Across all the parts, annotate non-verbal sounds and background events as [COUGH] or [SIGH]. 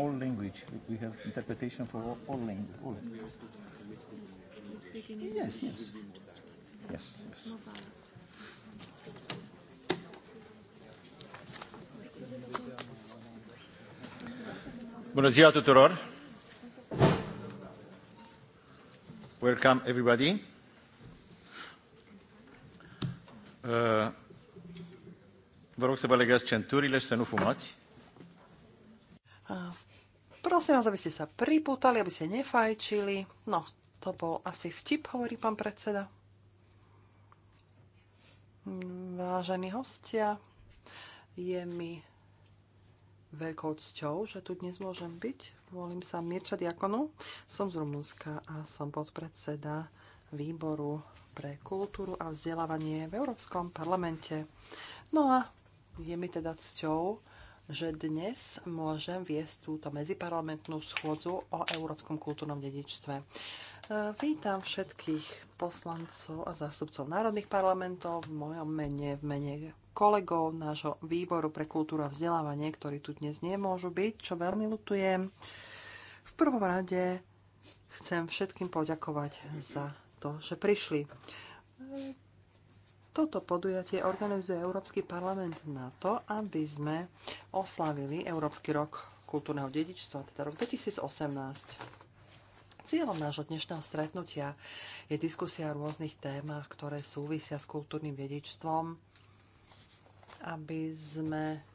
all language. We have interpretation for all, all language. All. Yes, yes. Yes, yes. Bună ziua tuturor! Welcome everybody. Uh, vă rog să vă legați centurile și să nu fumați. Prosím vás, aby ste sa pripútali, aby ste nefajčili. No, to bol asi vtip, hovorí pán predseda. Vážení hostia, je mi veľkou cťou, že tu dnes môžem byť. Volím sa Mirča Diakonu, som z Rumunska a som podpredseda výboru pre kultúru a vzdelávanie v Európskom parlamente. No a je mi teda cťou, že dnes môžem viesť túto medziparlamentnú schôdzu o európskom kultúrnom dedičstve. E, vítam všetkých poslancov a zástupcov národných parlamentov v mojom mene, v mene kolegov nášho výboru pre kultúru a vzdelávanie, ktorí tu dnes nemôžu byť, čo veľmi lutujem. V prvom rade chcem všetkým poďakovať za to, že prišli. Toto podujatie organizuje Európsky parlament na to, aby sme oslavili Európsky rok kultúrneho dedičstva, teda rok 2018. Cieľom nášho dnešného stretnutia je diskusia o rôznych témach, ktoré súvisia s kultúrnym dedičstvom, aby sme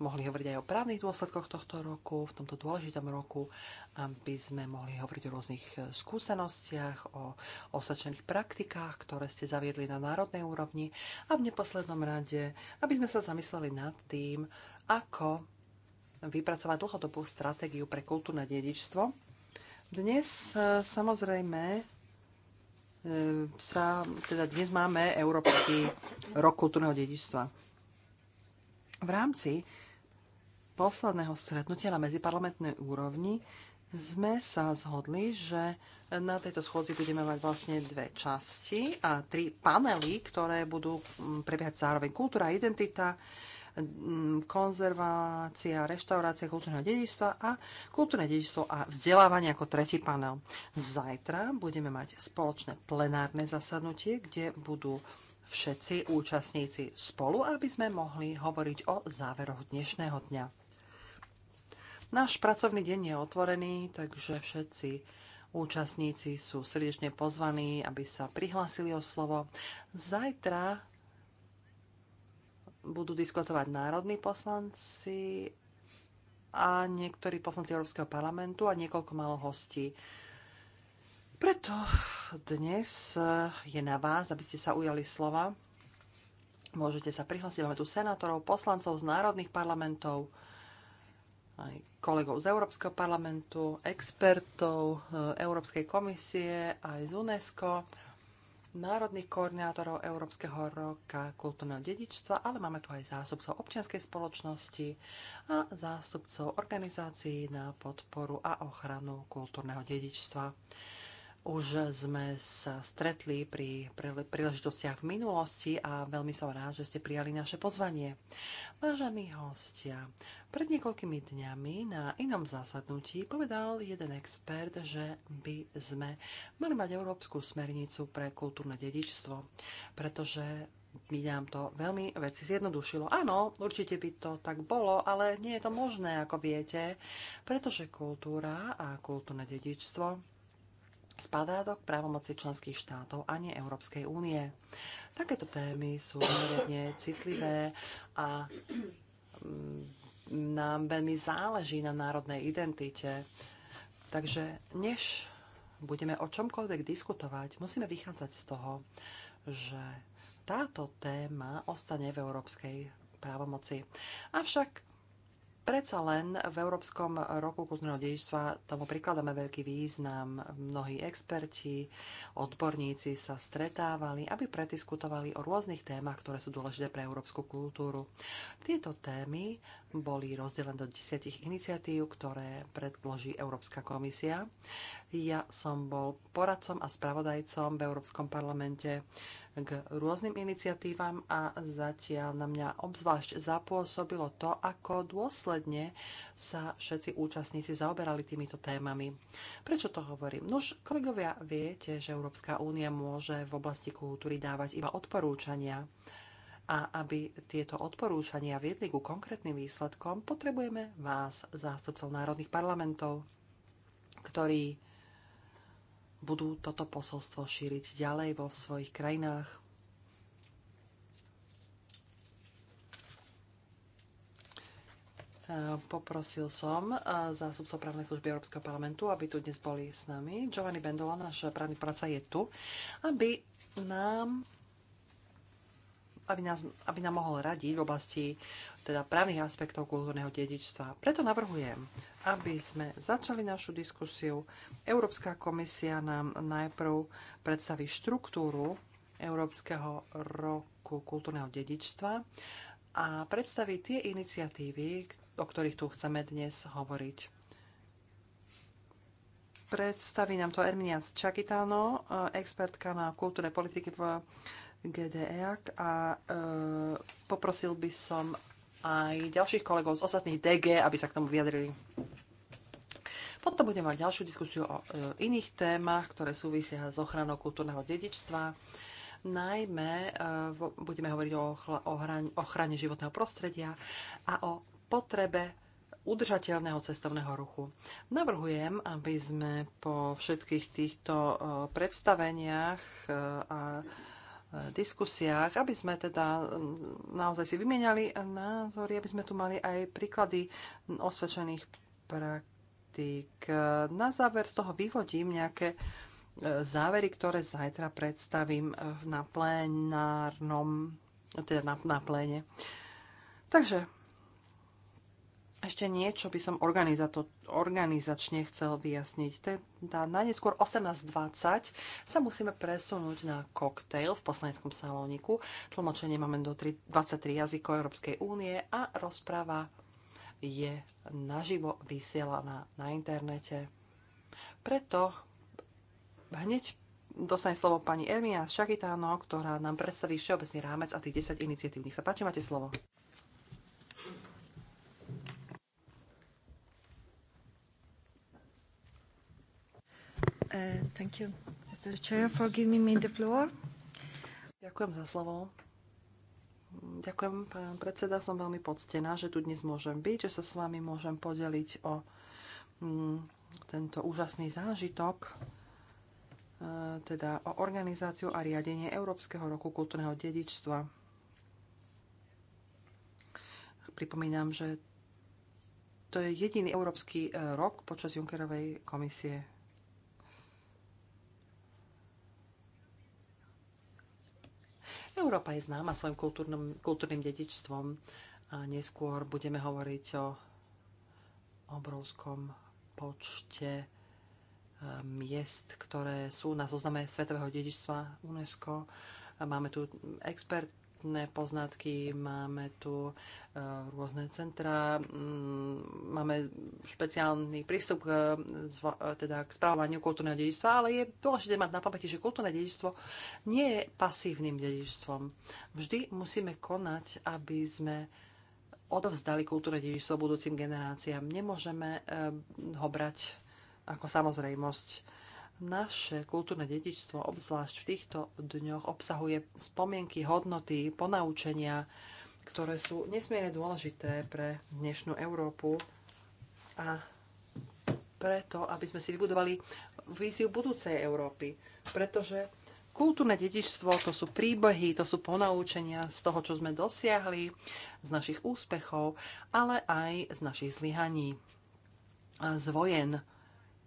mohli hovoriť aj o právnych dôsledkoch tohto roku, v tomto dôležitom roku, aby sme mohli hovoriť o rôznych e, skúsenostiach, o osačených praktikách, ktoré ste zaviedli na národnej úrovni a v neposlednom rade, aby sme sa zamysleli nad tým, ako vypracovať dlhodobú stratégiu pre kultúrne dedičstvo. Dnes e, samozrejme e, sa, teda dnes máme Európsky rok kultúrneho dedičstva. V rámci posledného stretnutia na medziparlamentnej úrovni sme sa zhodli, že na tejto schôdzi budeme mať vlastne dve časti a tri panely, ktoré budú mm, prebiehať zároveň kultúra, identita, mm, konzervácia, reštaurácia kultúrneho dedičstva a kultúrne dedičstvo a vzdelávanie ako tretí panel. Zajtra budeme mať spoločné plenárne zasadnutie, kde budú všetci účastníci spolu, aby sme mohli hovoriť o záveroch dnešného dňa. Náš pracovný deň je otvorený, takže všetci účastníci sú srdečne pozvaní, aby sa prihlásili o slovo. Zajtra budú diskutovať národní poslanci a niektorí poslanci Európskeho parlamentu a niekoľko malo hostí. Preto dnes je na vás, aby ste sa ujali slova. Môžete sa prihlásiť. Máme tu senátorov, poslancov z národných parlamentov, aj kolegov z Európskeho parlamentu, expertov e, Európskej komisie, aj z UNESCO, národných koordinátorov Európskeho roka kultúrneho dedičstva, ale máme tu aj zástupcov občianskej spoločnosti a zástupcov organizácií na podporu a ochranu kultúrneho dedičstva. Už sme sa stretli pri príležitostiach v minulosti a veľmi som rád, že ste prijali naše pozvanie. Vážení hostia, pred niekoľkými dňami na inom zasadnutí povedal jeden expert, že by sme mali mať Európsku smernicu pre kultúrne dedičstvo, pretože by nám to veľmi veci zjednodušilo. Áno, určite by to tak bolo, ale nie je to možné, ako viete, pretože kultúra a kultúrne dedičstvo spadá do právomoci členských štátov a nie Európskej únie. Takéto témy sú mimoriadne citlivé a mm, nám veľmi záleží na národnej identite. Takže než budeme o čomkoľvek diskutovať, musíme vychádzať z toho, že táto téma ostane v európskej právomoci. Avšak Predsa len v Európskom roku kultúrneho dedičstva tomu prikladáme veľký význam. Mnohí experti, odborníci sa stretávali, aby prediskutovali o rôznych témach, ktoré sú dôležité pre európsku kultúru. Tieto témy boli rozdelené do desiatich iniciatív, ktoré predloží Európska komisia. Ja som bol poradcom a spravodajcom v Európskom parlamente k rôznym iniciatívam a zatiaľ na mňa obzvlášť zapôsobilo to, ako dôsledne sa všetci účastníci zaoberali týmito témami. Prečo to hovorím? Nož, kolegovia, viete, že Európska únia môže v oblasti kultúry dávať iba odporúčania a aby tieto odporúčania viedli ku konkrétnym výsledkom, potrebujeme vás, zástupcov národných parlamentov, ktorí budú toto posolstvo šíriť ďalej vo svojich krajinách. Eh, poprosil som eh, zástupcov právnej služby Európskeho parlamentu, aby tu dnes boli s nami. Giovanni Bendola, náš právny práca, je tu, aby nám aby, nás, aby nám mohol radiť v oblasti teda právnych aspektov kultúrneho dedičstva. Preto navrhujem, aby sme začali našu diskusiu. Európska komisia nám najprv predstaví štruktúru Európskeho roku kultúrneho dedičstva a predstaví tie iniciatívy, o ktorých tu chceme dnes hovoriť. Predstaví nám to Erminia Čakitano, eh, expertka na kultúre politiky v GDEAK a e, poprosil by som aj ďalších kolegov z ostatných DG, aby sa k tomu vyjadrili. Potom budeme mať ďalšiu diskusiu o e, iných témach, ktoré súvisia s ochranou kultúrneho dedičstva. Najmä e, budeme hovoriť o, o ochrane životného prostredia a o potrebe udržateľného cestovného ruchu. Navrhujem, aby sme po všetkých týchto e, predstaveniach e, a Eh, diskusiách, aby sme teda mm, naozaj si vymieniali názory, aby sme tu mali aj príklady mm, osvedčených praktík. Na záver z toho vyvodím nejaké eh, závery, ktoré zajtra predstavím eh, na plénárnom, teda na, na pléne. Takže ešte niečo by som organizačne chcel vyjasniť. Teda neskôr 18.20 sa musíme presunúť na koktejl v poslaneckom salóniku. Tlmočenie máme do 23 jazykov Európskej únie a rozprava je naživo vysielaná na internete. Preto hneď dostane slovo pani Emia Šakitáno, ktorá nám predstaví všeobecný rámec a tých 10 iniciatív. Nech sa páči, máte slovo. Uh, thank you, Mr. Chair, for giving me the floor. Ďakujem za slovo. Ďakujem, pán predseda. Som veľmi poctená, že tu dnes môžem byť, že sa s vami môžem podeliť o mm, tento úžasný zážitok, e, teda o organizáciu a riadenie Európskeho roku kultúrneho dedičstva. Pripomínam, že to je jediný európsky e, rok počas Junckerovej komisie Európa je známa svojim kultúrnym, kultúrnym dedičstvom a neskôr budeme hovoriť o obrovskom počte e, miest, ktoré sú na zozname svetového dedičstva UNESCO. Máme tu expert, kvalitné poznatky, máme tu e, rôzne centra, mm, máme špeciálny prístup k, e, teda k správaniu kultúrneho dedičstva, ale je dôležité mať na pamäti, že kultúrne dedičstvo nie je pasívnym dedičstvom. Vždy musíme konať, aby sme odovzdali kultúrne dedičstvo budúcim generáciám. Nemôžeme e, ho brať ako samozrejmosť naše kultúrne dedičstvo, obzvlášť v týchto dňoch, obsahuje spomienky, hodnoty, ponaučenia, ktoré sú nesmierne dôležité pre dnešnú Európu a preto, aby sme si vybudovali víziu budúcej Európy. Pretože kultúrne dedičstvo to sú príbehy, to sú ponaučenia z toho, čo sme dosiahli, z našich úspechov, ale aj z našich zlyhaní a z vojen,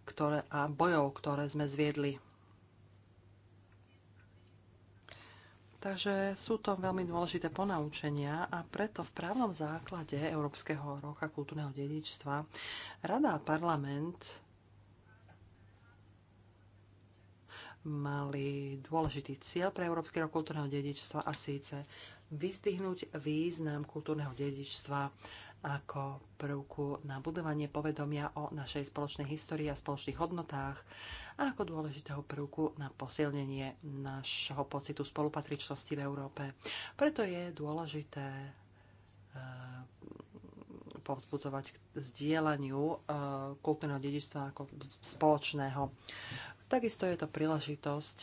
ktoré, a bojov, ktoré sme zviedli. Takže sú to veľmi dôležité ponaučenia a preto v právnom základe Európskeho roka kultúrneho dedičstva Rada a parlament mali dôležitý cieľ pre Európsky rok kultúrneho dedičstva a síce vystihnúť význam kultúrneho dedičstva ako prvku na budovanie povedomia o našej spoločnej histórii a spoločných hodnotách a ako dôležitého prvku na posilnenie nášho pocitu spolupatričnosti v Európe. Preto je dôležité eh, povzbudzovať k zdieľaniu eh, kultúrneho dedičstva ako spoločného. Takisto je to príležitosť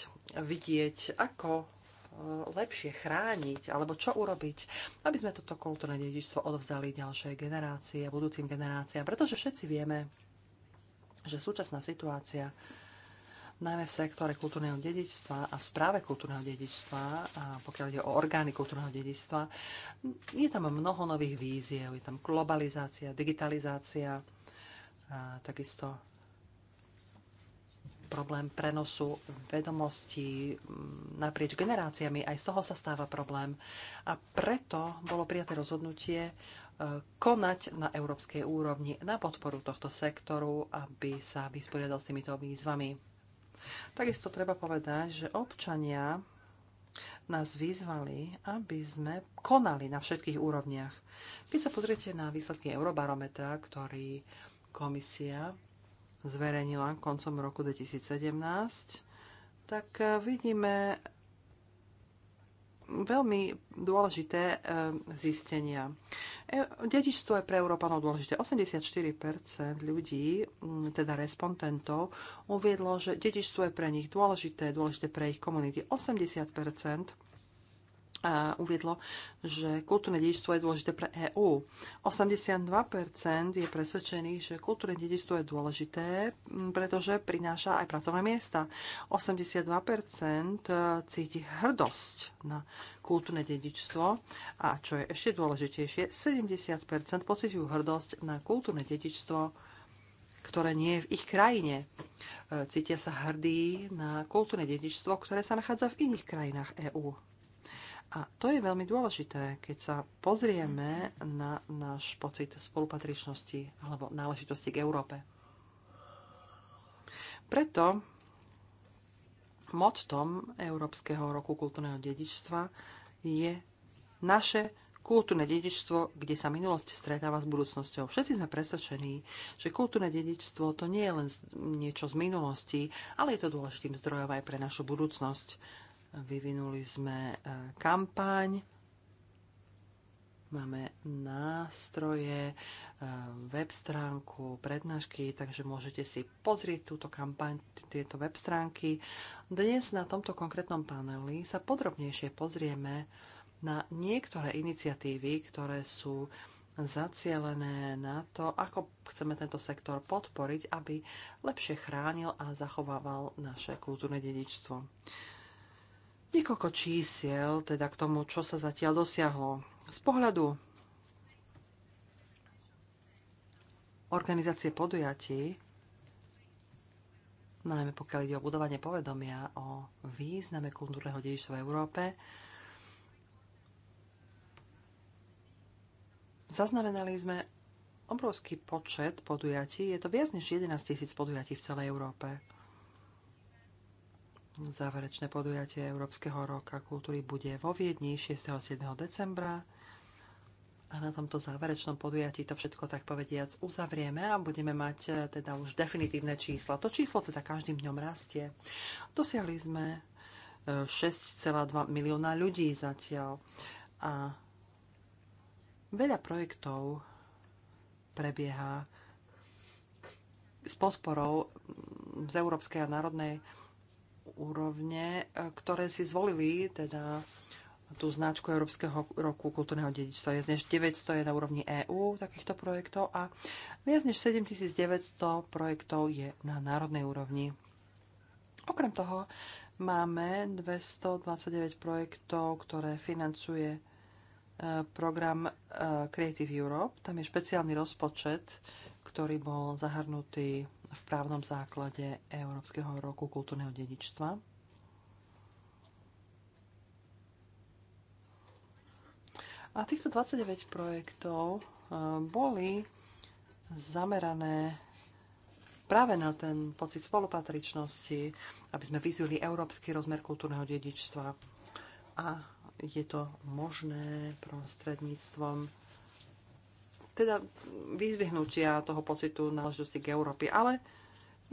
vidieť, ako Eh, lepšie chrániť, alebo čo urobiť, aby sme toto kultúrne dedičstvo odovzdali ďalšej generácii a budúcim generáciám. Pretože všetci vieme, že súčasná situácia najmä v sektore kultúrneho dedičstva a v správe kultúrneho dedičstva, a pokiaľ ide o orgány kultúrneho dedičstva, je tam mnoho nových víziev. Je tam globalizácia, digitalizácia, a takisto problém prenosu vedomostí mm, naprieč generáciami. Aj z toho sa stáva problém. A preto bolo prijaté rozhodnutie e, konať na európskej úrovni na podporu tohto sektoru, aby sa vysporiadal s týmito výzvami. Takisto treba povedať, že občania nás vyzvali, aby sme konali na všetkých úrovniach. Keď sa pozriete na výsledky Eurobarometra, ktorý komisia zverejnila koncom roku 2017, tak eh, vidíme veľmi dôležité eh, zistenia. E, dedičstvo je pre Európanov dôležité. 84% ľudí, mm, teda respondentov, uviedlo, že dedičstvo je pre nich dôležité, dôležité pre ich komunity. 80% uviedlo, že kultúrne dedičstvo je dôležité pre EÚ. 82% je presvedčených, že kultúrne dedičstvo je dôležité, pretože prináša aj pracovné miesta. 82% e, cíti hrdosť na kultúrne dedičstvo a čo je ešte dôležitejšie, 70% pocitujú hrdosť na kultúrne dedičstvo ktoré nie je v ich krajine. E, cítia sa hrdí na kultúrne dedičstvo, ktoré sa nachádza v iných krajinách EÚ. A to je veľmi dôležité, keď sa pozrieme na náš pocit spolupatričnosti alebo náležitosti k Európe. Preto mottom Európskeho roku kultúrneho dedičstva je naše kultúrne dedičstvo, kde sa minulosť stretáva s budúcnosťou. Všetci sme presvedčení, že kultúrne dedičstvo to nie je len niečo z minulosti, ale je to dôležitým zdrojom aj pre našu budúcnosť Vyvinuli sme e, kampaň, máme nástroje, e, web stránku, prednášky, takže môžete si pozrieť túto kampaň, tieto web stránky. Dnes na tomto konkrétnom paneli sa podrobnejšie pozrieme na niektoré iniciatívy, ktoré sú zacielené na to, ako chceme tento sektor podporiť, aby lepšie chránil a zachovával naše kultúrne dedičstvo. Niekoľko čísiel teda k tomu, čo sa zatiaľ dosiahlo. Z pohľadu organizácie podujatí, najmä pokiaľ ide o budovanie povedomia o význame kultúrneho dedičstva v Európe, Zaznamenali sme obrovský počet podujatí, je to viac než 11 tisíc podujatí v celej Európe. Záverečné podujatie Európskeho roka kultúry bude vo Viedni 6. a 7. decembra. A na tomto záverečnom podujatí to všetko tak povediac uzavrieme a budeme mať e, teda už definitívne čísla. To číslo teda každým dňom rastie. Dosiahli sme 6,2 e, milióna ľudí zatiaľ. A veľa projektov prebieha s podporou z Európskej a Národnej úrovne, e, ktoré si zvolili, teda tú značku Európskeho roku kultúrneho dedičstva. Je než 900 je na úrovni EÚ takýchto projektov a viac než 7900 projektov je na národnej úrovni. Okrem toho máme 229 projektov, ktoré financuje e, program e, Creative Europe. Tam je špeciálny rozpočet, ktorý bol zahrnutý v právnom základe Európskeho roku kultúrneho dedičstva. A týchto 29 projektov e, boli zamerané práve na ten pocit spolupatričnosti, aby sme vyzvili európsky rozmer kultúrneho dedičstva. A je to možné prostredníctvom teda vyzvihnutia toho pocitu náležitosti k Európy. Ale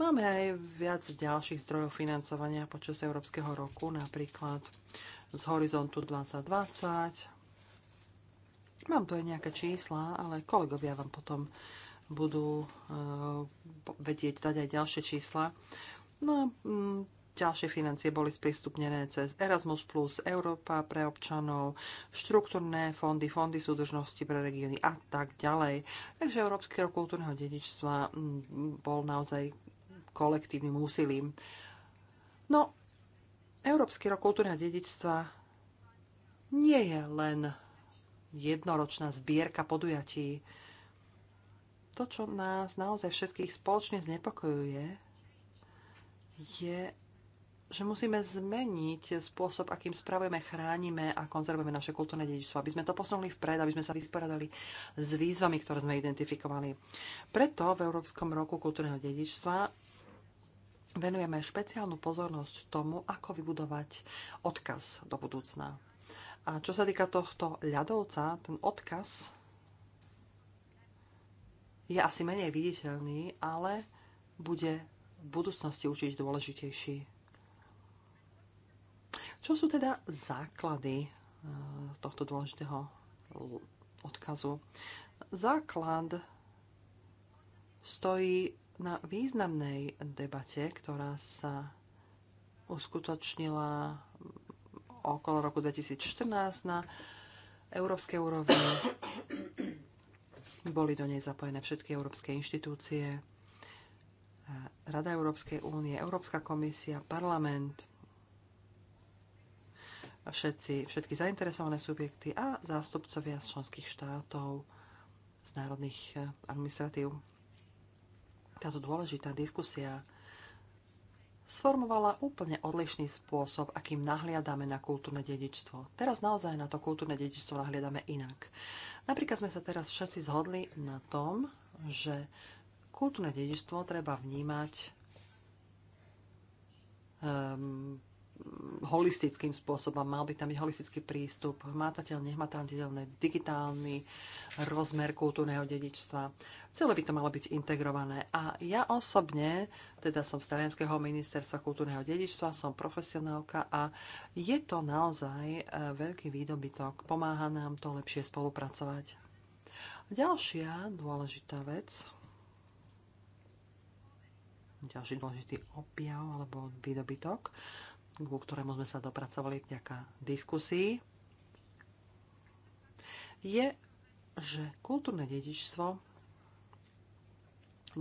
máme aj viac ďalších zdrojov financovania počas Európskeho roku, napríklad z Horizontu 2020. Mám tu aj nejaké čísla, ale kolegovia vám potom budú uh, vedieť dať aj ďalšie čísla. No a um, Ďalšie financie boli sprístupnené cez Erasmus+, Plus, Európa pre občanov, štruktúrne fondy, fondy súdržnosti pre regióny a tak ďalej. Takže Európsky rok kultúrneho dedičstva mm, bol naozaj kolektívnym úsilím. No, Európsky rok kultúrneho dedičstva nie je len jednoročná zbierka podujatí. To, čo nás naozaj všetkých spoločne znepokojuje, je, že musíme zmeniť spôsob, akým spravujeme, chránime a konzervujeme naše kultúrne dedičstvo, aby sme to posunuli vpred, aby sme sa vysporiadali s výzvami, ktoré sme identifikovali. Preto v Európskom roku kultúrneho dedičstva venujeme špeciálnu pozornosť tomu, ako vybudovať odkaz do budúcna. A čo sa týka tohto ľadovca, ten odkaz je asi menej viditeľný, ale bude v budúcnosti určite dôležitejší čo sú teda základy e, tohto dôležitého odkazu? Základ stojí na významnej debate, ktorá sa uskutočnila okolo roku 2014 na európskej úrovni. Boli do nej zapojené všetky európske inštitúcie, e, Rada Európskej únie, Európska komisia, parlament, všetci, všetky zainteresované subjekty a zástupcovia z členských štátov, z národných eh, administratív. Táto dôležitá diskusia sformovala úplne odlišný spôsob, akým nahliadame na kultúrne dedičstvo. Teraz naozaj na to kultúrne dedičstvo nahliadame inak. Napríklad sme sa teraz všetci zhodli na tom, že kultúrne dedičstvo treba vnímať um, holistickým spôsobom. Mal by tam byť holistický prístup, hmatateľ, nehmatateľné, digitálny rozmer kultúrneho dedičstva. Celé by to malo byť integrované. A ja osobne, teda som z Talianského ministerstva kultúrneho dedičstva, som profesionálka a je to naozaj e, veľký výdobytok. Pomáha nám to lepšie spolupracovať. Ďalšia dôležitá vec, ďalší dôležitý objav alebo výdobytok, ku ktorému sme sa dopracovali vďaka diskusii, je, že kultúrne dedičstvo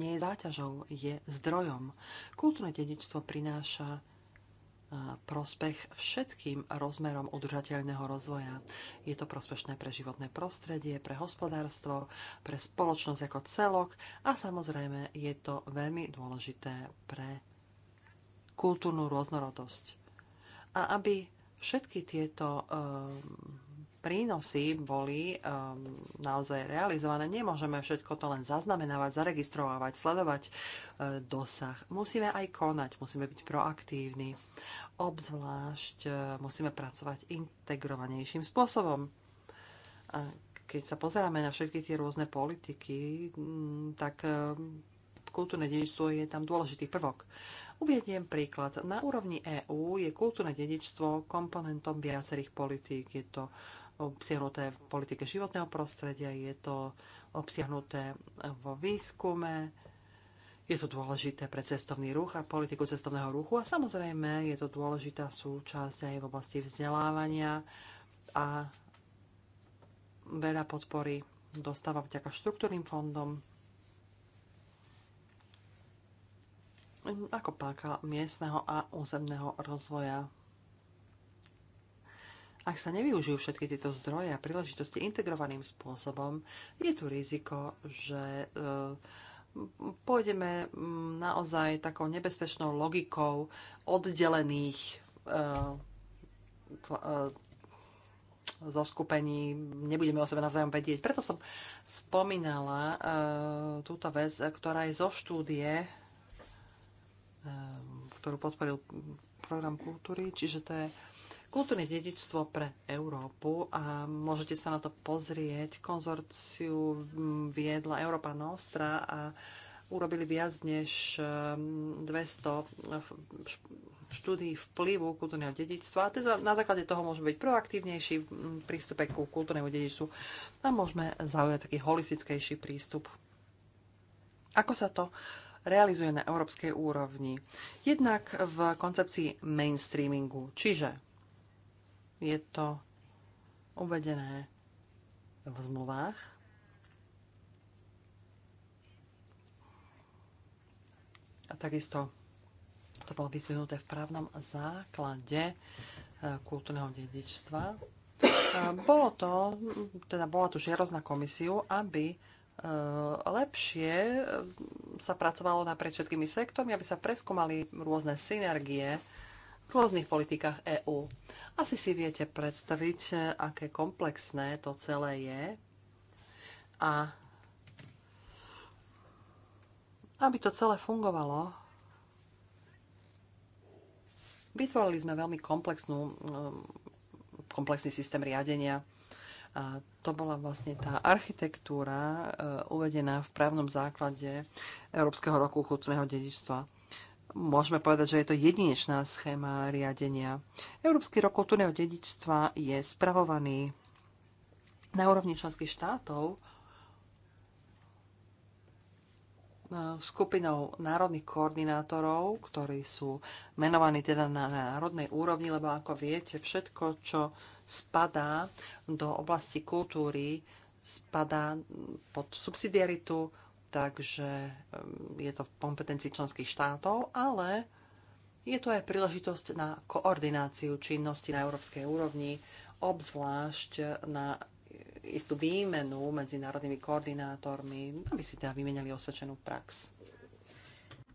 nie je záťažou, je zdrojom. Kultúrne dedičstvo prináša e, prospech všetkým rozmerom udržateľného rozvoja. Je to prospešné pre životné prostredie, pre hospodárstvo, pre spoločnosť ako celok a samozrejme je to veľmi dôležité pre kultúrnu rôznorodosť a aby všetky tieto ehm, prínosy boli ehm, naozaj realizované. Nemôžeme všetko to len zaznamenávať, zaregistrovať, sledovať e, dosah. Musíme aj konať, musíme byť proaktívni. Obzvlášť e, musíme pracovať integrovanejším spôsobom. keď sa pozeráme na všetky tie rôzne politiky, tak ehm, kultúrne dedičstvo je tam dôležitý prvok. Uvediem príklad. Na úrovni EÚ je kultúrne dedičstvo komponentom viacerých politík. Je to obsiahnuté v politike životného prostredia, je to obsiahnuté vo výskume, je to dôležité pre cestovný ruch a politiku cestovného ruchu a samozrejme je to dôležitá súčasť aj v oblasti vzdelávania a veľa podpory dostáva vďaka štruktúrnym fondom ako páka miestneho a územného rozvoja. Ak sa nevyužijú všetky tieto zdroje a príležitosti integrovaným spôsobom, je tu riziko, že e, pôjdeme mm, naozaj takou nebezpečnou logikou oddelených e, e, zo skupení, nebudeme o sebe navzájom vedieť. Preto som spomínala túto vec, ktorá je zo štúdie Eh, ktorú podporil program kultúry, čiže to je kultúrne dedičstvo pre Európu a môžete sa na to pozrieť. Konzorciu viedla Európa Nostra a urobili viac než 200 eh, štúdií vplyvu kultúrneho dedičstva. A teda na základe toho môžeme byť proaktívnejší v prístupe ku kultúrnemu dedičstvu a môžeme zaujať taký holistickejší prístup. Ako sa to uh, realizuje na európskej úrovni. Jednak v koncepcii mainstreamingu, čiže je to uvedené v zmluvách. A takisto to bolo vyzvinuté v právnom základe e, kultúrneho dedičstva. Bolo to, teda bola tu žiarosť na komisiu, aby e, lepšie sa pracovalo pred všetkými sektormi, aby sa preskúmali rôzne synergie v rôznych politikách EÚ. Asi si viete predstaviť, aké komplexné to celé je a aby to celé fungovalo, vytvorili sme veľmi komplexnú, mm, komplexný systém riadenia to bola vlastne tá architektúra e, uvedená v právnom základe Európskeho roku kultúrneho dedičstva. Môžeme povedať, že je to jedinečná schéma riadenia. Európsky rok kultúrneho dedičstva je spravovaný na úrovni členských štátov e, skupinou národných koordinátorov, ktorí sú menovaní teda na národnej úrovni, lebo ako viete, všetko, čo spadá do oblasti kultúry, spadá pod subsidiaritu, takže je to v kompetencii členských štátov, ale je to aj príležitosť na koordináciu činnosti na európskej úrovni, obzvlášť na istú výmenu medzi národnými koordinátormi, aby si teda vymenili osvedčenú prax.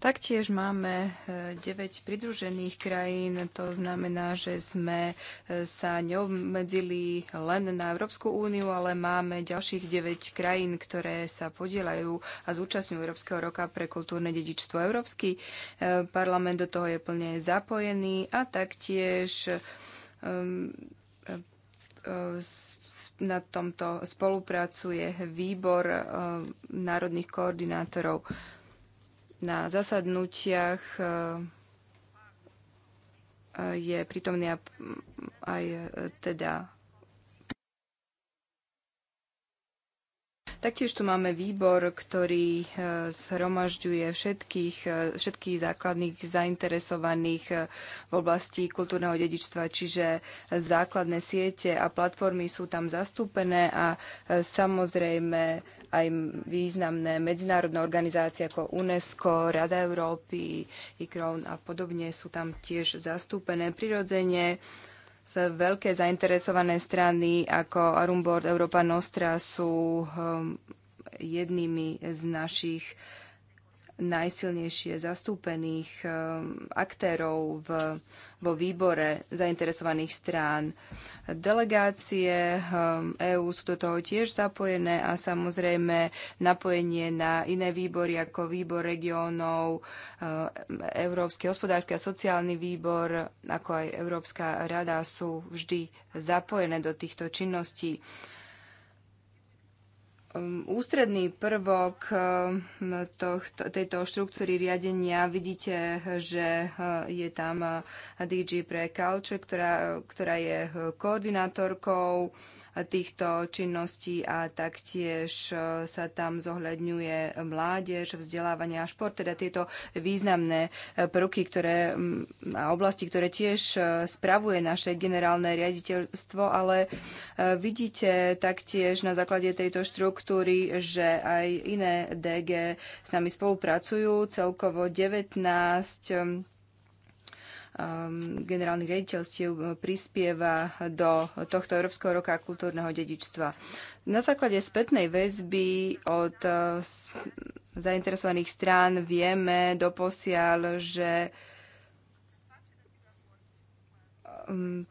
Taktiež máme 9 eh, pridružených krajín, to znamená, že sme eh, sa neobmedzili len na Európsku úniu, ale máme ďalších 9 krajín, ktoré sa podielajú a zúčastňujú Európskeho roka pre kultúrne dedičstvo. Európsky eh, parlament do toho je plne zapojený a taktiež ehm, na tomto spolupracuje výbor národných koordinátorov na zasadnutiach e, e, je prítomný aj e, teda Taktiež tu máme výbor, ktorý zhromažďuje všetkých, všetkých základných zainteresovaných v oblasti kultúrneho dedičstva, čiže základné siete a platformy sú tam zastúpené a samozrejme aj významné medzinárodné organizácie ako UNESCO, Rada Európy, ICROWN a podobne sú tam tiež zastúpené. Prirodzene sa veľké zainteresované strany ako Arumbord, Európa Nostra sú ehm, jednými z našich najsilnejšie zastúpených um, aktérov v, vo výbore zainteresovaných strán. Delegácie um, EÚ sú do toho tiež zapojené a samozrejme napojenie na iné výbory ako výbor regiónov, um, Európsky hospodársky a sociálny výbor, ako aj Európska rada sú vždy zapojené do týchto činností. Um, ústredný prvok um, tohto, tejto štruktúry riadenia vidíte, že uh, je tam uh, DG pre Culture, ktorá, uh, ktorá je koordinátorkou týchto činností a taktiež e, sa tam zohľadňuje mládež, vzdelávanie a šport, teda tieto významné e, prvky ktoré, a oblasti, ktoré tiež e, spravuje naše generálne riaditeľstvo, ale vidíte taktiež na základe tejto štruktúry, že aj iné DG s nami spolupracujú, celkovo 19 Um, generálnych rediteľstiev uh, prispieva do tohto Európskeho roka kultúrneho dedičstva. Na základe spätnej väzby od uh, zainteresovaných strán vieme doposiaľ, že um,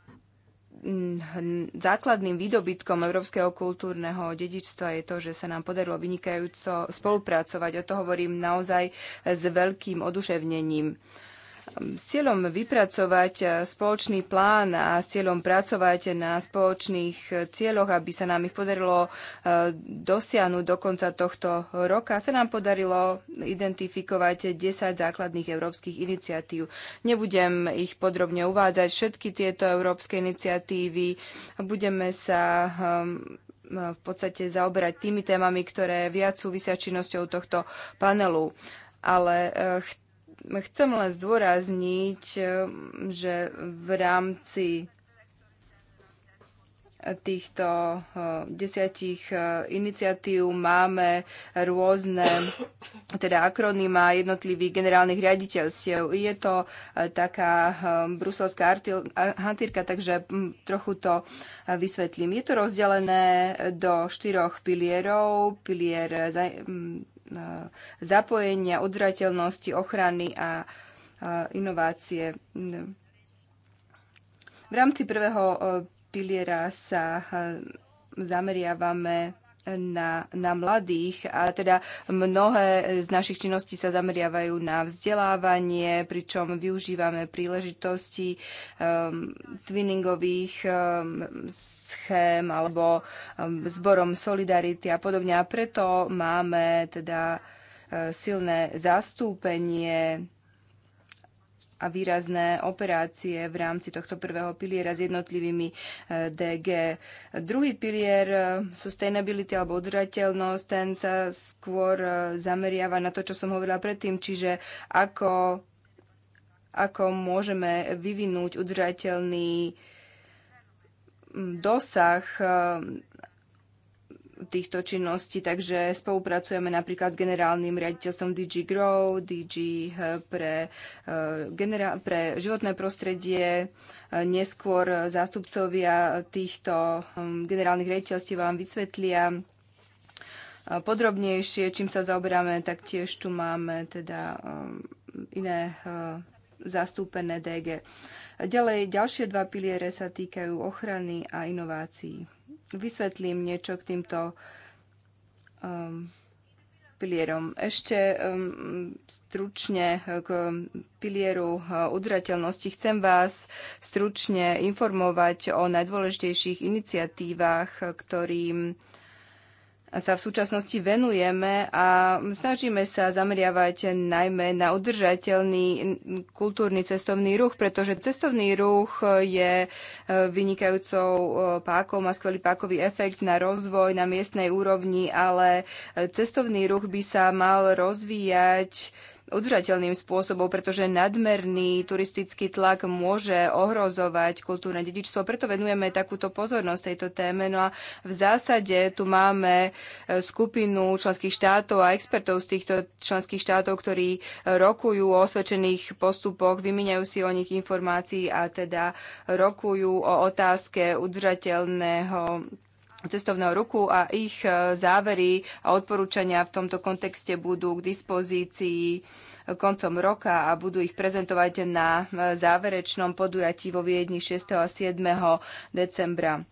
základným výdobytkom európskeho kultúrneho dedičstva je to, že sa nám podarilo vynikajúco spolupracovať. O to hovorím naozaj s veľkým oduševnením. S um, cieľom vypracovať uh, spoločný plán a s cieľom pracovať na spoločných uh, cieľoch, aby sa nám ich podarilo uh, dosiahnuť do konca tohto roka, sa nám podarilo identifikovať 10 základných európskych iniciatív. Nebudem ich podrobne uvádzať, všetky tieto európske iniciatívy. Budeme sa um, v podstate zaoberať tými témami, ktoré viac súvisia činnosťou tohto panelu ale Chcem len zdôrazniť, eh, že v rámci týchto eh, desiatich eh, iniciatív máme rôzne teda akronymá jednotlivých generálnych riaditeľstiev. Je to taká bruselská hantýrka, takže hm, trochu to vysvetlím. Je to rozdelené do štyroch pilierov. Pilier hm, E, zapojenia, odrateľnosti, ochrany a e, inovácie. V rámci prvého e, piliera sa zameriavame na, na mladých a teda mnohé z našich činností sa zameriavajú na vzdelávanie, pričom využívame príležitosti um, twinningových um, schém alebo um, zborom Solidarity a podobne. A preto máme teda uh, silné zastúpenie a výrazné operácie v rámci tohto prvého piliera s jednotlivými e, DG. Druhý pilier, e, sustainability alebo udržateľnosť, ten sa skôr e, zameriava na to, čo som hovorila predtým, čiže ako, ako môžeme vyvinúť udržateľný dosah týchto činností, takže spolupracujeme napríklad s generálnym riaditeľstvom DG Grow, DG eh, pre, eh, pre životné prostredie, eh, neskôr zástupcovia týchto hm, generálnych riaditeľstiev vám vysvetlia podrobnejšie, čím sa zaoberáme, tak tiež tu máme teda hm, iné zastúpené DG. Ďalej, ďalšie dva piliere sa týkajú ochrany a inovácií vysvetlím niečo k týmto um, pilierom. Ešte um, stručne k pilieru uh, udržateľnosti. Chcem vás stručne informovať o najdôležitejších iniciatívach, ktorým sa v súčasnosti venujeme a snažíme sa zameriavať najmä na udržateľný kultúrny cestovný ruch, pretože cestovný ruch je e, vynikajúcou e, pákom a skvelý pákový efekt na rozvoj na miestnej úrovni, ale e, cestovný ruch by sa mal rozvíjať udržateľným spôsobom, pretože nadmerný turistický tlak môže ohrozovať kultúrne dedičstvo. Preto venujeme takúto pozornosť tejto téme. No a v zásade tu máme e, skupinu členských štátov a expertov z týchto členských štátov, ktorí rokujú o osvedčených postupoch, vymieňajú si o nich informácií a teda rokujú o otázke udržateľného cestovného ruku a ich e, závery a odporúčania v tomto kontexte budú k dispozícii koncom roka a budú ich prezentovať na e, záverečnom podujatí vo Viedni 6. a 7. decembra.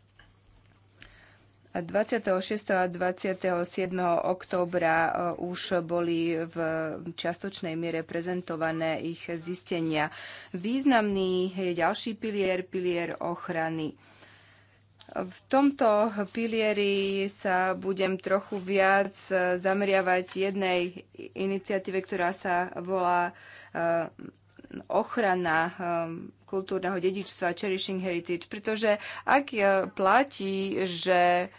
26. a 27. októbra e, už boli v čiastočnej miere prezentované ich zistenia. Významný je ďalší pilier, pilier ochrany v tomto pilieri sa budem trochu viac eh, zameriavať jednej iniciatíve, ktorá sa volá eh, ochrana eh, kultúrneho dedičstva, cherishing heritage, pretože ak platí, že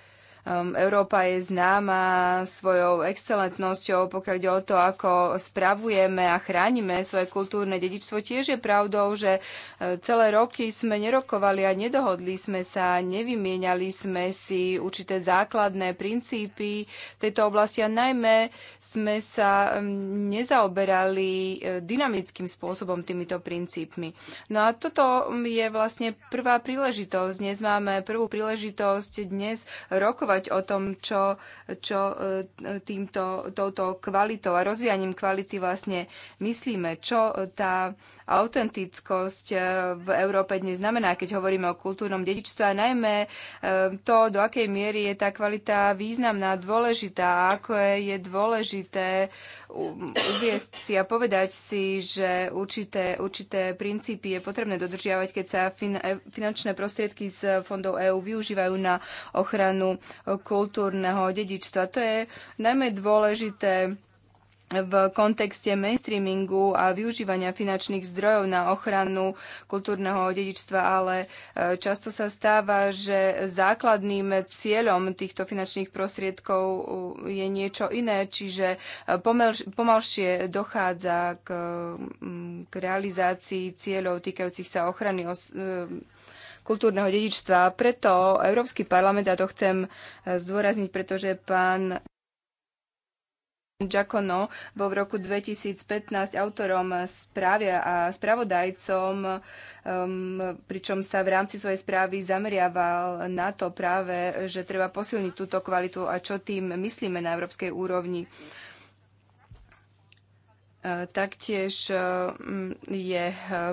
Um, Európa je známa svojou excelentnosťou, pokiaľ ide o to, ako spravujeme a chránime svoje kultúrne dedičstvo. Tiež je pravdou, že uh, celé roky sme nerokovali a nedohodli sme sa, nevymieniali sme si určité základné princípy tejto oblasti a najmä sme sa um, nezaoberali uh, dynamickým spôsobom týmito princípmi. No a toto um, je vlastne prvá príležitosť. Dnes máme prvú príležitosť dnes rokovať informovať o tom, čo, čo e, týmto, touto kvalitou a rozvíjaním kvality vlastne myslíme, čo tá autentickosť eh, v Európe dnes znamená, keď hovoríme o kultúrnom dedičstve a najmä eh, to, do akej miery je tá kvalita významná, dôležitá, ako je dôležité uviesť si a povedať si, že určité, určité princípy je potrebné dodržiavať, keď sa fin, eh, finančné prostriedky z fondov EÚ využívajú na ochranu kultúrneho dedičstva. To je najmä dôležité v kontexte mainstreamingu a využívania finančných zdrojov na ochranu kultúrneho dedičstva, ale e, často sa stáva, že základným cieľom týchto finančných prostriedkov je niečo iné, čiže e, pomalšie dochádza k, e, k realizácii cieľov týkajúcich sa ochrany os- kultúrneho dedičstva. Preto Európsky parlament, a to chcem zdôrazniť, pretože pán Giacono bol v roku 2015 autorom správy a spravodajcom, um, pričom sa v rámci svojej správy zameriaval na to práve, že treba posilniť túto kvalitu a čo tým myslíme na európskej úrovni. E, taktiež e, je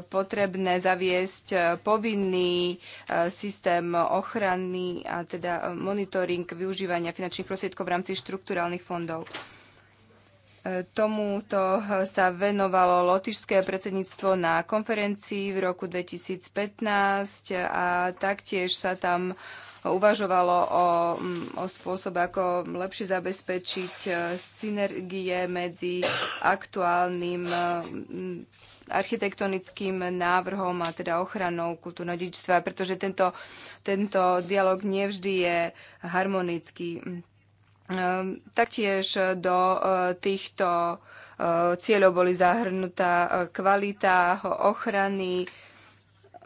potrebné zaviesť povinný e, systém ochrany a teda monitoring využívania finančných prostriedkov v rámci štrukturálnych fondov. Tomuto sa venovalo lotišské predsedníctvo na konferencii v roku 2015 a taktiež sa tam uvažovalo o, mm, o ako lepšie zabezpečiť e, synergie medzi aktuálnym e, mm, architektonickým návrhom a teda ochranou kultúrneho dedičstva, pretože tento, tento dialog nevždy je harmonický. Ehm, taktiež do eh, týchto eh, cieľov boli zahrnutá eh, kvalita ochrany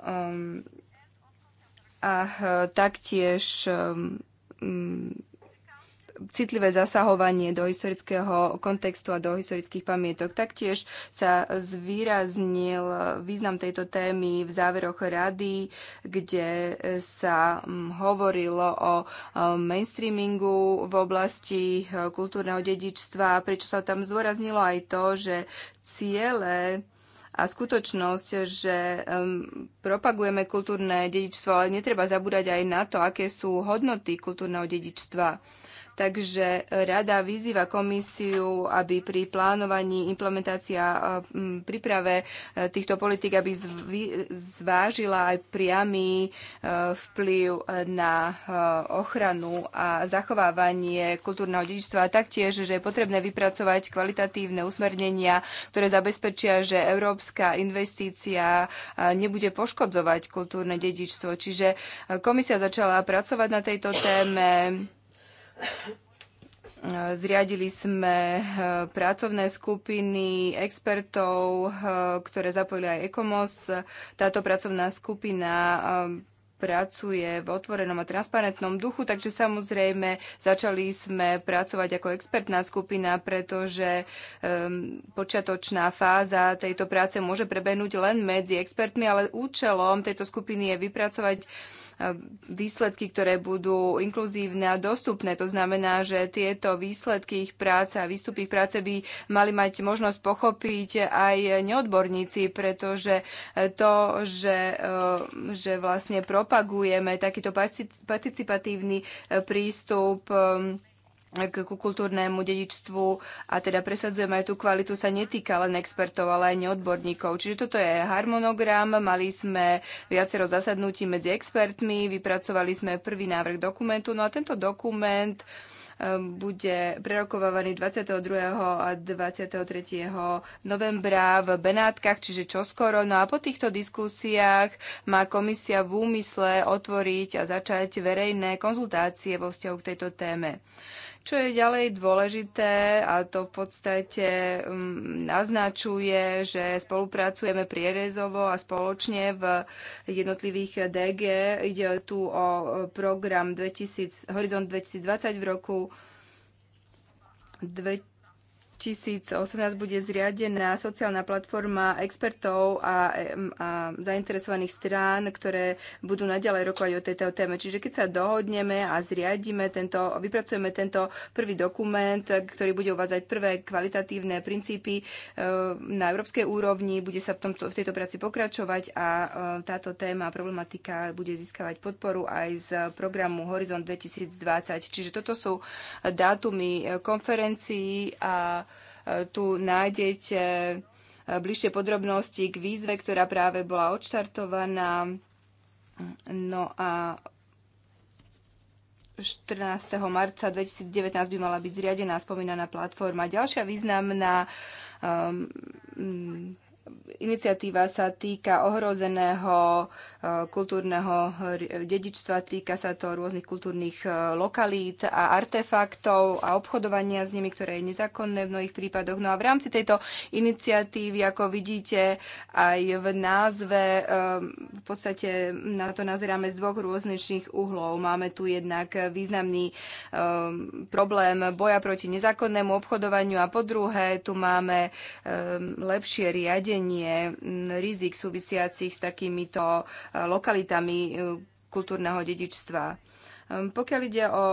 ehm, a taktiež ehm, citlivé zasahovanie do historického kontextu a do historických pamietok. Taktiež sa zvýraznil význam tejto témy v záveroch rady, kde sa mm, hovorilo o mainstreamingu v oblasti e, kultúrneho dedičstva, prečo sa tam zdôraznilo aj to, že ciele a skutočnosť, že um, propagujeme kultúrne dedičstvo, ale netreba zabúdať aj na to, aké sú hodnoty kultúrneho dedičstva Takže rada vyzýva komisiu, aby pri plánovaní implementácia e, príprave e, týchto politik, aby zvážila aj priamy e, vplyv na ochranu a zachovávanie kultúrneho dedičstva taktiež, že je potrebné vypracovať kvalitatívne usmernenia, ktoré zabezpečia, že európska investícia nebude poškodzovať kultúrne dedičstvo. Čiže komisia začala pracovať na tejto téme Zriadili sme eh, pracovné skupiny expertov, eh, ktoré zapojili aj ECOMOS. Táto pracovná skupina eh, pracuje v otvorenom a transparentnom duchu, takže samozrejme začali sme pracovať ako expertná skupina, pretože um, počiatočná fáza tejto práce môže prebehnúť len medzi expertmi, ale účelom tejto skupiny je vypracovať uh, výsledky, ktoré budú inkluzívne a dostupné. To znamená, že tieto výsledky ich práce a výstupy ich práce by mali mať možnosť pochopiť aj neodborníci, pretože to, že, e, že vlastne propagujeme takýto participatívny e, prístup, e, k kultúrnemu dedičstvu a teda presadzujeme aj tú kvalitu, sa netýka len expertov, ale aj neodborníkov. Čiže toto je harmonogram, mali sme viacero zasadnutí medzi expertmi, vypracovali sme prvý návrh dokumentu, no a tento dokument e, bude prerokovávaný 22. a 23. novembra v Benátkach, čiže čoskoro. No a po týchto diskusiách má komisia v úmysle otvoriť a začať verejné konzultácie vo vzťahu k tejto téme. Čo je ďalej dôležité, a to v podstate mm, naznačuje, že spolupracujeme prierezovo a spoločne v jednotlivých DG. Ide tu o program 2000, Horizont 2020 v roku 2020. 2018 bude zriadená sociálna platforma expertov a, a zainteresovaných strán, ktoré budú naďalej rokovať o tejto téme. Čiže keď sa dohodneme a zriadíme tento, vypracujeme tento prvý dokument, ktorý bude uvázať prvé kvalitatívne princípy e, na európskej úrovni, bude sa v, tomto, v tejto práci pokračovať a e, táto téma a problematika bude získavať podporu aj z programu Horizon 2020. Čiže toto sú dátumy e, konferencií a tu nájdete e, bližšie podrobnosti k výzve, ktorá práve bola odštartovaná. No a 14. marca 2019 by mala byť zriadená spomínaná platforma. Ďalšia významná um, iniciatíva sa týka ohrozeného e, kultúrneho dedičstva, týka sa to rôznych kultúrnych e, lokalít a artefaktov a obchodovania s nimi, ktoré je nezákonné v mnohých prípadoch. No a v rámci tejto iniciatívy, ako vidíte, aj v názve e, v podstate na to nazeráme z dvoch rôznych uhlov. Máme tu jednak významný problém boja proti nezákonnému obchodovaniu a po druhé tu máme lepšie riadenie riadenie rizik súvisiacich s takýmito e, lokalitami e, kultúrneho dedičstva. Pokiaľ ide o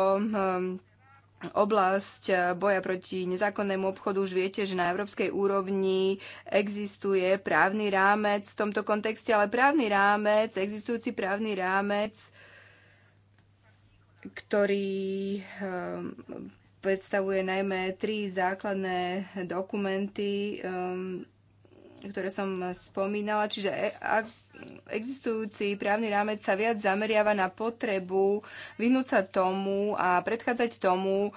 oblasť e, boja proti nezákonnému obchodu. Už viete, že na európskej úrovni existuje právny rámec v tomto kontexte, ale právny rámec, existujúci právny rámec, ktorý predstavuje najmä tri základné dokumenty, ktoré som spomínala. Čiže e, ak existujúci právny rámec sa viac zameriava na potrebu vyhnúť sa tomu a predchádzať tomu,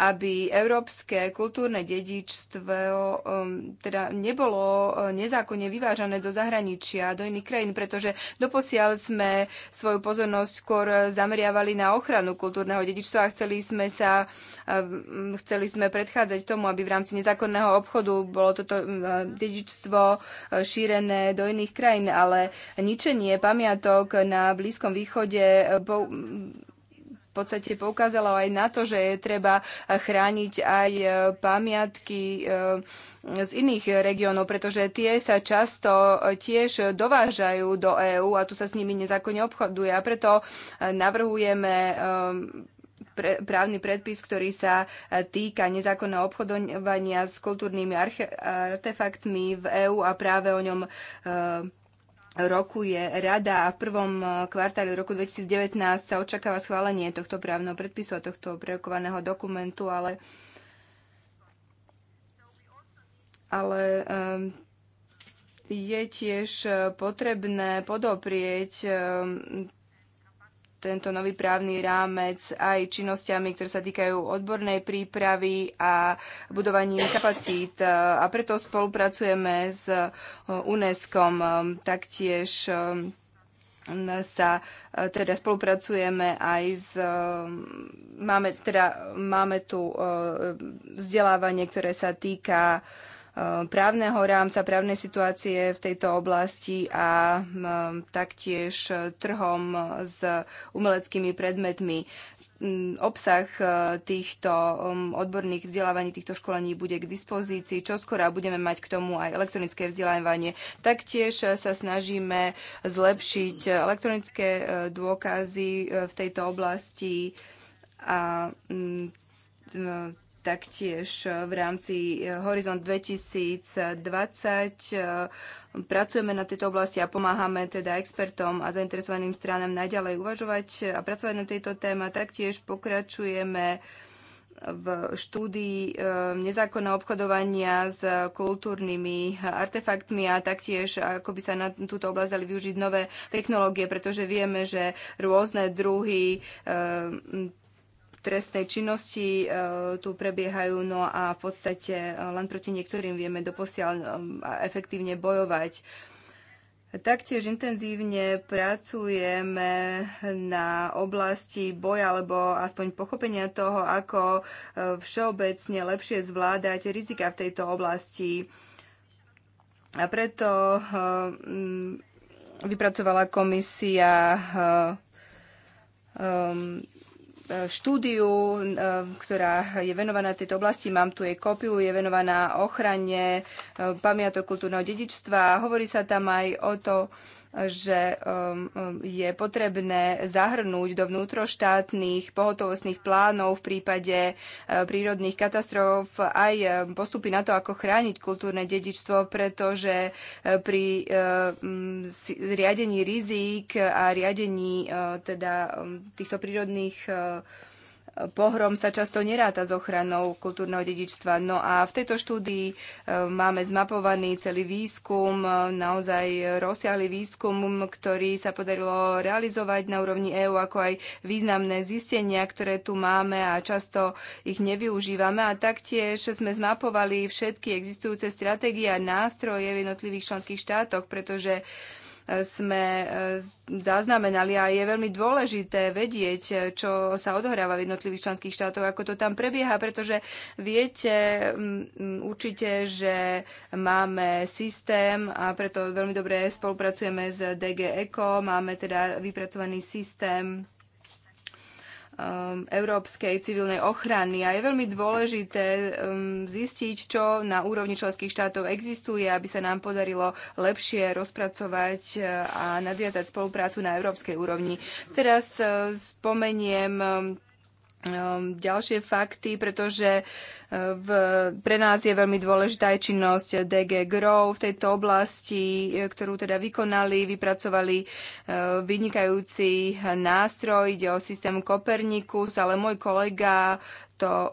aby európske kultúrne dedičstvo um, teda nebolo eh, nezákonne vyvážané do zahraničia, do iných krajín, pretože doposiaľ sme svoju pozornosť skôr zameriavali na ochranu kultúrneho dedičstva a chceli sme sa eh, chceli sme predchádzať tomu, aby v rámci nezákonného obchodu bolo toto eh, dedičstvo šírené do iných krajín, ale ničenie pamiatok na Blízkom východe eh, v podstate poukázalo aj na to, že je treba chrániť aj eh, pamiatky eh, z iných regiónov, pretože tie sa často tiež dovážajú do EÚ a tu sa s nimi nezákonne obchoduje. A preto navrhujeme právny predpis, ktorý sa týka nezákonného obchodovania s kultúrnymi artefaktmi v EÚ a práve o ňom roku je rada a v prvom eh, kvartáli roku 2019 sa očakáva schválenie tohto právneho predpisu a tohto prerokovaného dokumentu, ale, ale um, je tiež eh, potrebné podoprieť um, tento nový právny rámec aj činnosťami, ktoré sa týkajú odbornej prípravy a budovaním kapacít. A preto spolupracujeme s eh, UNESCO, taktiež eh, sa eh, teda spolupracujeme aj s... Máme, teda, máme tu vzdelávanie, ktoré sa týka Eh, právneho rámca, právnej situácie v tejto oblasti a taktiež eh, trhom s umeleckými predmetmi. Mm, obsah eh, týchto odborných vzdelávaní, týchto školení bude k dispozícii. Čo budeme mať k tomu aj elektronické vzdelávanie. Taktiež sa snažíme zlepšiť elektronické dôkazy v tejto oblasti a mm, taktiež eh, v rámci eh, Horizont 2020 eh, pracujeme na tejto oblasti a pomáhame teda expertom a zainteresovaným stranám naďalej uvažovať a pracovať na tejto téme. Taktiež pokračujeme v štúdii nezákonného obchodovania s kultúrnymi artefaktmi a taktiež, ako by sa na túto oblasť dali využiť nové technológie, pretože vieme, že rôzne druhy trestnej činnosti e, tu prebiehajú, no a v podstate e, len proti niektorým vieme doposiaľ e, efektívne bojovať. Taktiež intenzívne pracujeme na oblasti boja alebo aspoň pochopenia toho, ako všeobecne lepšie zvládať rizika v tejto oblasti. A preto vypracovala komisia štúdiu, eh, ktorá je venovaná tejto oblasti. Mám tu jej kopiu, je venovaná ochrane eh, pamiatok kultúrneho dedičstva. Hovorí sa tam aj o, to, že um, um, je potrebné zahrnúť do vnútroštátnych pohotovostných plánov v prípade uh, prírodných katastrof aj um, postupy na to, ako chrániť kultúrne dedičstvo, pretože uh, pri uh, riadení rizík a riadení teda týchto prírodných pohrom sa často neráta s ochranou kultúrneho dedičstva. No a v tejto štúdii e, máme zmapovaný celý výskum, e, naozaj rozsiahly výskum, ktorý sa podarilo realizovať na úrovni EÚ, ako aj významné zistenia, ktoré tu máme a často ich nevyužívame. A taktiež sme zmapovali všetky existujúce stratégie a nástroje v jednotlivých členských štátoch, pretože sme eh, zaznamenali a je veľmi dôležité vedieť, eh, čo sa odohráva v jednotlivých členských štátoch, ako to tam prebieha, pretože viete mm, mm, určite, že máme systém a preto veľmi dobre spolupracujeme s DG Eco, máme teda vypracovaný systém um, európskej civilnej ochrany a je veľmi dôležité um, zistiť, čo na úrovni členských štátov existuje, aby sa nám podarilo lepšie rozpracovať uh, a nadviazať spoluprácu na európskej úrovni. Teraz uh, spomeniem um, Ehm, ďalšie fakty, pretože eh, v, pre nás je veľmi dôležitá aj činnosť DG Grow v tejto oblasti, eh, ktorú teda vykonali, vypracovali eh, vynikajúci nástroj, ide o systém Kopernikus, ale môj kolega to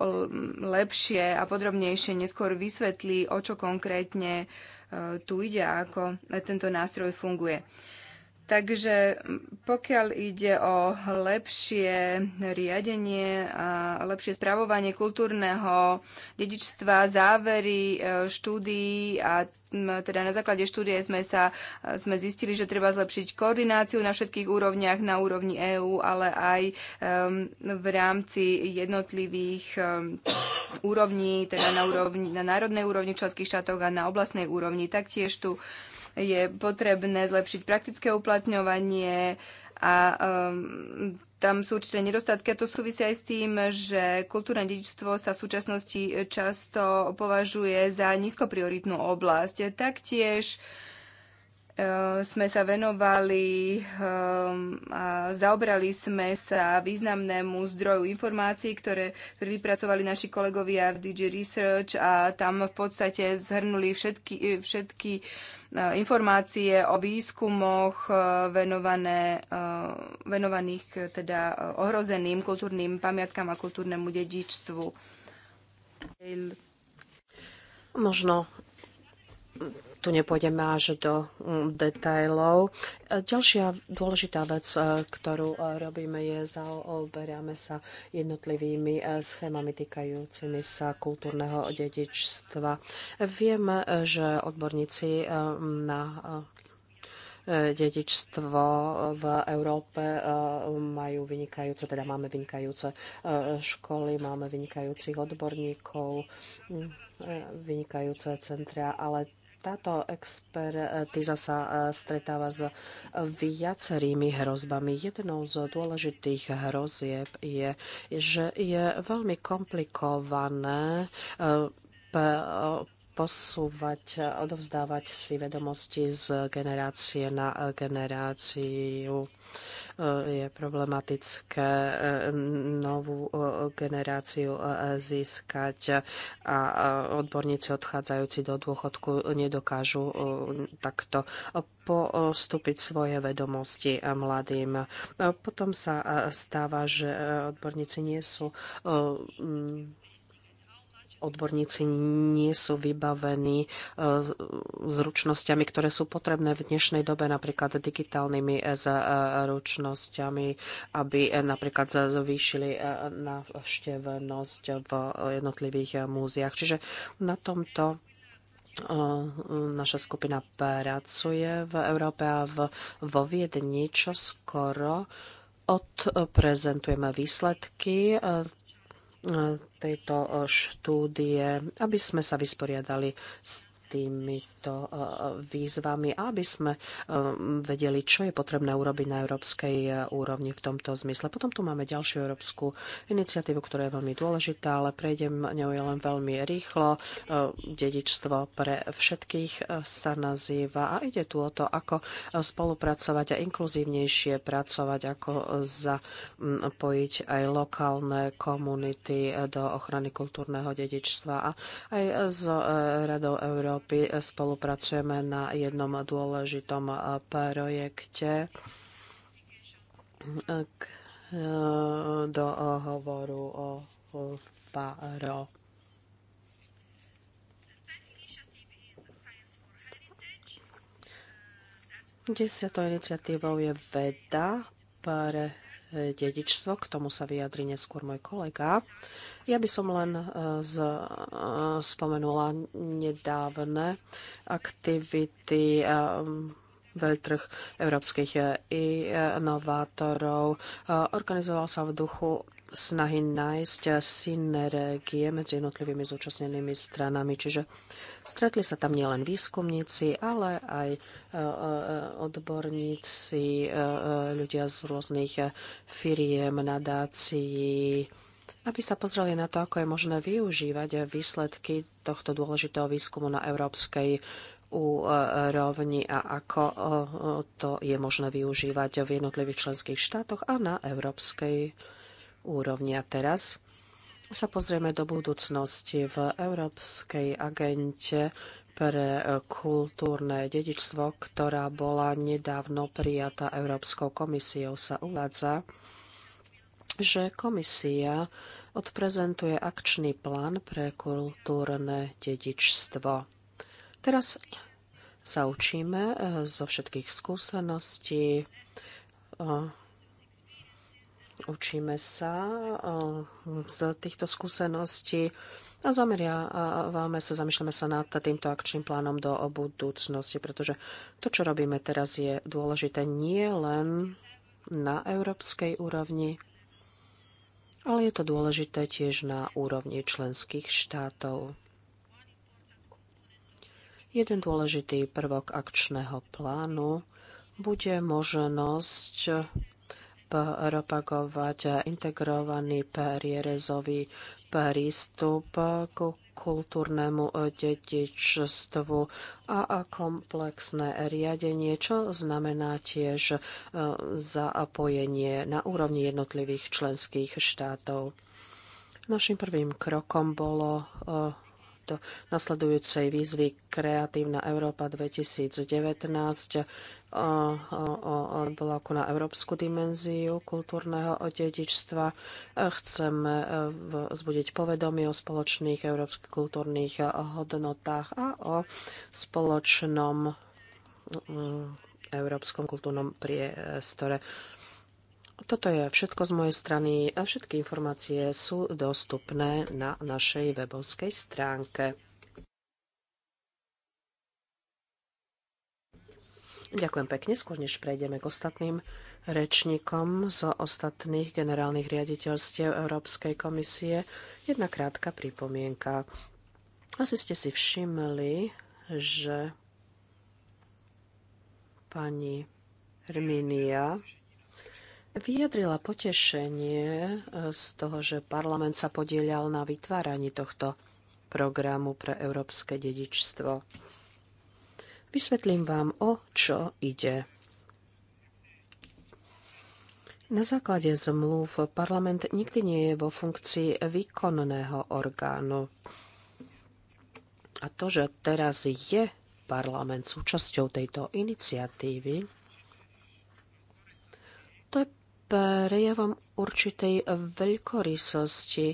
lepšie a podrobnejšie neskôr vysvetlí, o čo konkrétne tu ide a ako tento nástroj funguje. Takže pokiaľ ide o lepšie riadenie a lepšie spravovanie kultúrneho dedičstva, závery e, štúdií a teda na základe štúdie sme, sa, e, sme zistili, že treba zlepšiť koordináciu na všetkých úrovniach, na úrovni EÚ, ale aj um, v rámci jednotlivých um, úrovní, teda na, úrovni, na národnej úrovni v členských štátoch a na oblastnej úrovni. Taktiež tu uh, je potrebné zlepšiť praktické uplatňovanie a um, tam sú určité nedostatky a to súvisia aj s tým, že kultúrne dedičstvo sa v súčasnosti často považuje za nízkoprioritnú oblasť. Taktiež uh, Eh, sme sa venovali ehm, a zaobrali sme sa významnému zdroju informácií, ktoré, ktoré vypracovali naši kolegovia v DG Research a tam v podstate zhrnuli všetky, všetky eh, informácie o výskumoch eh, venované, venovaných teda ohrozeným kultúrnym pamiatkám a kultúrnemu dedičstvu. Možno tu nepôjdeme až do mm, detajlov. Ďalšia dôležitá vec, e, ktorú e, robíme, je zaoberáme sa jednotlivými e, schémami týkajúcimi sa kultúrneho dedičstva. Viem, že odborníci na dedičstvo v Európe majú vynikajúce, teda máme vynikajúce školy, máme vynikajúcich odborníkov, mm, vynikajúce centra, ale táto expertíza sa e, stretáva s viacerými hrozbami. Jednou z dôležitých hrozieb je, že je veľmi komplikované e, posúvať, odovzdávať si vedomosti z generácie na generáciu. Eh, je problematické eh, novú eh, generáciu získať a odborníci odchádzajúci do dôchodku nedokážu takto postúpiť svoje vedomosti mladým. Potom sa stáva, že odborníci nie sú odborníci nie sú vybavení e, zručnosťami, ktoré sú potrebné v dnešnej dobe, napríklad digitálnymi e, zručnosťami, e, aby napríklad zvýšili návštevnosť v jednotlivých múziách. Čiže na tomto naša skupina pracuje v Európe a v, vo Viedni, čo skoro odprezentujeme výsledky tejto eh, štúdie, aby sme sa vysporiadali s týmito týmito e, výzvami, aby sme e, vedeli, čo je potrebné urobiť na európskej e, úrovni v tomto zmysle. Potom tu máme ďalšiu európsku iniciatívu, ktorá je veľmi dôležitá, ale prejdem ňou len veľmi rýchlo. Dedičstvo pre všetkých sa nazýva a ide tu o to, ako spolupracovať a inkluzívnejšie pracovať, ako zapojiť aj lokálne komunity do ochrany kultúrneho dedičstva a aj s Radou Európy spolu spolupracujeme na jednom dôležitom projekte k e, dohovoru e, o PARO. Desiatou iniciatívou je veda pre dedičstvo. K tomu sa vyjadri neskôr môj kolega. Ja by som len e, z, e, spomenula nedávne aktivity e, veľtrh európskych inovátorov. Organizoval sa v duchu snahy nájsť synergie medzi jednotlivými zúčastnenými stranami. Čiže stretli sa tam nielen výskumníci, ale aj odborníci, ľudia z rôznych firiem, nadácií, aby sa pozreli na to, ako je možné využívať výsledky tohto dôležitého výskumu na európskej úrovni e, a ako e, to je možné využívať v jednotlivých členských štátoch a na európskej úrovni. A teraz sa pozrieme do budúcnosti v Európskej agente pre kultúrne dedičstvo, ktorá bola nedávno prijatá Európskou komisiou, sa uvádza, že komisia odprezentuje akčný plán pre kultúrne dedičstvo. Teraz sa učíme eh, zo všetkých skúseností, eh, učíme sa eh, z týchto skúseností a zameriavame sa, zamýšľame sa nad týmto akčným plánom do budúcnosti, pretože to, čo robíme teraz, je dôležité nie len na európskej úrovni, ale je to dôležité tiež na úrovni členských štátov. Jeden dôležitý prvok akčného plánu bude možnosť propagovať integrovaný prierezový prístup ku kultúrnemu e, dedičstvu a komplexné riadenie, čo znamená tiež e, zapojenie na úrovni jednotlivých členských štátov. Našim prvým krokom bolo e, do nasledujúcej výzvy Kreatívna Európa 2019 o bloku na európsku dimenziu kultúrneho dedičstva. Eh, chceme eh, vzbudiť povedomie o spoločných európskych kultúrnych eh, hodnotách a o spoločnom európskom kultúrnom priestore. Toto je všetko z mojej strany a všetky informácie sú dostupné na našej webovskej stránke. Ďakujem pekne. Skôr než prejdeme k ostatným rečníkom z ostatných generálnych riaditeľstiev Európskej komisie, jedna krátka pripomienka. Asi ste si všimli, že pani Herminia vyjadrila potešenie eh, z toho, že parlament sa podielal na vytváraní tohto programu pre európske dedičstvo. Vysvetlím vám, o čo ide. Na základe zmluv parlament nikdy nie je vo funkcii výkonného orgánu. A to, že teraz je parlament súčasťou tejto iniciatívy, prejavom určitej veľkorysosti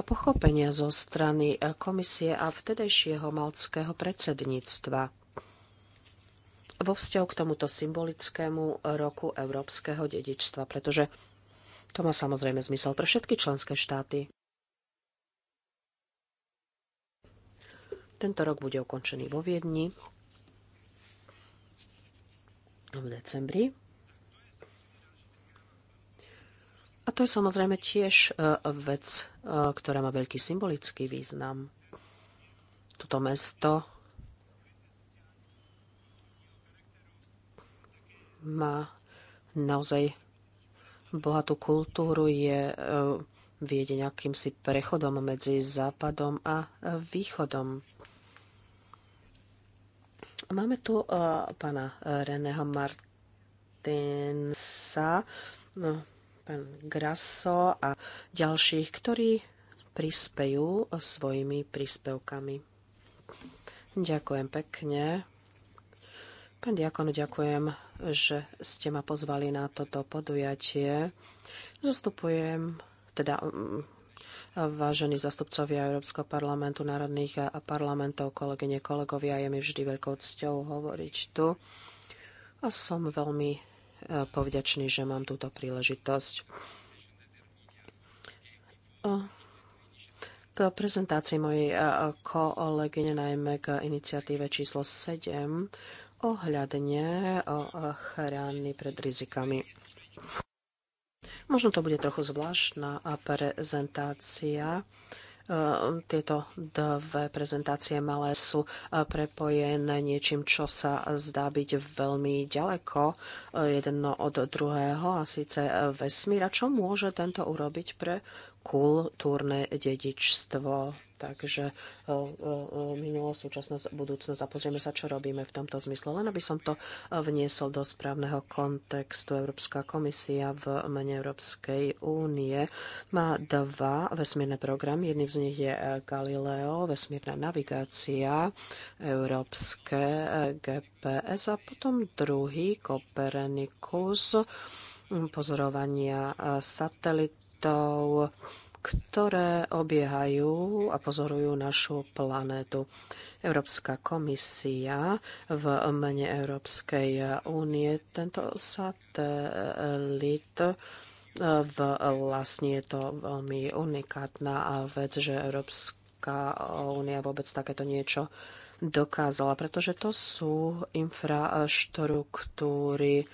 a pochopenia zo strany komisie a vtedejšieho malckého predsedníctva vo vzťahu k tomuto symbolickému roku európskeho dedičstva, pretože to má samozrejme zmysel pre všetky členské štáty. Tento rok bude ukončený vo Viedni v decembri A to je samozrejme tiež e, vec, e, ktorá má veľký symbolický význam. Toto mesto má naozaj bohatú kultúru, je e, nejakým si prechodom medzi západom a východom. Máme tu pána Reného Martinsa, no, pán Grasso a ďalších, ktorí prispejú svojimi príspevkami. Ďakujem pekne. Pán Diakon, ďakujem, že ste ma pozvali na toto podujatie. Zastupujem, teda mm, vážení zastupcovia Európskeho parlamentu, národných parlamentov, kolegyne, kolegovia, je mi vždy veľkou cťou hovoriť tu. A som veľmi povďačný, že mám túto príležitosť. K prezentácii mojej kolegyne, najmä k iniciatíve číslo 7 ohľadne ochrany pred rizikami. Možno to bude trochu zvláštna prezentácia, Ehm, tieto dve prezentácie malé sú eh, prepojené niečím, čo sa zdá byť veľmi ďaleko eh, jedno od druhého a síce eh, vesmíra. Čo môže tento urobiť pre kultúrne dedičstvo. Takže e, e, e, minulo, súčasnosť, budúcnosť a pozrieme sa, čo robíme v tomto zmysle. Len aby som to vniesol do správneho kontextu. Európska komisia v mene Európskej únie má dva vesmírne programy. Jedným z nich je Galileo, vesmírna navigácia, európske GPS a potom druhý Copernicus. pozorovania satelitov konfliktov, ktoré obiehajú a pozorujú našu planétu. Európska komisia v mene Európskej únie tento satelit e, vlastne je to veľmi unikátna vec, že Európska únia vôbec takéto niečo dokázala, pretože to sú infraštruktúry,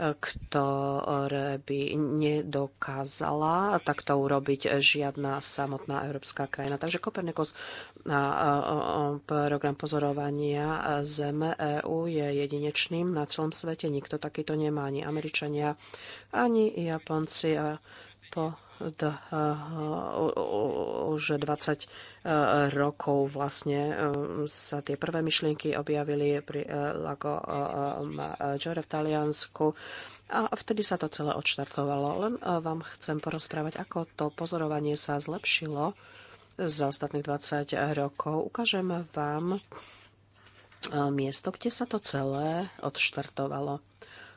ktoré by nedokázala takto urobiť žiadna samotná európska krajina. Takže Kopernikus na program pozorovania Zeme EU je jedinečným na celom svete. Nikto takýto nemá, ani Američania, ani Japonci. Po už 20 rokov vlastne sa tie prvé myšlienky objavili pri Lago Maggiore v Taliansku. A vtedy sa to celé odštartovalo. Len vám chcem porozprávať, ako to pozorovanie sa zlepšilo za ostatných 20 rokov. Ukážem vám miesto, kde sa to celé odštartovalo.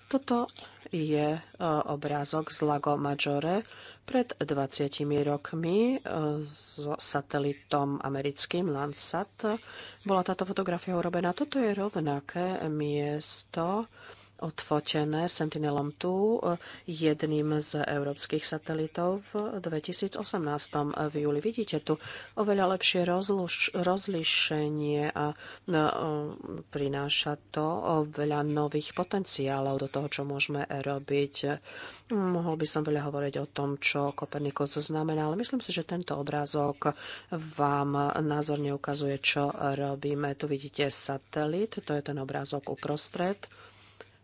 Toto je e, obrázok z Lago Maggiore pred 20 rokmi e, s satelitom americkým Landsat. Bola táto fotografia urobená. Toto je rovnaké miesto, odfotené Sentinelom 2, jedným z európskych satelitov v 2018 eh, v júli. Vidíte tu oveľa lepšie rozluš- rozlišenie a eh, prináša to veľa nových potenciálov do toho, čo môžeme robiť. Mohol by som veľa hovoriť o tom, čo Kopernikus znamená, ale myslím si, že tento obrázok vám názorne ukazuje, čo robíme. Tu vidíte satelit, to je ten obrázok uprostred.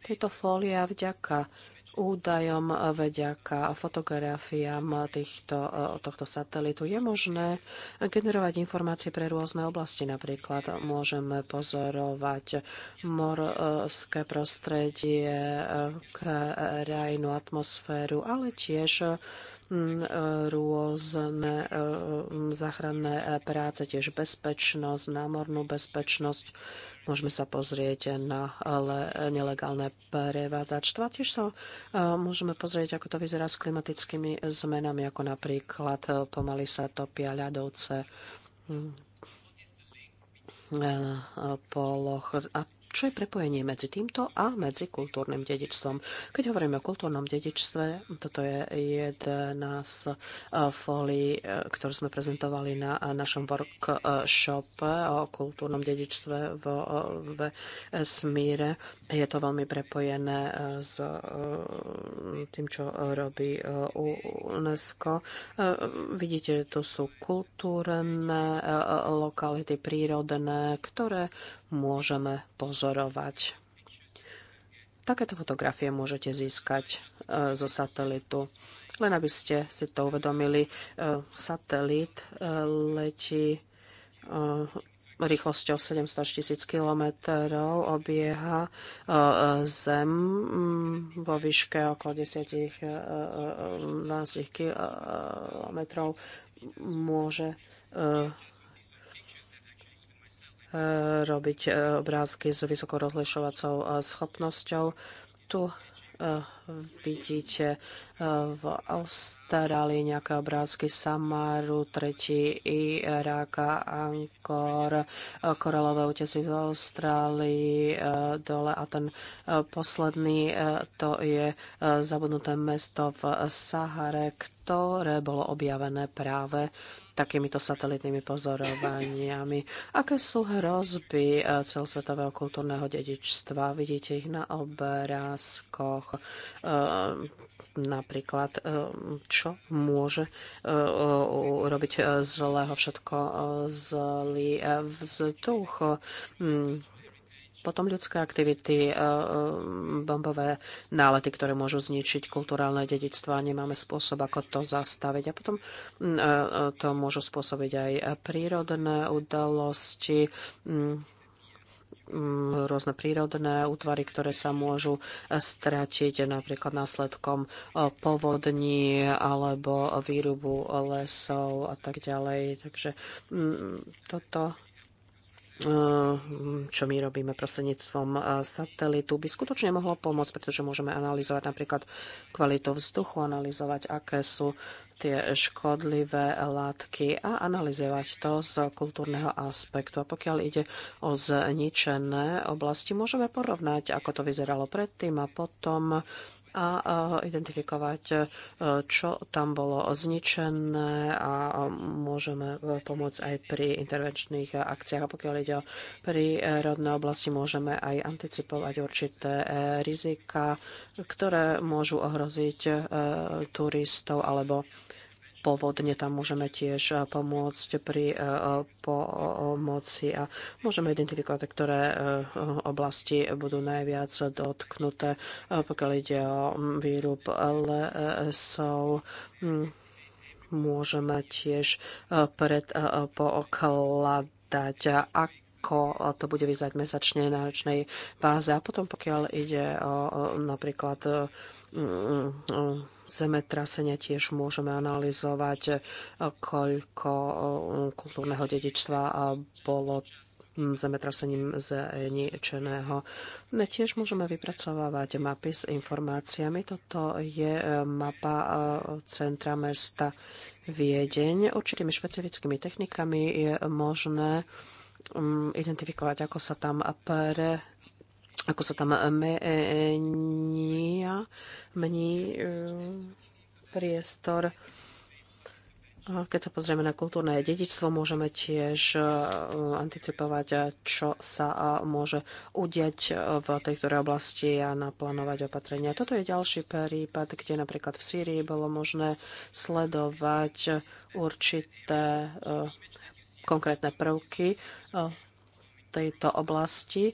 Tieto fólia vďaka údajom, vďaka fotografiám týchto, eh, tohto satelitu je možné generovať informácie pre rôzne oblasti. Napríklad môžeme pozorovať morské prostredie, eh, krajinu, atmosféru, ale tiež mm, eh, rôzne záchranné práce, tiež bezpečnosť, námornú bezpečnosť Môžeme sa pozrieť na nelegálne prevádzačstvo. Tiež sa e, môžeme pozrieť, ako to vyzerá s klimatickými zmenami, ako napríklad e, pomaly sa topia ľadovce mm, e, poloch. A čo je prepojenie medzi týmto a medzi kultúrnym dedičstvom. Keď hovoríme o kultúrnom dedičstve, toto je jedna z eh, folí, eh, ktorú sme prezentovali na eh, našom workshope o kultúrnom dedičstve v vesmíre. Je to veľmi prepojené s tým, čo robí UNESCO. Vidíte, to sú kultúrne lokality, prírodné, ktoré môžeme pozorovať. Takéto fotografie môžete získať e, zo satelitu. Len aby ste si to uvedomili, e, satelit e, letí rýchlosťou 700 tisíc kilometrov obieha Zem mm, vo výške okolo 10-12 kilometrov môže robiť eh, obrázky s vysokorozlišovacou eh, schopnosťou. Tu eh, vidíte eh, v Austrálii nejaké obrázky Samaru, tretí Ráka, Angkor, eh, koralové útesy v Austrálii, eh, dole a ten posledný to je zabudnuté mesto v Sahare, ktoré bolo objavené práve takýmito satelitnými pozorovaniami. Aké sú hrozby celosvetového kultúrneho dedičstva? Vidíte ich na obrázkoch. Ehm, napríklad, ehm, čo môže e, e, urobiť e, zlého všetko zlý vzduch. Mm, potom ľudské aktivity, bombové nálety, ktoré môžu zničiť kulturálne dedictvo a nemáme spôsob, ako to zastaviť. A potom mm, to môžu spôsobiť aj prírodné udalosti, mm, rôzne prírodné útvary, ktoré sa môžu e, stratiť napríklad následkom e, povodní alebo výrubu lesov a tak ďalej. Takže toto Ehm, čo my robíme prostredníctvom e, satelitu, by skutočne mohlo pomôcť, pretože môžeme analyzovať napríklad kvalitu vzduchu, analyzovať, aké sú tie škodlivé látky a analyzovať to z kultúrneho aspektu. A pokiaľ ide o zničené oblasti, môžeme porovnať, ako to vyzeralo predtým a potom a identifikovať, e, čo tam bolo zničené a môžeme e, pomôcť aj pri intervenčných akciách. A pokiaľ ide o prírodné oblasti, môžeme aj anticipovať určité e, rizika, ktoré môžu ohroziť turistov alebo povodne tam môžeme tiež eh, pomôcť pri eh, eh, pomoci a môžeme identifikovať, ktoré oblasti budú najviac dotknuté, pokiaľ ide o mm, výrub lesov mm, môžeme tiež predpokladať, ako to bude vyzerať mesačne na ročnej báze. A potom, pokiaľ ide o napríklad mm, zemetrasenia tiež môžeme analyzovať, koľko um, kultúrneho dedičstva bolo um, zemetrasením zničeného. Tiež môžeme vypracovávať mapy s informáciami. Toto je eh, mapa eh, centra mesta Viedeň. Určitými špecifickými technikami je možné um, identifikovať, ako sa tam pre ako sa tam eh, menia, mení eh, priestor. keď sa pozrieme na kultúrne dedičstvo, môžeme tiež eh, anticipovať, čo sa môže udiať v tej ktorej oblasti a naplánovať opatrenia. Toto je ďalší prípad, kde napríklad v Sýrii bolo možné sledovať určité konkrétne prvky tejto oblasti.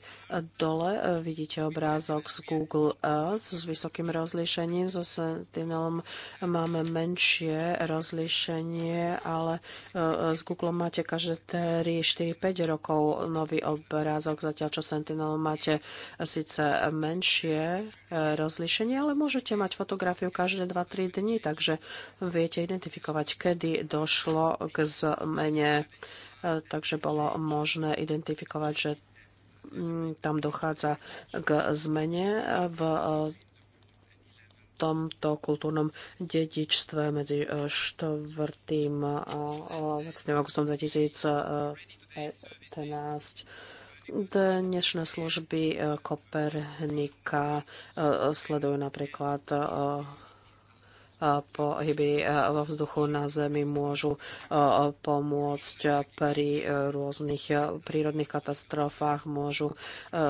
Dole e, vidíte obrázok z Google Earth s vysokým rozlíšením. So Sentinelom máme menšie rozlíšenie, ale e, e, s Google máte každé 3, 4, 5 rokov nový obrázok, zatiaľ čo Sentinel máte síce menšie rozlíšenie, ale môžete mať fotografiu každé 2-3 dni, takže viete identifikovať, kedy došlo k zmene takže bolo možné identifikovať, že mm, tam dochádza k zmene v e, tomto kultúrnom dedičstve medzi 4. E, a 20. Vlastne augustom 2015. Dnešné služby e, Kopernika sledujú napríklad pohyby e, vo vzduchu na Zemi môžu e, pomôcť pri rôznych e, prírodných katastrofách, môžu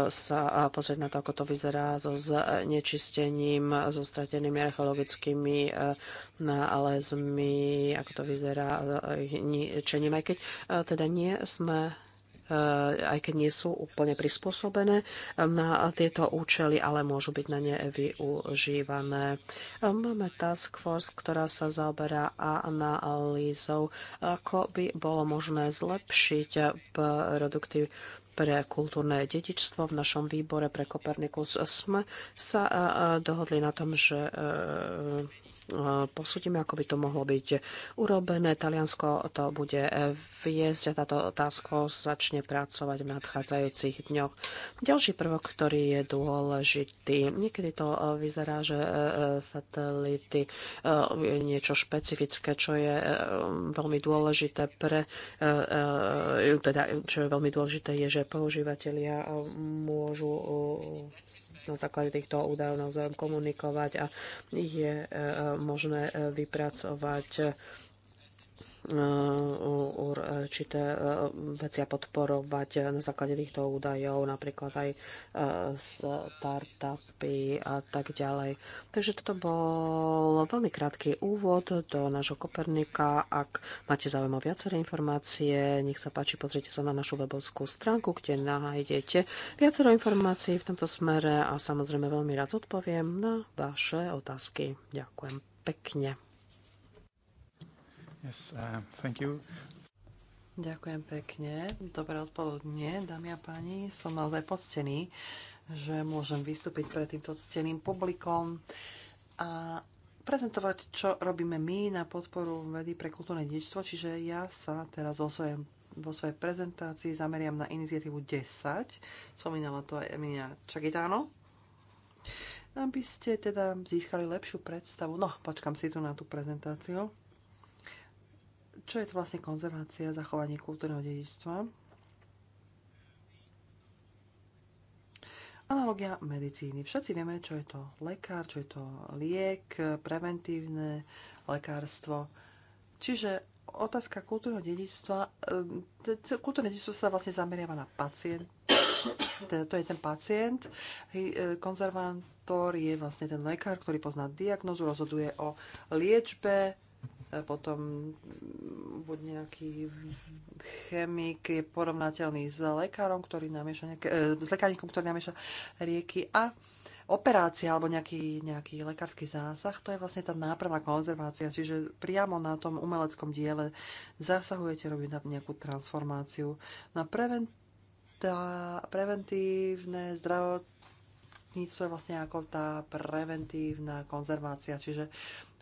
sa pozrieť na to, ako to vyzerá so znečistením, so stratenými archeologickými nálezmi, ako to vyzerá ničením, aj keď teda nie sme Eh, aj keď nie sú úplne prispôsobené eh, na tieto účely, ale môžu byť na ne využívané. Eh, máme task force, ktorá sa zaoberá analýzou, ako by bolo možné zlepšiť produkty pre kultúrne dedičstvo v našom výbore pre Kopernikus sme sa dohodli na tom, že Eh, posúdime, ako by to mohlo byť urobené. Taliansko to bude viesť a táto otázka začne pracovať v nadchádzajúcich dňoch. Ďalší prvok, ktorý je dôležitý. Niekedy to eh, vyzerá, že eh, satelity je niečo špecifické, čo je veľmi dôležité pre teda, čo je veľmi dôležité je, že používateľia môžu na základe týchto údajov navzájom komunikovať a je e, e, možné e, vypracovať určité e, veci a podporovať na základe týchto údajov, napríklad aj e, startupy a tak ďalej. Takže toto bol veľmi krátky úvod do nášho Kopernika. Ak máte záujem o viaceré informácie, nech sa páči, pozrite sa na našu webovskú stránku, kde nájdete viacero informácií v tomto smere a samozrejme veľmi rád odpoviem na vaše otázky. Ďakujem pekne. Yes, uh, thank you. Ďakujem pekne. Dobré odpoludne, dámy a páni. Som naozaj poctený, že môžem vystúpiť pred týmto cteným publikom a prezentovať, čo robíme my na podporu vedy pre kultúrne dedičstvo. Čiže ja sa teraz vo, svojej, vo svojej prezentácii zameriam na iniciatívu 10. Spomínala to aj Emilia Čakitáno. Aby ste teda získali lepšiu predstavu. No, počkam si tu na tú prezentáciu. Čo je to vlastne konzervácia, zachovanie kultúrneho dedičstva? Analogia medicíny. Všetci vieme, čo je to lekár, čo je to liek, preventívne lekárstvo. Čiže otázka kultúrneho dedičstva, e, kultúrne dedičstvo sa vlastne zameriava na pacient, [COUGHS] to je ten pacient. E, konzervátor je vlastne ten lekár, ktorý pozná diagnozu, rozhoduje o liečbe, potom buď nejaký chemik je porovnateľný s lekárom, ktorý namieša nejaké, e, s lekárnikom, ktorý namieša rieky a operácia alebo nejaký, nejaký lekársky zásah, to je vlastne tá nápravná konzervácia, čiže priamo na tom umeleckom diele zasahujete robiť nejakú transformáciu. Na preventívne zdravotníctvo je vlastne ako tá preventívna konzervácia, čiže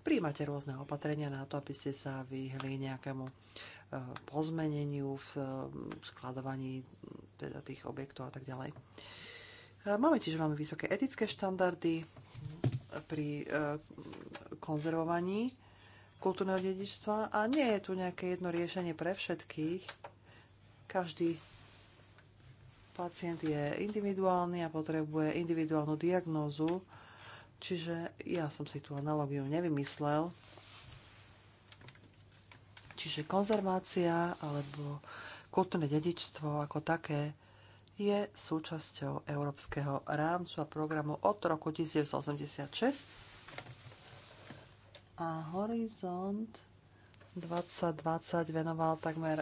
príjmate rôzne opatrenia na to, aby ste sa vyhli nejakému e, pozmeneniu v e, skladovaní teda tých objektov a tak ďalej. E, máme tiež máme vysoké etické štandardy pri konzervovaní kultúrneho dedičstva a nie je tu nejaké jedno riešenie pre všetkých. Každý pacient je individuálny a potrebuje individuálnu diagnózu Čiže ja som si tú analogiu nevymyslel. Čiže konzervácia alebo kultúrne dedičstvo ako také je súčasťou Európskeho rámcu a programu od roku 1986 a Horizont 2020 venoval takmer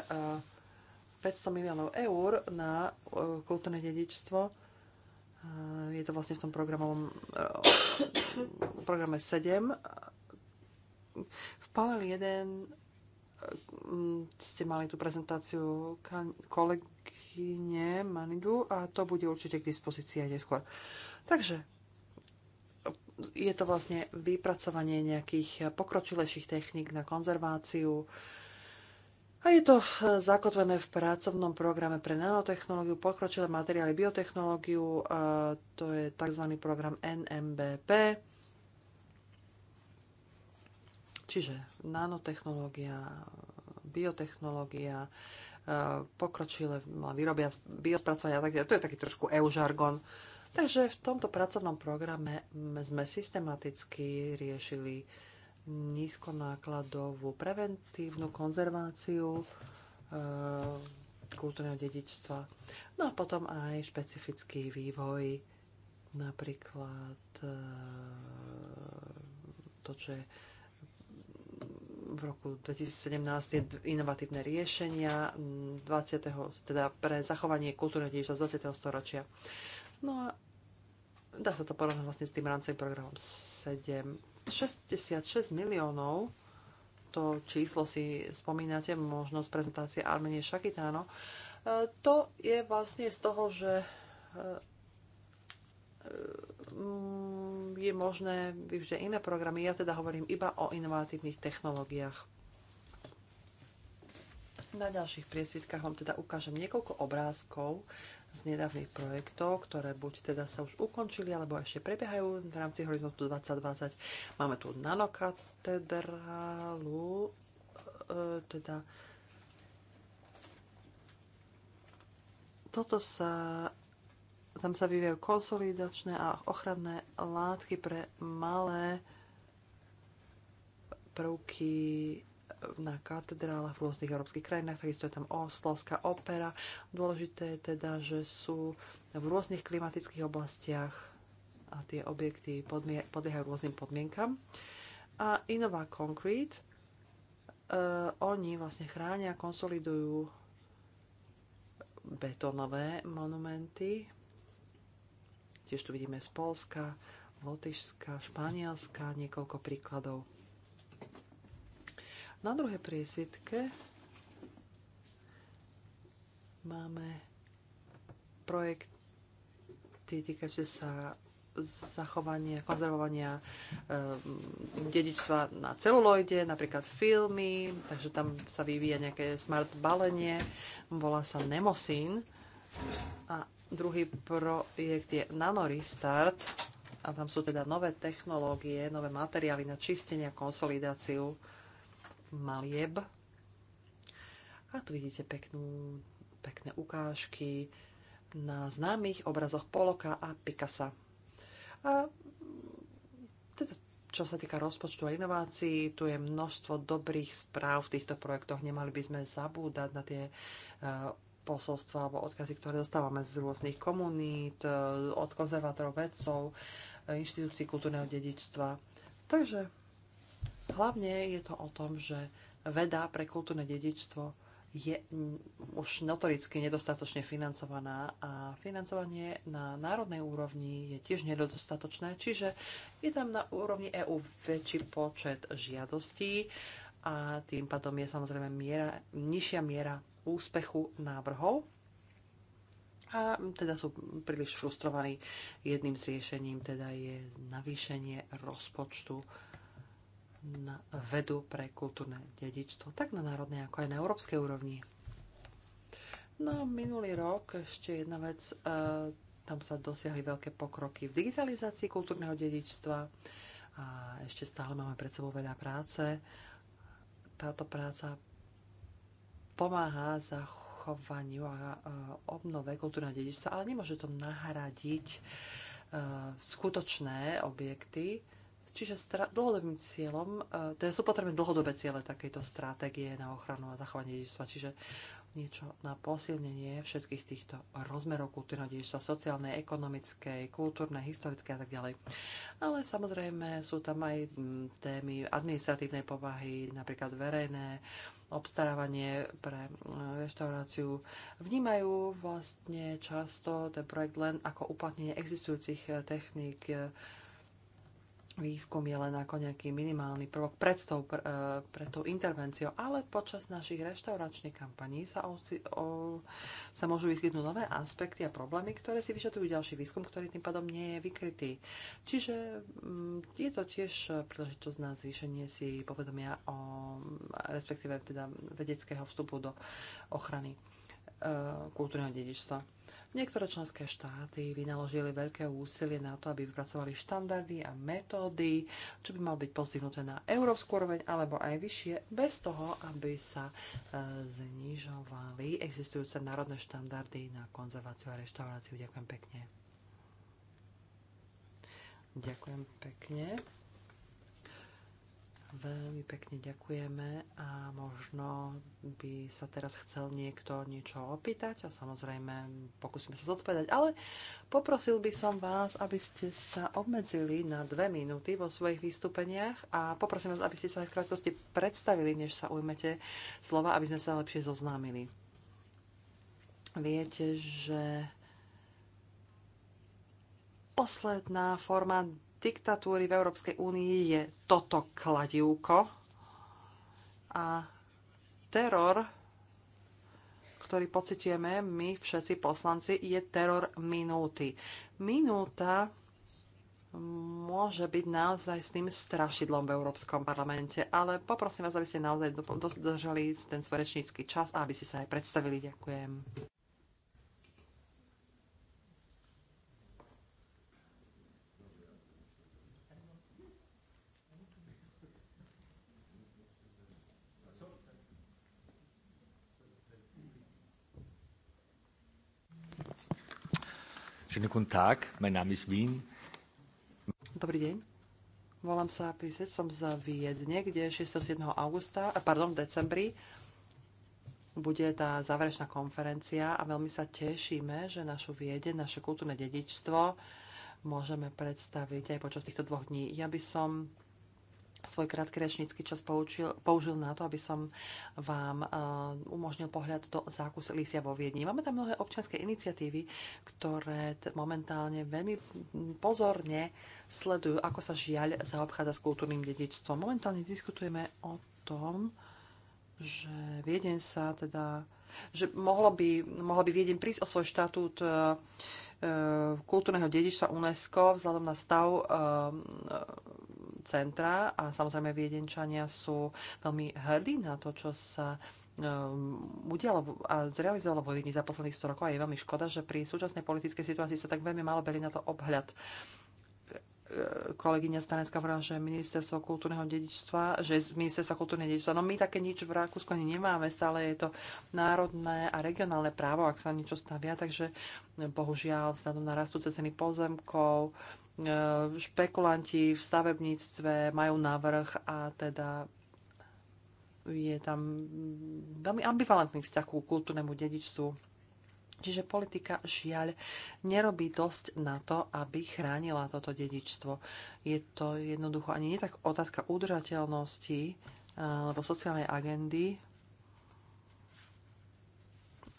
500 eh, miliónov eur na eh, kultúrne dedičstvo je to vlastne v tom programovom eh, [COUGHS] programe 7. V panel 1 mm, ste mali tú prezentáciu kolegyne Manidu a to bude určite k dispozícii aj neskôr. Takže je to vlastne vypracovanie nejakých pokročilejších techník na konzerváciu, a je to eh, zakotvené v pracovnom programe pre nanotechnológiu, pokročilé materiály, biotechnológiu, eh, to je tzv. program NMBP, čiže nanotechnológia, biotechnológia, eh, pokročilé no, výrobia, biospracovania tak To je taký trošku eužargon. Takže v tomto pracovnom programe sme systematicky riešili uh, nízkonákladovú preventívnu konzerváciu e, kultúrneho dedičstva. No a potom aj špecifický vývoj, napríklad e, to, čo je v roku 2017 je inovatívne riešenia 20. teda pre zachovanie kultúrneho dedičstva z 20. storočia. No a dá sa to porovnať vlastne s tým rámcovým programom 7 66 miliónov, to číslo si spomínate možno z prezentácie Armenie Šakitáno, e, to je vlastne z toho, že e, mm, je možné využiť iné programy. Ja teda hovorím iba o inovatívnych technológiách. Na ďalších priesvitkách vám teda ukážem niekoľko obrázkov z nedávnych projektov, ktoré buď teda sa už ukončili, alebo ešte prebiehajú v rámci Horizontu 2020. Máme tu nanokatedrálu, e, teda toto sa tam sa vyvíjajú konsolidačné a ochranné látky pre malé prvky na katedrálach v rôznych európskych krajinách, takisto je tam Oslovská opera. Dôležité je teda, že sú v rôznych klimatických oblastiach a tie objekty podliehajú rôznym podmienkam. A Innova Concrete, uh, oni vlastne chránia a konsolidujú betónové monumenty. Tiež tu vidíme z Polska, Lotyšska, Španielska, niekoľko príkladov. Na druhej priesvitke máme projekty týkajúce sa zachovania, konzervovania e, dedičstva na celuloide, napríklad filmy, takže tam sa vyvíja nejaké smart balenie, volá sa nemosyn. A druhý projekt je Restart, a tam sú teda nové technológie, nové materiály na čistenie a konsolidáciu malieb. A tu vidíte peknú, pekné ukážky na známych obrazoch Poloka a Picasa. A teda, čo sa týka rozpočtu a inovácií, tu je množstvo dobrých správ v týchto projektoch. Nemali by sme zabúdať na tie e, posolstva alebo odkazy, ktoré dostávame z rôznych komunít, e, od konzervátorov, vedcov, e, inštitúcií kultúrneho dedičstva. Takže Hlavne je to o tom, že veda pre kultúrne dedičstvo je už notoricky nedostatočne financovaná a financovanie na národnej úrovni je tiež nedostatočné, čiže je tam na úrovni EÚ väčší počet žiadostí a tým pádom je samozrejme miera, nižšia miera úspechu návrhov a teda sú príliš frustrovaní. Jedným z riešením teda je navýšenie rozpočtu na vedu pre kultúrne dedičstvo, tak na národnej, ako aj na európskej úrovni. No minulý rok ešte jedna vec, e, tam sa dosiahli veľké pokroky v digitalizácii kultúrneho dedičstva a ešte stále máme pred sebou veľa práce. Táto práca pomáha zachovaniu a e, obnove kultúrneho dedičstva, ale nemôže to nahradiť e, skutočné objekty, Čiže stra- dlhodobým cieľom, e, teda sú potrebné dlhodobé ciele takejto stratégie na ochranu a zachovanie dedičstva, čiže niečo na posilnenie všetkých týchto rozmerov kultúrneho dedičstva, sociálnej, ekonomickej, kultúrnej, historickej a tak ďalej. Ale samozrejme sú tam aj témy administratívnej povahy, napríklad verejné, obstarávanie pre reštauráciu vnímajú vlastne často ten projekt len ako uplatnenie existujúcich e, techník, e, výskum je len ako nejaký minimálny prvok pred tou, e, pred tou intervenciou, ale počas našich reštauračných kampaní sa, o, o, sa môžu vyskytnúť nové aspekty a problémy, ktoré si vyšetrujú ďalší výskum, ktorý tým pádom nie je vykrytý. Čiže mm, je to tiež príležitosť na zvýšenie si povedomia o respektíve teda vedeckého vstupu do ochrany e, kultúrneho dedičstva. Niektoré členské štáty vynaložili veľké úsilie na to, aby vypracovali štandardy a metódy, čo by malo byť postihnuté na európsku úroveň alebo aj vyššie, bez toho, aby sa e, znižovali existujúce národné štandardy na konzerváciu a reštauráciu. Ďakujem pekne. Ďakujem pekne. Veľmi pekne ďakujeme a možno by sa teraz chcel niekto niečo opýtať a samozrejme pokúsime sa zodpovedať, ale poprosil by som vás, aby ste sa obmedzili na dve minúty vo svojich vystúpeniach a poprosím vás, aby ste sa aj v krátkosti predstavili, než sa ujmete slova, aby sme sa lepšie zoznámili. Viete, že posledná forma diktatúry v Európskej únii je toto kladivko a teror, ktorý pocitujeme my všetci poslanci, je teror minúty. Minúta môže byť naozaj s tým strašidlom v Európskom parlamente, ale poprosím vás, aby ste naozaj dodržali ten svoj rečnícky čas a aby ste sa aj predstavili. Ďakujem. Schönen guten Tag, mein Name ist Wien. Dobrý deň. Volám sa Pisec, som z Viedne, kde 67. augusta, eh, pardon, v decembri bude tá záverečná konferencia a veľmi sa tešíme, že našu viede, naše kultúrne dedičstvo môžeme predstaviť aj počas týchto dvoch dní. Ja by som svoj krátky rečnícky čas poučil, použil na to, aby som vám uh, umožnil pohľad do zákus lisia vo Viedni. Máme tam mnohé občianske iniciatívy, ktoré momentálne veľmi pozorne sledujú, ako sa žiaľ zaobchádza s kultúrnym dedičstvom. Momentálne diskutujeme o tom, že Viedeň sa teda že mohlo by, mohlo by Viedeň prísť o svoj štatút e, kultúrneho dedičstva UNESCO vzhľadom na stav e, centra a samozrejme viedenčania sú veľmi hrdí na to, čo sa um, udialo a zrealizovalo vo Viedni za posledných 100 rokov a je veľmi škoda, že pri súčasnej politickej situácii sa tak veľmi málo berie na to obhľad. Kolegyňa Stanecka hovorila, že ministerstvo kultúrneho dedičstva, že ministerstvo kultúrneho dedičstva, no my také nič v Rakúsku ani nemáme, stále je to národné a regionálne právo, ak sa niečo stavia, takže bohužiaľ vzhľadom na rastúce ceny pozemkov, E, špekulanti v stavebníctve majú navrh a teda je tam veľmi ambivalentný vzťah ku kultúrnemu dedičstvu. Čiže politika žiaľ nerobí dosť na to, aby chránila toto dedičstvo. Je to jednoducho ani nie tak otázka udržateľnosti e, alebo sociálnej agendy,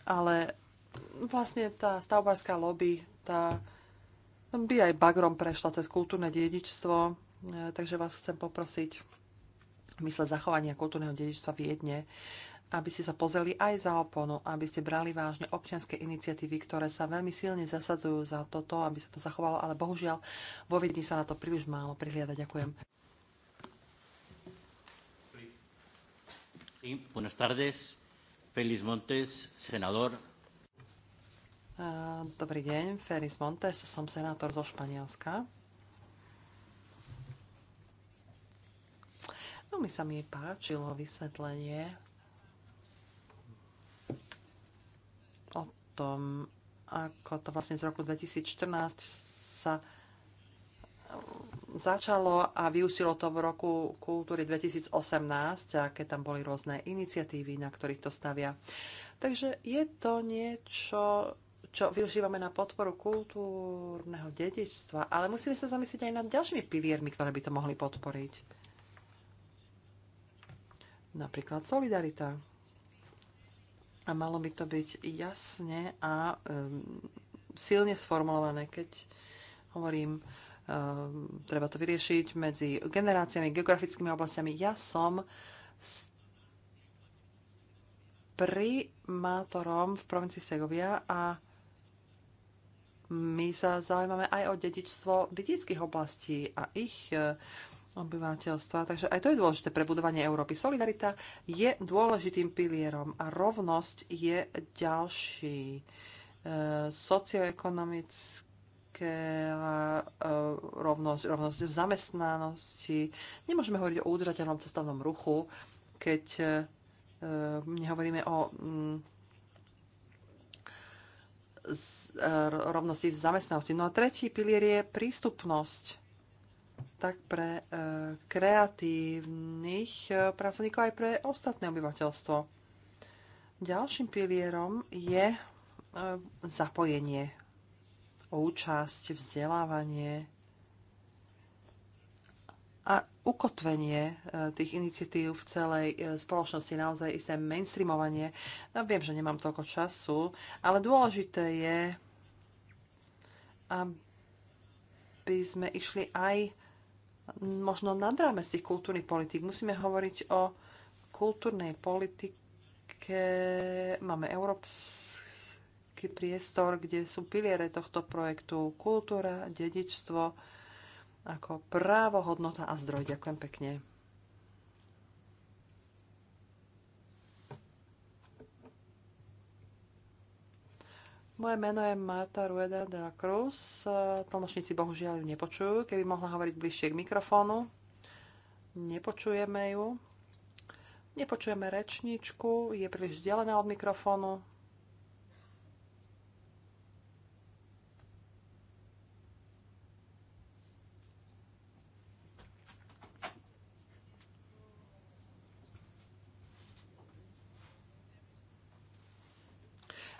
ale vlastne tá stavbárska lobby, tá by aj bagrom prešla cez kultúrne dedičstvo, e, takže vás chcem poprosiť v mysle zachovania kultúrneho dedičstva v jedne, aby ste sa pozreli aj za oponu, aby ste brali vážne občianske iniciatívy, ktoré sa veľmi silne zasadzujú za toto, aby sa to zachovalo, ale bohužiaľ vo Viedni sa na to príliš málo prihliada. Ďakujem. buenas tardes. Félix Montes, senador Eh, dobrý deň, Ferris Montes, som senátor zo Španielska. No, mi sa mi páčilo vysvetlenie o tom, ako to vlastne z roku 2014 sa eh, začalo a vyúsilo to v roku kultúry 2018, aké tam boli rôzne iniciatívy, na ktorých to stavia. Takže je to niečo, čo využívame na podporu kultúrneho dedičstva, ale musíme sa zamyslieť aj nad ďalšími piliermi, ktoré by to mohli podporiť. Napríklad solidarita. A malo by to byť jasne a um, silne sformulované, keď hovorím, um, treba to vyriešiť medzi generáciami, geografickými oblastiami. Ja som primátorom v provincii Segovia a my sa zaujímame aj o dedičstvo vidických oblastí a ich e, obyvateľstva. Takže aj to je dôležité pre budovanie Európy. Solidarita je dôležitým pilierom a rovnosť je ďalší e, socioekonomické e, rovnosť, rovnosť v zamestnanosti. Nemôžeme hovoriť o udržateľnom cestovnom ruchu, keď e, nehovoríme o mm, E, rovnosti v zamestnanosti. No a tretí pilier je prístupnosť tak pre e, kreatívnych e, pracovníkov aj pre ostatné obyvateľstvo. Ďalším pilierom je zapojenie, účasť, vzdelávanie, ukotvenie e, tých iniciatív v celej e, spoločnosti, naozaj isté mainstreamovanie. No, viem, že nemám toľko času, ale dôležité je, aby sme išli aj možno nad rámec tých kultúrnych politík. Musíme hovoriť o kultúrnej politike. Máme európsky priestor, kde sú piliere tohto projektu kultúra, dedičstvo, ako právo, hodnota a zdroj. Ďakujem pekne. Moje meno je Marta Rueda de la Cruz. Tlmočníci bohužiaľ ju nepočujú. Keby mohla hovoriť bližšie k mikrofónu. Nepočujeme ju. Nepočujeme rečníčku. Je príliš vzdialená od mikrofónu.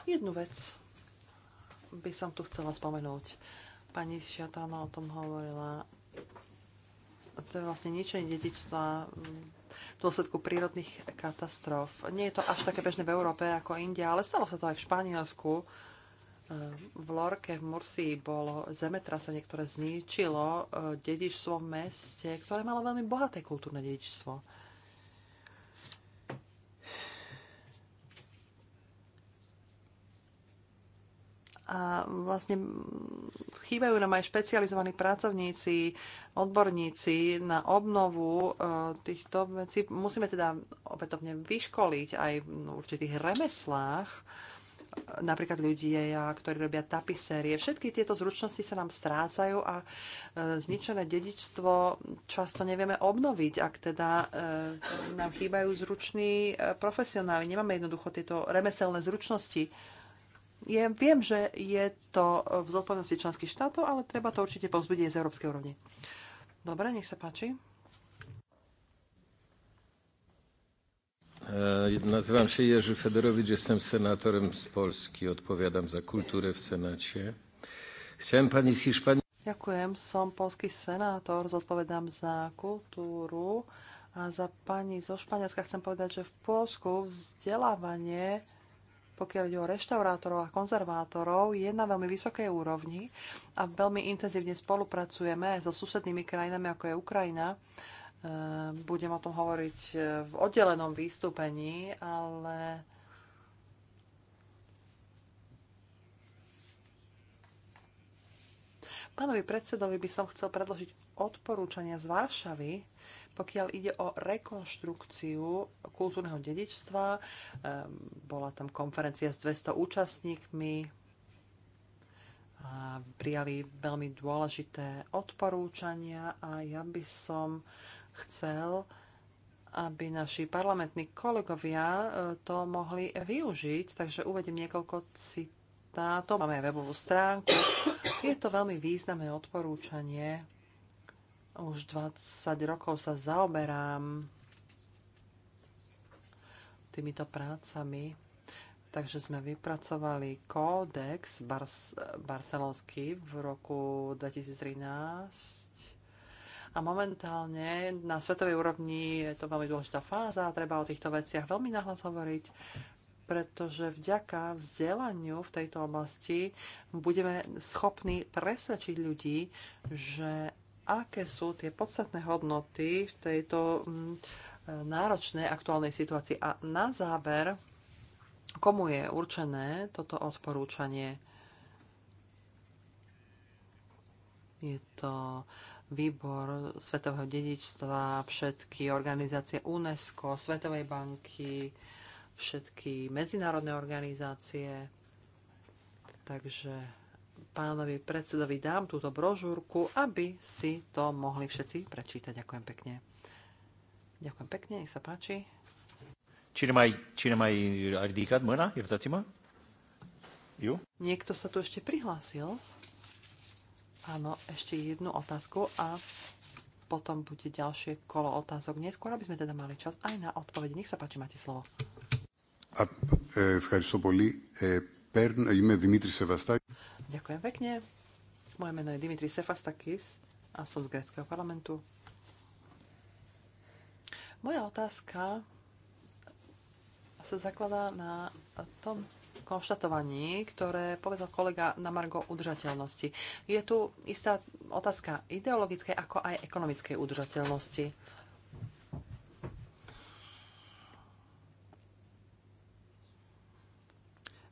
Jednu vec by som tu chcela spomenúť. Pani Šiatána o tom hovorila. To je vlastne ničenie dedičstva v dôsledku prírodných katastrof. Nie je to až také bežné v Európe ako India, ale stalo sa to aj v Španielsku. E, v Lorke v Mursii bolo zemetrasenie, ktoré zničilo e, dedičstvo v meste, ktoré malo veľmi bohaté kultúrne dedičstvo a vlastne chýbajú nám aj špecializovaní pracovníci, odborníci na obnovu e, týchto vecí. Musíme teda opätovne vyškoliť aj v určitých remeslách, napríklad ľudia, ktorí robia tapisérie. Všetky tieto zručnosti sa nám strácajú a e, zničené dedičstvo často nevieme obnoviť, ak teda e, nám chýbajú zruční e, profesionáli. Nemáme jednoducho tieto remeselné zručnosti. Ja viem, že je to v zodpovednosti členských štátov, ale treba to určite povzbudiť z európskej úrovne. Dobre, nech sa páči. E, nazywam się Jerzy že som senátorem z Polski, odpovedám za kultúre v Senáte. Chcem pani z Hiszpanii... Ďakujem, som polský senátor, zodpovedám za kultúru a za pani zo Španielska chcem povedať, že v Polsku vzdelávanie pokiaľ ide o reštaurátorov a konzervátorov, je na veľmi vysokej úrovni a veľmi intenzívne spolupracujeme aj so susednými krajinami, ako je Ukrajina. E, budem o tom hovoriť e, v oddelenom výstupení, ale Pánovi predsedovi by som chcel predložiť odporúčania z Varšavy, pokiaľ ide o rekonštrukciu kultúrneho dedičstva. Bola tam konferencia s 200 účastníkmi a prijali veľmi dôležité odporúčania a ja by som chcel, aby naši parlamentní kolegovia e, to mohli využiť, takže uvedem niekoľko citátov. Máme aj webovú stránku. Je to veľmi významné odporúčanie už 20 rokov sa zaoberám týmito prácami. Takže sme vypracovali kódex bar- barcelonský v roku 2013 a momentálne na svetovej úrovni je to veľmi dôležitá fáza a treba o týchto veciach veľmi nahlas hovoriť, pretože vďaka vzdelaniu v tejto oblasti budeme schopní presvedčiť ľudí, že aké sú tie podstatné hodnoty v tejto mm, e, náročnej aktuálnej situácii. A na záver, komu je určené toto odporúčanie? Je to výbor Svetového dedičstva, všetky organizácie UNESCO, Svetovej banky, všetky medzinárodné organizácie. Takže pánovi predsedovi dám túto brožúrku, aby si to mohli všetci prečítať. Ďakujem pekne. Ďakujem pekne, nech sa páči. Čiže mají aj mai a ridicat mâna? Niekto sa tu ešte prihlásil. Áno, ešte jednu otázku a potom bude ďalšie kolo otázok neskôr, aby sme teda mali čas aj na odpovede. Nech sa páči, máte slovo. A, e, Ďakujem pekne. Moje meno je Dimitri Sefastakis a som z Gréckého parlamentu. Moja otázka sa zakladá na tom konštatovaní, ktoré povedal kolega na Margo udržateľnosti. Je tu istá otázka ideologickej ako aj ekonomickej udržateľnosti.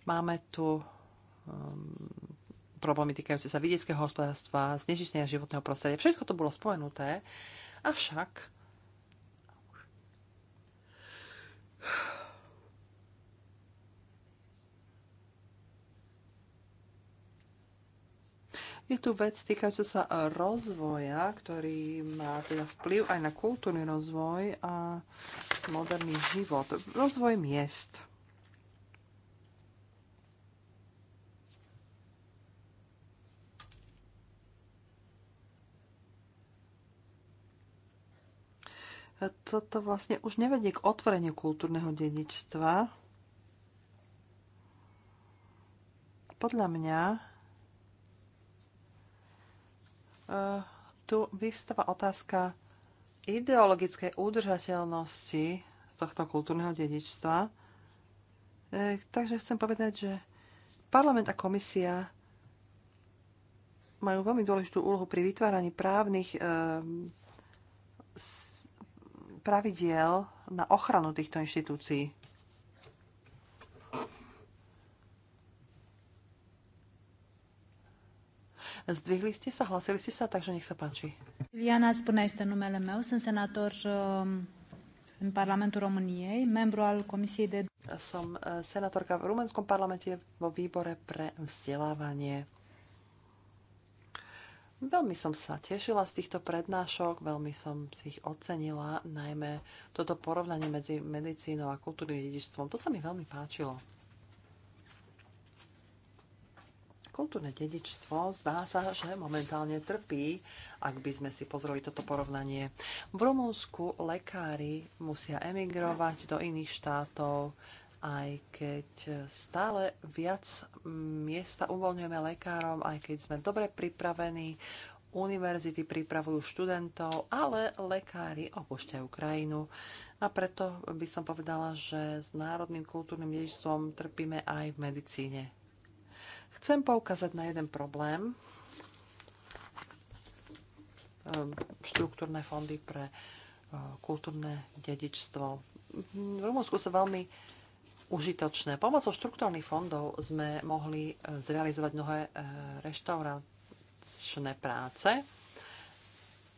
Máme tu um, problémy týkajúce sa vidieckého hospodárstva, znežistenia životného prostredia. Všetko to bolo spomenuté, avšak je tu vec týkajúca sa rozvoja, ktorý má teda vplyv aj na kultúrny rozvoj a moderný život. Rozvoj miest. toto vlastne už nevedie k otvoreniu kultúrneho dedičstva. Podľa mňa eh, tu vyvstáva otázka ideologickej udržateľnosti tohto kultúrneho dedičstva. Eh, takže chcem povedať, že parlament a komisia majú veľmi dôležitú úlohu pri vytváraní právnych eh, pravidiel na ochranu týchto inštitúcií. Zdvihli ste sa, hlasili ste sa, takže nech sa páči. Liana spune este numele meu, sunt senator um, în Parlamentul României, membru al Comisiei de... Som eh, senatorka v rumenskom parlamente vo výbore pre vzdelávanie. Veľmi som sa tešila z týchto prednášok, veľmi som si ich ocenila, najmä toto porovnanie medzi medicínou a kultúrnym dedičstvom. To sa mi veľmi páčilo. Kultúrne dedičstvo zdá sa, že momentálne trpí, ak by sme si pozreli toto porovnanie. V Rumunsku lekári musia emigrovať do iných štátov, aj keď stále viac miesta uvoľňujeme lekárom, aj keď sme dobre pripravení, univerzity pripravujú študentov, ale lekári opúšťajú krajinu. A preto by som povedala, že s národným kultúrnym dedičstvom trpíme aj v medicíne. Chcem poukázať na jeden problém. Ehm, štruktúrne fondy pre ehm, kultúrne dedičstvo. V Rumunsku sa veľmi užitočné. Pomocou štruktúrnych fondov sme mohli e, zrealizovať mnohé e, reštauračné práce,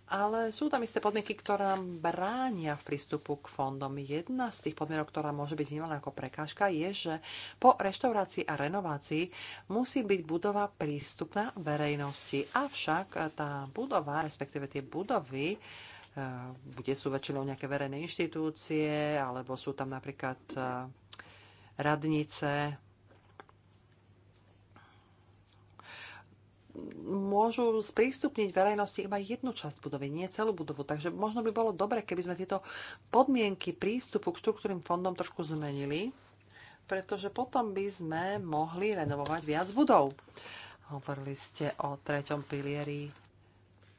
ale sú tam isté podmienky, ktoré nám bránia v prístupu k fondom. Jedna z tých podmienok, ktorá môže byť vnímaná ako prekážka, je, že po reštaurácii a renovácii musí byť budova prístupná verejnosti. Avšak tá budova, respektíve tie budovy, e, kde sú väčšinou nejaké verejné inštitúcie, alebo sú tam napríklad radnice, môžu sprístupniť verejnosti iba jednu časť budovy, nie celú budovu. Takže možno by bolo dobre, keby sme tieto podmienky prístupu k štruktúrnym fondom trošku zmenili, pretože potom by sme mohli renovovať viac budov. Hovorili ste o treťom pilieri,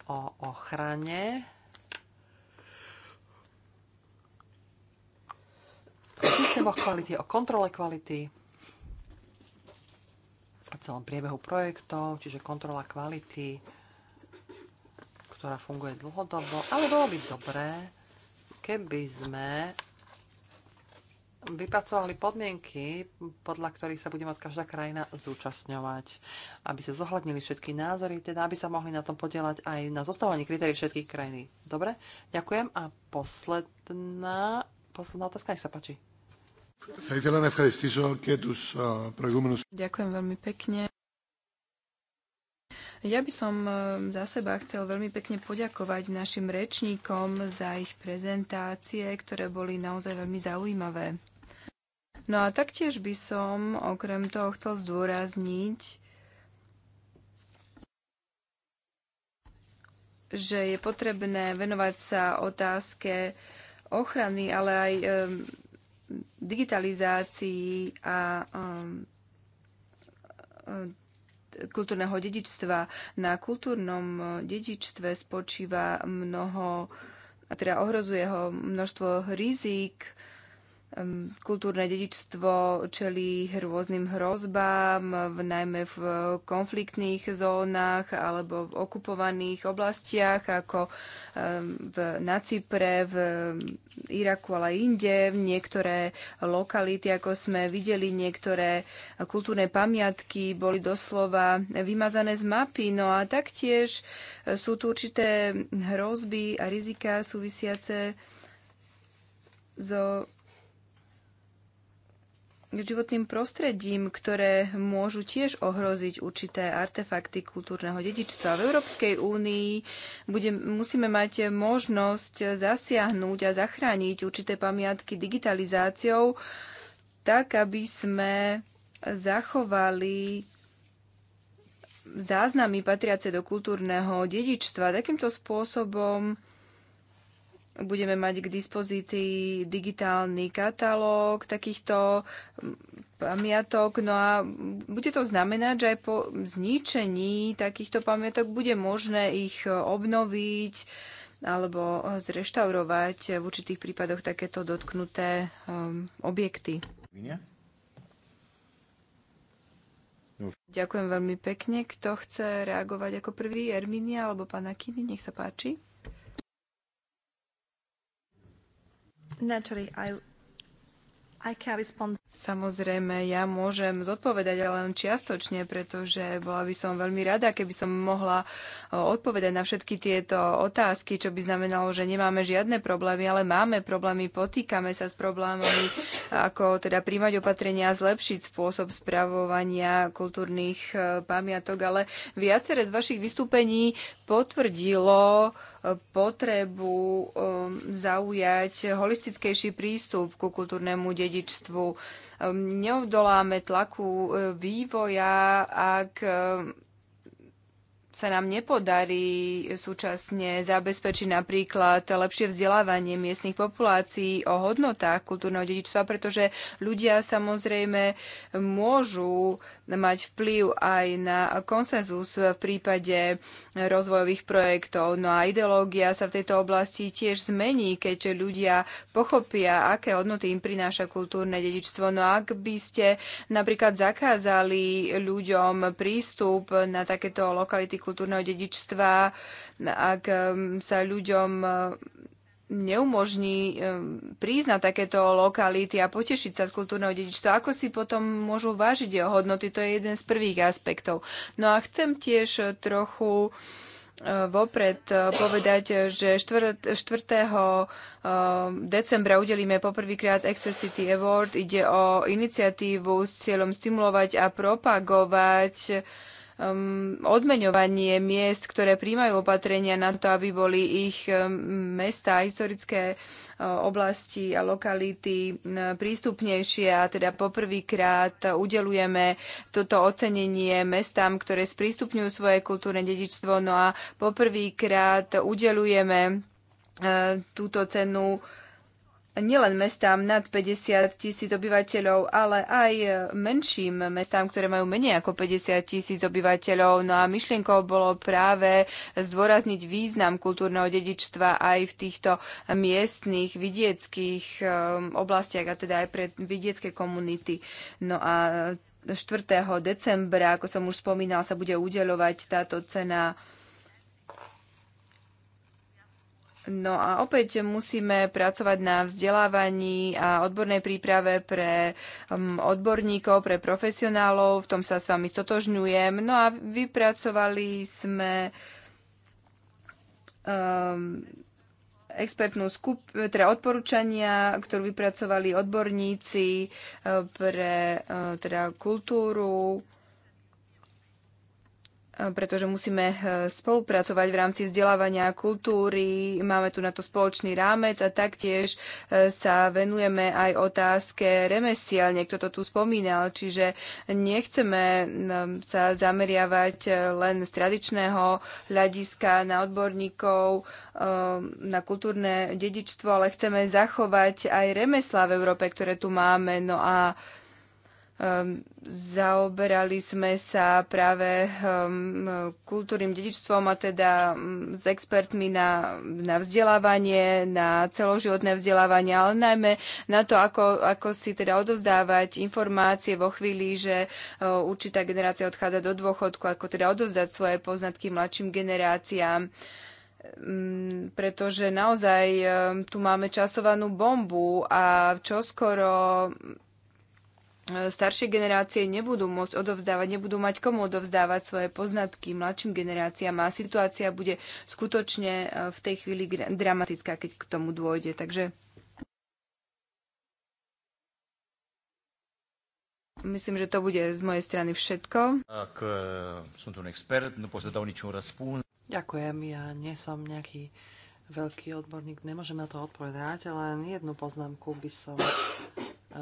o ochrane o systémoch kvality, o kontrole kvality, o celom priebehu projektov, čiže kontrola kvality, ktorá funguje dlhodobo. Ale bolo by dobré, keby sme vypracovali podmienky, podľa ktorých sa bude môcť každá krajina zúčastňovať, aby sa zohľadnili všetky názory, teda aby sa mohli na tom podielať aj na zostávaní kritérií všetkých krajín. Dobre, ďakujem. A posledná posledná otázka, nech sa páči. Ďakujem veľmi pekne. Ja by som za seba chcel veľmi pekne poďakovať našim rečníkom za ich prezentácie, ktoré boli naozaj veľmi zaujímavé. No a taktiež by som okrem toho chcel zdôrazniť, že je potrebné venovať sa otázke ochrany, ale aj digitalizácii a e, kultúrneho dedičstva. Na kultúrnom e, dedičstve spočíva mnoho, a teda ohrozuje ho množstvo rizík, kultúrne dedičstvo čelí rôznym hrozbám, v, najmä v konfliktných zónach alebo v okupovaných oblastiach, ako v, na Cypre, v Iraku, ale inde. Niektoré lokality, ako sme videli, niektoré kultúrne pamiatky boli doslova vymazané z mapy. No a taktiež e, sú tu určité hrozby a rizika súvisiace so životným prostredím, ktoré môžu tiež ohroziť určité artefakty kultúrneho dedičstva. V Európskej únii bude, musíme mať možnosť zasiahnuť a zachrániť určité pamiatky digitalizáciou, tak aby sme zachovali záznamy patriace do kultúrneho dedičstva. Takýmto spôsobom budeme mať k dispozícii digitálny katalóg takýchto pamiatok. No a bude to znamenať, že aj po zničení takýchto pamiatok bude možné ich obnoviť alebo zreštaurovať v určitých prípadoch takéto dotknuté um, objekty. Ďakujem veľmi pekne. Kto chce reagovať ako prvý? Erminia alebo pána Kiny? Nech sa páči. Naturally, I Samozrejme, ja môžem zodpovedať, ale len čiastočne, pretože bola by som veľmi rada, keby som mohla odpovedať na všetky tieto otázky, čo by znamenalo, že nemáme žiadne problémy, ale máme problémy, potýkame sa s problémami, ako teda príjmať opatrenia a zlepšiť spôsob spravovania kultúrnych e, pamiatok, ale viacere z vašich vystúpení potvrdilo e, potrebu e, zaujať holistickejší prístup ku kultúrnemu dedinu dedičstvu. Ehm, neodoláme tlaku e, vývoja, ak e, sa nám nepodarí súčasne zabezpečiť napríklad lepšie vzdelávanie miestnych populácií o hodnotách kultúrneho dedičstva, pretože ľudia samozrejme môžu mať vplyv aj na konsenzus v prípade rozvojových projektov. No a ideológia sa v tejto oblasti tiež zmení, keď ľudia pochopia, aké hodnoty im prináša kultúrne dedičstvo. No a ak by ste napríklad zakázali ľuďom prístup na takéto lokality kultúrneho dedičstva, ak um, sa ľuďom neumožní prísť na takéto lokality a potešiť sa z kultúrneho dedičstva, ako si potom môžu vážiť jeho hodnoty, to je jeden z prvých aspektov. No a chcem tiež trochu e, vopred e, povedať, že 4. E, decembra udelíme poprvýkrát Accessity Award. Ide o iniciatívu s cieľom stimulovať a propagovať um, odmeňovanie miest, ktoré príjmajú opatrenia na to, aby boli ich um, mesta, historické uh, oblasti a lokality um, prístupnejšie a teda poprvýkrát udelujeme toto ocenenie mestám, ktoré sprístupňujú svoje kultúrne dedičstvo. No a poprvýkrát udelujeme uh, túto cenu uh, nielen mestám nad 50 tisíc obyvateľov, ale aj menším mestám, ktoré majú menej ako 50 tisíc obyvateľov. No a myšlienkou bolo práve zdôrazniť význam kultúrneho dedičstva aj v týchto miestných vidieckých um, oblastiach a teda aj pre vidiecké komunity. No a 4. decembra, ako som už spomínal, sa bude udeľovať táto cena No a opäť musíme pracovať na vzdelávaní a odbornej príprave pre um, odborníkov, pre profesionálov, v tom sa s vami stotožňujem. No a vypracovali sme um, expertnú skup, teda odporúčania, ktorú vypracovali odborníci uh, pre uh, teda kultúru, pretože musíme e, spolupracovať v rámci vzdelávania kultúry, máme tu na to spoločný rámec a taktiež e, sa venujeme aj otázke remesiel, niekto to tu spomínal, čiže nechceme sa zameriavať e, len z tradičného hľadiska na odborníkov, na kultúrne dedičstvo, ale chceme zachovať aj remeslá v Európe, ktoré tu máme. No a Um, zaoberali sme sa práve um, kultúrnym dedičstvom a teda um, s expertmi na, na vzdelávanie, na celoživotné vzdelávanie, ale najmä na to, ako, ako si teda odovzdávať informácie vo chvíli, že uh, určitá generácia odchádza do dôchodku, ako teda odovzdať svoje poznatky mladším generáciám mm, pretože naozaj ehm, tu máme časovanú bombu a čoskoro E, staršie generácie nebudú môcť odovzdávať, nebudú mať komu odovzdávať svoje poznatky mladším generáciám a situácia bude skutočne e, v tej chvíli dramatická, keď k tomu dôjde. Takže Myslím, že to bude z mojej strany všetko. Ak e, som tu expert, no da Ďakujem, ja nie som nejaký veľký odborník, nemôžem na to odpovedať, ale len jednu poznámku by som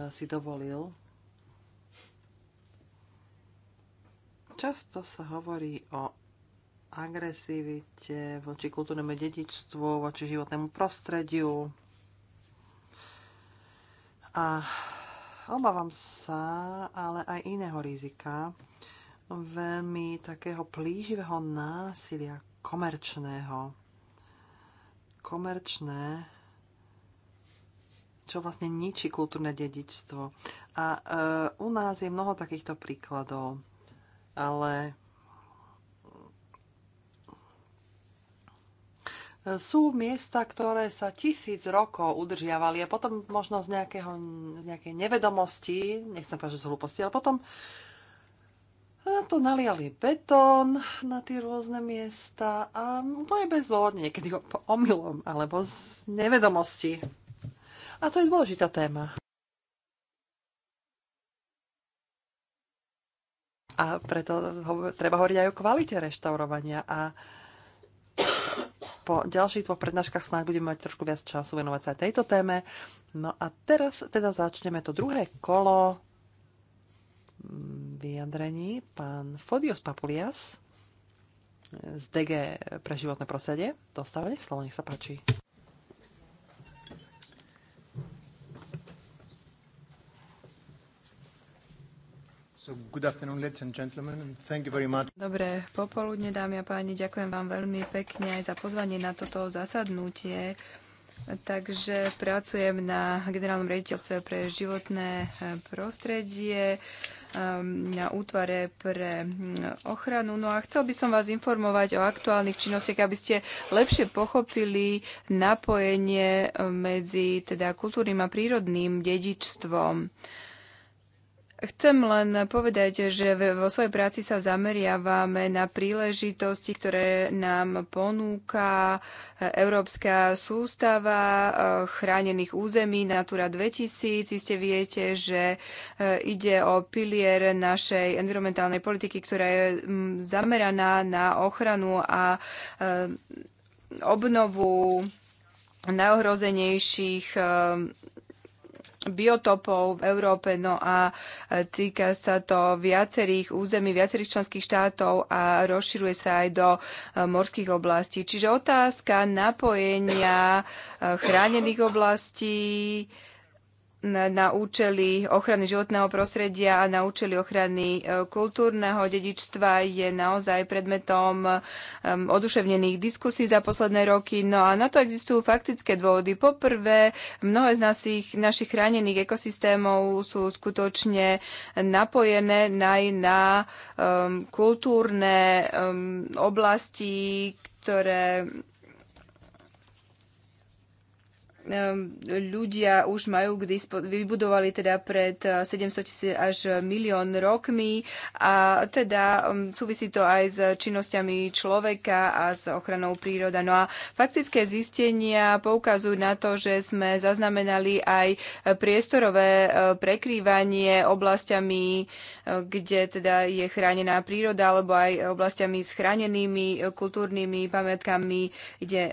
si dovolil Často sa hovorí o agresivite voči kultúrnemu dedičstvu, voči životnému prostrediu. A obávam sa, ale aj iného rizika, veľmi takého plíživého násilia komerčného. Komerčné, čo vlastne ničí kultúrne dedičstvo. A e, u nás je mnoho takýchto príkladov ale e, sú miesta, ktoré sa tisíc rokov udržiavali a potom možno z, nejakého, z nejakej nevedomosti, nechcem povedať, že z hlúposti, ale potom na e, to naliali betón na tie rôzne miesta a úplne bezdôvodne, niekedy omylom alebo z nevedomosti. A to je dôležitá téma. A preto ho, treba hovoriť aj o kvalite reštaurovania. A po ďalších dvoch prednáškach snáď budeme mať trošku viac času venovať sa aj tejto téme. No a teraz teda začneme to druhé kolo mm, vyjadrení. Pán Fodios Papulias z DG pre životné prostredie dostávanie slovo, nech sa páči. Dobré popoludne, dámy a páni. Ďakujem vám veľmi pekne aj za pozvanie na toto zasadnutie. Takže pracujem na generálnom rediteľstve pre životné eh, prostredie ehm, na útvare pre hm, ochranu. No a chcel by som vás informovať o aktuálnych činnostiach, aby ste lepšie pochopili napojenie eh, medzi teda kultúrnym a prírodným dedičstvom. Chcem len povedať, že vo svojej práci sa zameriavame na príležitosti, ktoré nám ponúka Európska sústava eh, chránených území Natura 2000. Iste viete, že eh, ide o pilier našej environmentálnej politiky, ktorá je mm, zameraná na ochranu a eh, obnovu najohrozenejších biotopov v Európe, no a e, týka sa to viacerých území, viacerých členských štátov a rozširuje sa aj do e, morských oblastí. Čiže otázka napojenia e, chránených oblastí, na, účely ochrany životného prostredia a na účely ochrany e, kultúrneho dedičstva je naozaj predmetom e, oduševnených diskusí za posledné roky. No a na to existujú faktické dôvody. Poprvé, mnohé z našich, našich chránených ekosystémov sú skutočne napojené aj na um, kultúrne um, oblasti, ktoré ľudia už majú k dispo- vybudovali teda pred 700 eh, 000 až milión rokmi a teda súvisí to aj s činnosťami človeka a s ochranou príroda. No a faktické zistenia poukazujú na to, že sme zaznamenali aj priestorové eh, prekrývanie oblastiami, eh, kde teda je chránená príroda alebo aj oblastiami s chránenými kultúrnymi pamätkami, Ide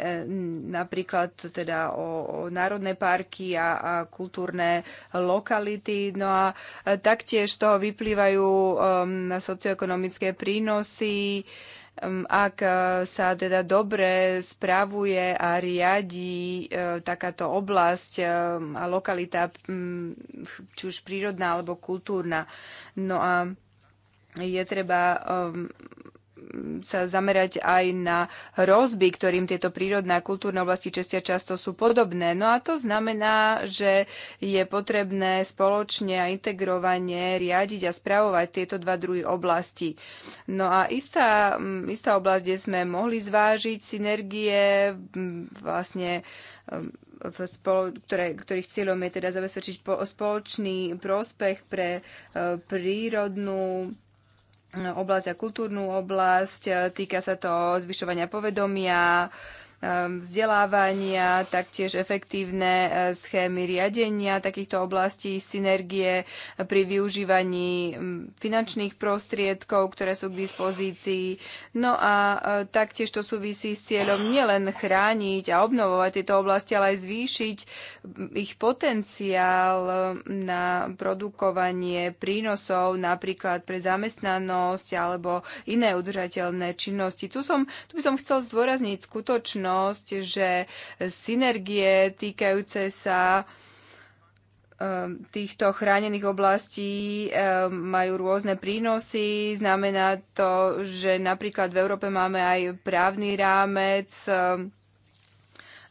napríklad teda o národné parky a, a kultúrne lokality. No a taktiež z toho vyplývajú um, socioekonomické prínosy. Um, ak e, sa teda dobre spravuje a riadi e, takáto oblasť e, a lokalita, mm, či už prírodná alebo kultúrna. No a je treba um, sa zamerať aj na hrozby, ktorým tieto prírodné a kultúrne oblasti čestia často sú podobné. No a to znamená, že je potrebné spoločne a integrovane riadiť a spravovať tieto dva druhy oblasti. No a istá, mm, istá oblasť, kde sme mohli zvážiť synergie, mm, vlastne mm, v spolo- ktoré, ktorých cieľom je teda zabezpečiť po- spoločný prospech pre e, prírodnú oblasť a kultúrnu oblasť. Týka sa to zvyšovania povedomia, Ehm, vzdelávania, taktiež efektívne e, schémy riadenia takýchto oblastí, synergie e, pri využívaní finančných prostriedkov, ktoré sú k dispozícii. No a e, taktiež to súvisí s cieľom nielen chrániť a obnovovať tieto oblasti, ale aj zvýšiť ich potenciál na produkovanie prínosov napríklad pre zamestnanosť alebo iné udržateľné činnosti. Tu, som, tu by som chcel zdôrazniť skutočnosť, skutočnosť, že synergie týkajúce sa ehm, týchto chránených oblastí ehm, majú rôzne prínosy. Znamená to, že napríklad v Európe máme aj právny rámec, ehm,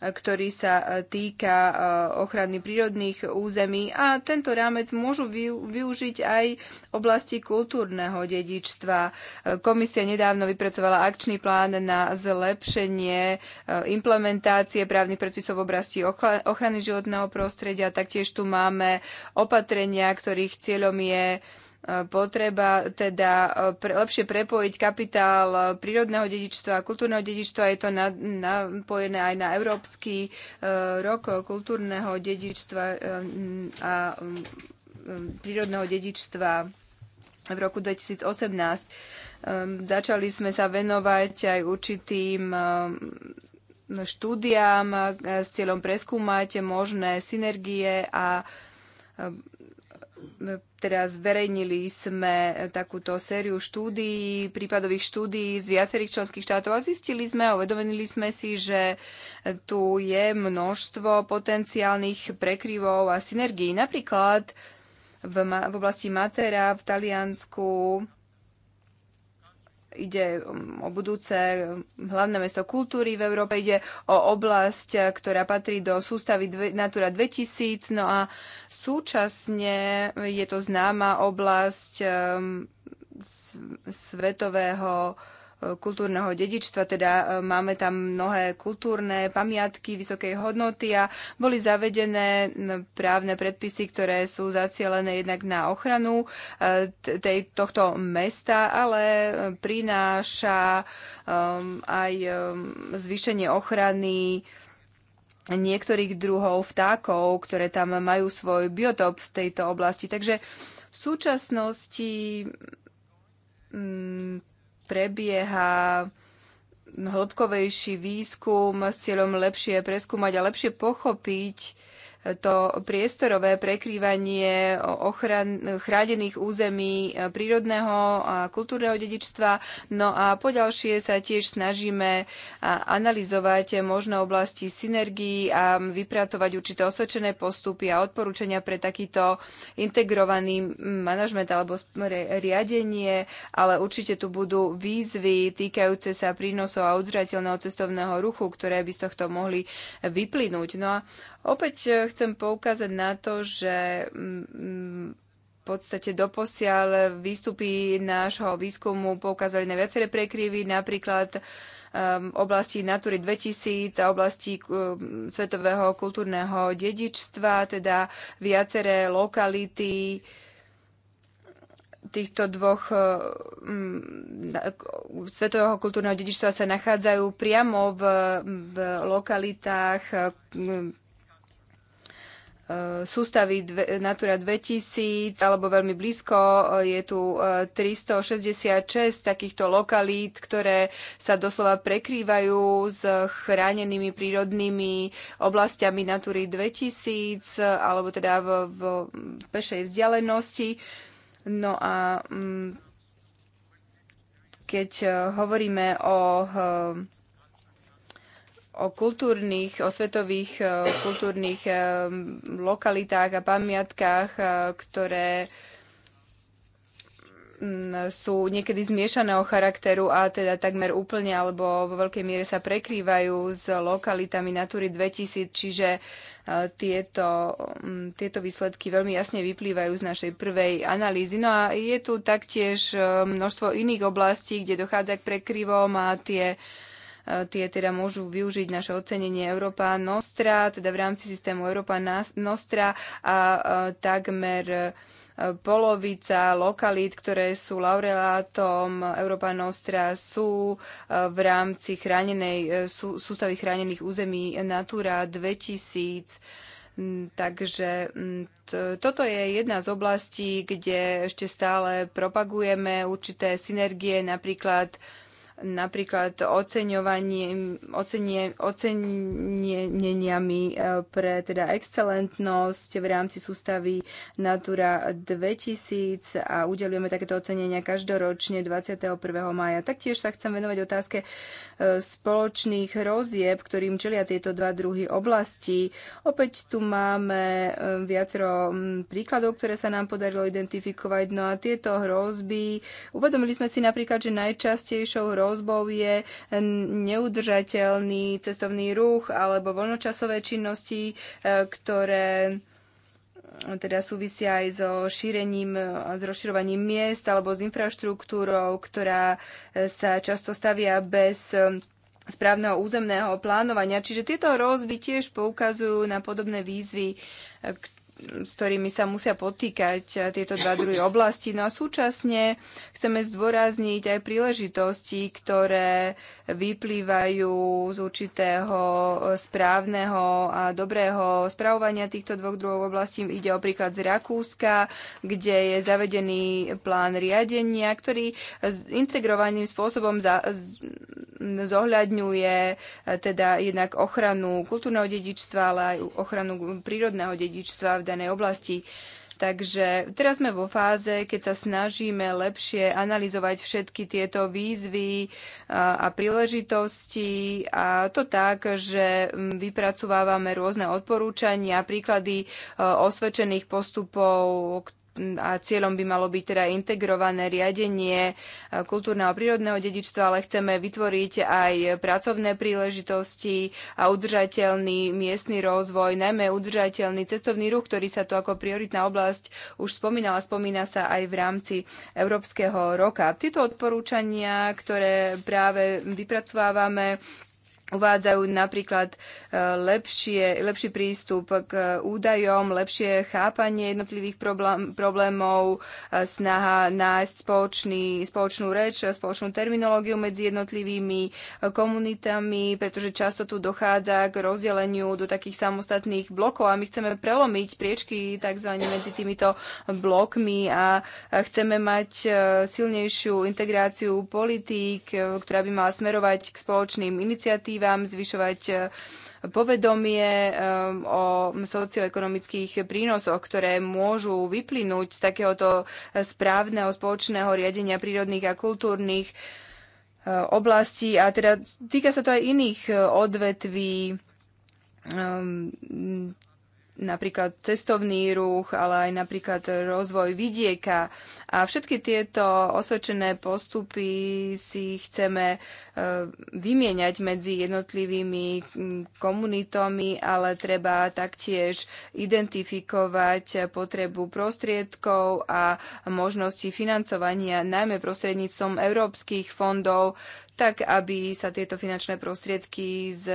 ktorý sa e, týka e, ochrany prírodných území a tento rámec môžu využiť aj oblasti kultúrneho dedičstva. E, komisia nedávno vypracovala akčný plán na zlepšenie implementácie právnych predpisov v oblasti ochrany životného prostredia. Taktiež tu máme opatrenia, ktorých cieľom je potreba teda eh, pre, lepšie prepojiť kapitál eh, prírodného dedičstva a kultúrneho dedičstva. Je to na, napojené aj na Európsky uh, rok kultúrneho dedičstva uh, a um, prírodného dedičstva v roku 2018. Um, začali sme sa venovať aj určitým um, štúdiám s cieľom preskúmať možné synergie a Teraz zverejnili sme takúto sériu štúdií, prípadových štúdií z viacerých členských štátov a zistili sme, a uvedomili sme si, že tu je množstvo potenciálnych prekryvov a synergií. Napríklad v, v oblasti Matera v Taliansku ide um, o budúce um, hlavné mesto kultúry v Európe, ide o oblasť, uh, ktorá patrí do sústavy Natura 2000, no a súčasne je to známa oblasť um, svetového kultúrneho dedičstva, teda e, máme tam mnohé kultúrne pamiatky vysokej hodnoty a boli zavedené právne predpisy, ktoré sú zacielené jednak na ochranu e, tej, tohto mesta, ale e, prináša um, aj um, zvýšenie ochrany niektorých druhov vtákov, ktoré tam majú svoj biotop v tejto oblasti. Takže v súčasnosti prebieha hĺbkovejší výskum s cieľom lepšie preskúmať a lepšie pochopiť to priestorové prekrývanie ochran- chránených území eh, prírodného a kultúrneho dedičstva. No a poďalšie sa tiež snažíme eh, analyzovať možné oblasti synergií a vypratovať určité osvedčené postupy a odporúčania pre takýto integrovaný mm, manažment alebo riadenie, ale určite tu budú výzvy týkajúce sa prínosov a udržateľného cestovného ruchu, ktoré by z tohto mohli vyplynúť. No a Opäť e, chcem poukázať na to, že mm, mm, v podstate doposiaľ výstupy nášho výskumu poukázali na viaceré prekryvy, napríklad e, oblasti Natury 2000 a oblasti e, svetového kultúrneho dedičstva, teda viaceré lokality týchto dvoch svetového kultúrneho dedičstva sa nachádzajú priamo v, v lokalitách, E, sústavy Natura 2000 alebo veľmi blízko e, je tu 366 e, takýchto lokalít, ktoré sa doslova prekrývajú s chránenými prírodnými oblastiami Natury 2000 alebo teda v, v pešej vzdialenosti. No a mm, keď hovoríme o o kultúrnych, o svetových kultúrnych lokalitách a pamiatkách, ktoré mm, sú niekedy zmiešaného charakteru a teda takmer úplne alebo vo veľkej miere sa prekrývajú s lokalitami Natury 2000, čiže e, tieto, mm, tieto výsledky veľmi jasne vyplývajú z našej prvej analýzy. No a je tu taktiež e, množstvo iných oblastí, kde dochádza k prekryvom a tie uh, E, tie teda môžu využiť naše ocenenie Európa Nostra, teda v rámci systému Európa Nostra a e, takmer e, polovica lokalít, ktoré sú laureátom Európa Nostra, sú v rámci chránenej, sú, sústavy chránených území Natura 2000. Takže toto je jedna z oblastí, kde ešte stále propagujeme určité synergie, napríklad napríklad oceneniami e, pre teda excelentnosť v rámci sústavy Natura 2000 a udelujeme takéto ocenenia každoročne 21. maja. Taktiež sa chcem venovať otázke e, spoločných rozieb, ktorým čelia tieto dva druhy oblasti. Opäť tu máme e, viacero príkladov, ktoré sa nám podarilo identifikovať. No a tieto hrozby, uvedomili sme si napríklad, že najčastejšou hrozbou hrozbou je neudržateľný cestovný ruch alebo voľnočasové činnosti, e, ktoré e, teda súvisia aj so šírením, s rozširovaním miest alebo s infraštruktúrou, ktorá e, sa často stavia bez správneho územného plánovania. Čiže tieto rozby tiež poukazujú na podobné výzvy, s ktorými sa musia potýkať eh, tieto dva druhy oblasti. No a súčasne chceme zdôrazniť aj príležitosti, ktoré vyplývajú z určitého eh, správneho a dobrého správovania týchto dvoch druhov oblastí. Ide o príklad z Rakúska, kde je zavedený plán riadenia, ktorý integrovaným spôsobom za, zohľadňuje eh, teda jednak ochranu kultúrneho dedičstva, ale aj ochranu prírodného dedičstva v danej oblasti. Takže teraz sme vo fáze, keď sa snažíme lepšie analyzovať všetky tieto výzvy a príležitosti a to tak, že vypracovávame rôzne odporúčania, príklady e, osvedčených postupov, a cieľom by malo byť teda integrované riadenie e, kultúrneho a prírodného dedičstva, ale chceme vytvoriť aj pracovné príležitosti a udržateľný miestny rozvoj, najmä udržateľný cestovný ruch, ktorý sa tu ako prioritná oblasť už spomínala, spomína sa aj v rámci Európskeho roka. Tieto odporúčania, ktoré práve vypracovávame, uvádzajú napríklad e, lepšie, lepší prístup k údajom, lepšie chápanie jednotlivých problém, problémov, e, snaha nájsť spoločný, spoločnú reč, spoločnú terminológiu medzi jednotlivými e, komunitami, pretože často tu dochádza k rozdeleniu do takých samostatných blokov a my chceme prelomiť priečky tzv. medzi týmito blokmi a chceme mať silnejšiu integráciu politík, ktorá by mala smerovať k spoločným iniciatívam vám zvyšovať e, povedomie e, o socioekonomických prínosoch, ktoré môžu vyplynúť z takéhoto správneho spoločného riadenia prírodných a kultúrnych e, oblastí. A teda týka sa to aj iných odvetví, napríklad cestovný ruch, ale aj napríklad rozvoj vidieka a všetky tieto osvedčené postupy si chceme e, vymieňať medzi jednotlivými komunitami, ale treba taktiež identifikovať potrebu prostriedkov a možnosti financovania, najmä prostredníctvom európskych fondov, tak aby sa tieto finančné prostriedky z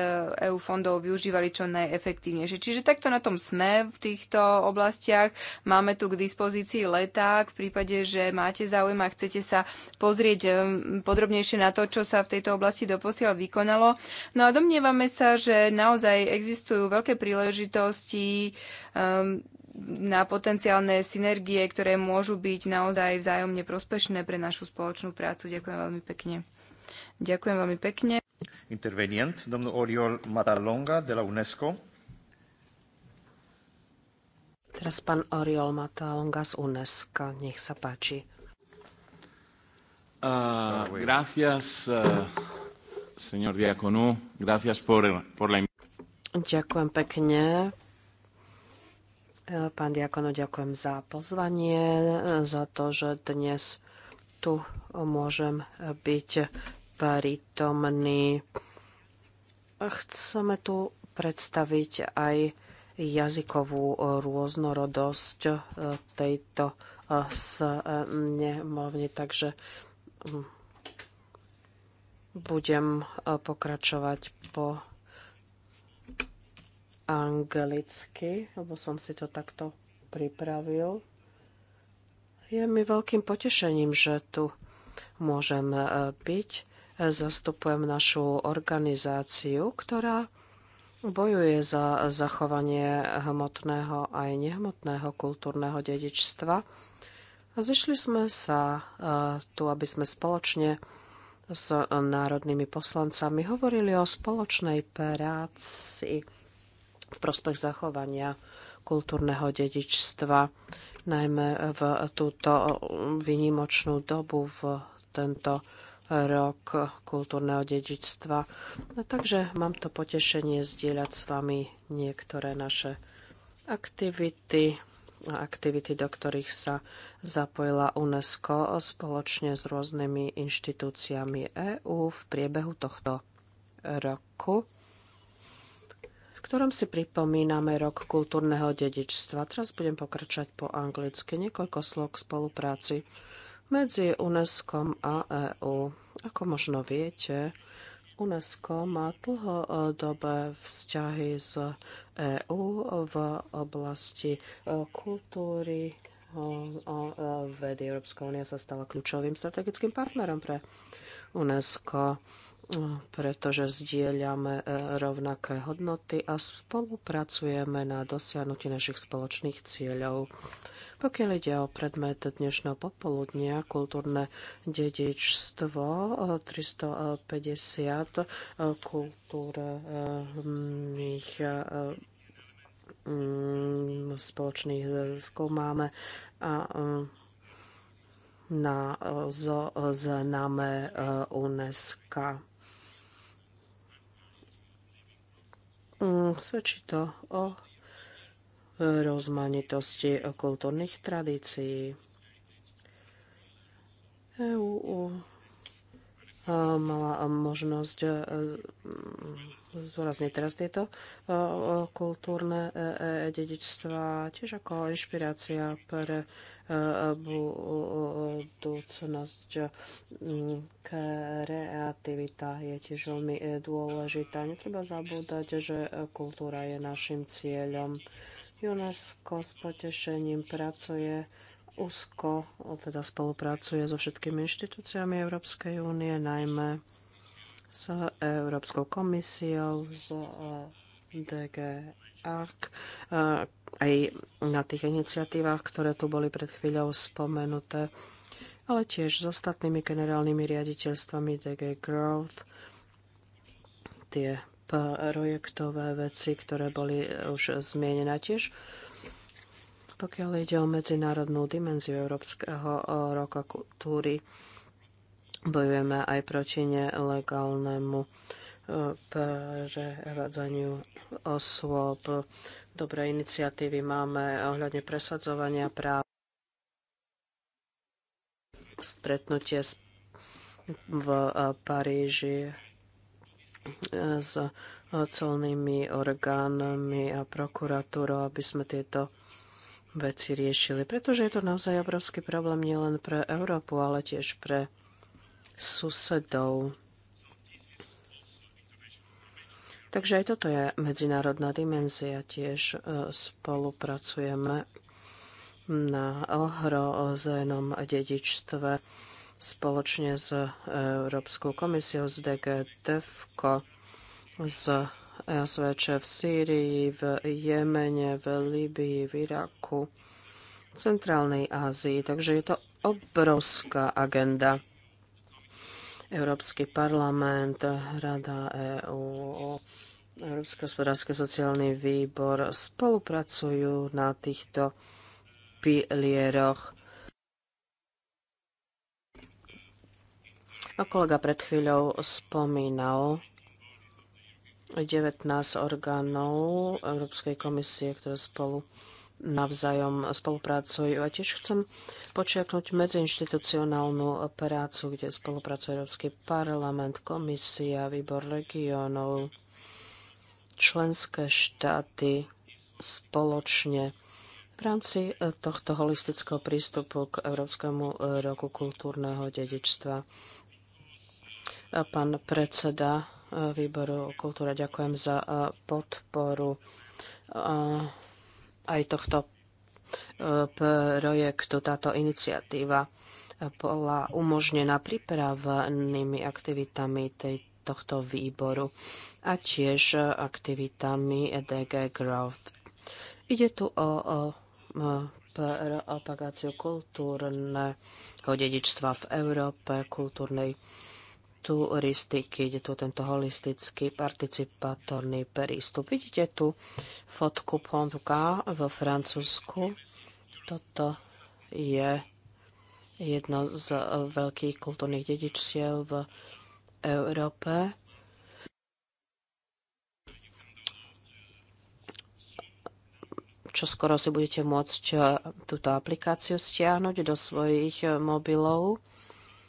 EU fondov využívali čo najefektívnejšie. Čiže takto na tom sme v týchto oblastiach. Máme tu k dispozícii leták v prípade, že máte záujem a chcete sa pozrieť podrobnejšie na to, čo sa v tejto oblasti doposiaľ vykonalo. No a domnievame sa, že naozaj existujú veľké príležitosti na potenciálne synergie, ktoré môžu byť naozaj vzájomne prospešné pre našu spoločnú prácu. Ďakujem veľmi pekne. Ďakujem veľmi pekne. Intervenient, domnul Oriol Matalonga de la UNESCO. Teraz pán Oriol Matalonga z UNESCO. Nech sa páči. Uh, gracias, uh, señor Gracias por, por la... Ďakujem pekne. E, pán Diakono, ďakujem za pozvanie, za to, že dnes tu môžem byť prítomný. Chceme tu predstaviť aj jazykovú e, rôznorodosť e, tejto e, snemovne. Takže mm, budem pokračovať po anglicky, lebo som si to takto pripravil. Je mi veľkým potešením, že tu môžem byť. Zastupujem našu organizáciu, ktorá bojuje za zachovanie hmotného aj nehmotného kultúrneho dedičstva. A zišli sme sa e, tu, aby sme spoločne s národnými poslancami hovorili o spoločnej práci v prospech zachovania kultúrneho dedičstva, najmä v túto e, výnimočnú dobu, v tento rok kultúrneho dedičstva. No, takže mám to potešenie zdieľať s vami niektoré naše aktivity aktivity, do ktorých sa zapojila UNESCO spoločne s rôznymi inštitúciami EÚ v priebehu tohto roku ktorom si pripomíname rok kultúrneho dedičstva. Teraz budem pokračovať po anglicky. Niekoľko slov k spolupráci medzi UNESCO a EÚ. Ako možno viete, UNESCO má dlhodobé vzťahy z EÚ v oblasti e, kultúry a e, vedy. Európska únia sa stala kľúčovým strategickým partnerom pre UNESCO pretože zdieľame e, rovnaké hodnoty a spolupracujeme na dosiahnutí našich spoločných cieľov. Pokiaľ ide o predmet dnešného popoludnia, kultúrne dedičstvo 350 e, e, kultúrnych spoločných zeskov máme a na zozname UNESCO. Mm, svedčí to o rozmanitosti kultúrnych tradícií. EU mala možnosť e, e, zdôrazniť teraz tieto e, kultúrne dedičstva, tiež ako inšpirácia pre budúcnosť. Mm, kreativita je tiež veľmi dôležitá. Netreba zabúdať, že kultúra je našim cieľom. UNESCO s potešením pracuje úzko teda spolupracuje so všetkými inštitúciami Európskej únie, najmä s Európskou komisiou, s DG ARC, e, aj na tých iniciatívach, ktoré tu boli pred chvíľou spomenuté, ale tiež s ostatnými generálnymi riaditeľstvami DG Growth, tie projektové veci, ktoré boli už zmienené tiež pokiaľ ide o medzinárodnú dimenziu Európskeho eh, roka kultúry. Bojujeme aj proti nelegálnemu eh, prevádzaniu osôb. Dobré iniciatívy máme ohľadne presadzovania práv stretnutie v eh, Paríži s celnými orgánmi a prokuratúrou, aby sme tieto veci riešili, pretože je to naozaj obrovský problém nielen pre Európu, ale tiež pre susedov. Takže aj toto je medzinárodná dimenzia. Tiež e, spolupracujeme na ohrozenom dedičstve spoločne s Európskou komisiou, s DG DEFCO, s SVČ v Sýrii, v Jemene, v Líbii, v Iraku, v Centrálnej Ázii. Takže je to obrovská agenda. Európsky parlament, Rada EÚ, Európsky hospodársky sociálny výbor spolupracujú na týchto pilieroch. A kolega pred chvíľou spomínal, 19 orgánov Európskej komisie, ktoré spolu navzájom spolupracujú. A tiež chcem počiaknúť medziinstitucionálnu prácu, kde spolupracuje Európsky parlament, komisia, výbor regionov, členské štáty spoločne v rámci eh, tohto holistického prístupu k Európskemu roku kultúrneho dedičstva. Pán predseda výboru kultúra. Ďakujem za e, podporu e, aj tohto e, projektu, táto iniciatíva bola umožnená pripravenými aktivitami tej, tohto výboru a tiež aktivitami EDG Growth. Ide tu o, o, o propagáciu kultúrneho dedičstva v Európe, kultúrnej turistiky, ide tu tento holistický participatorný prístup. Vidíte tu fotku Pontuka vo Francúzsku. Toto je jedno z veľkých kultúrnych dedičiel v Európe. Čo skoro si budete môcť túto aplikáciu stiahnuť do svojich mobilov.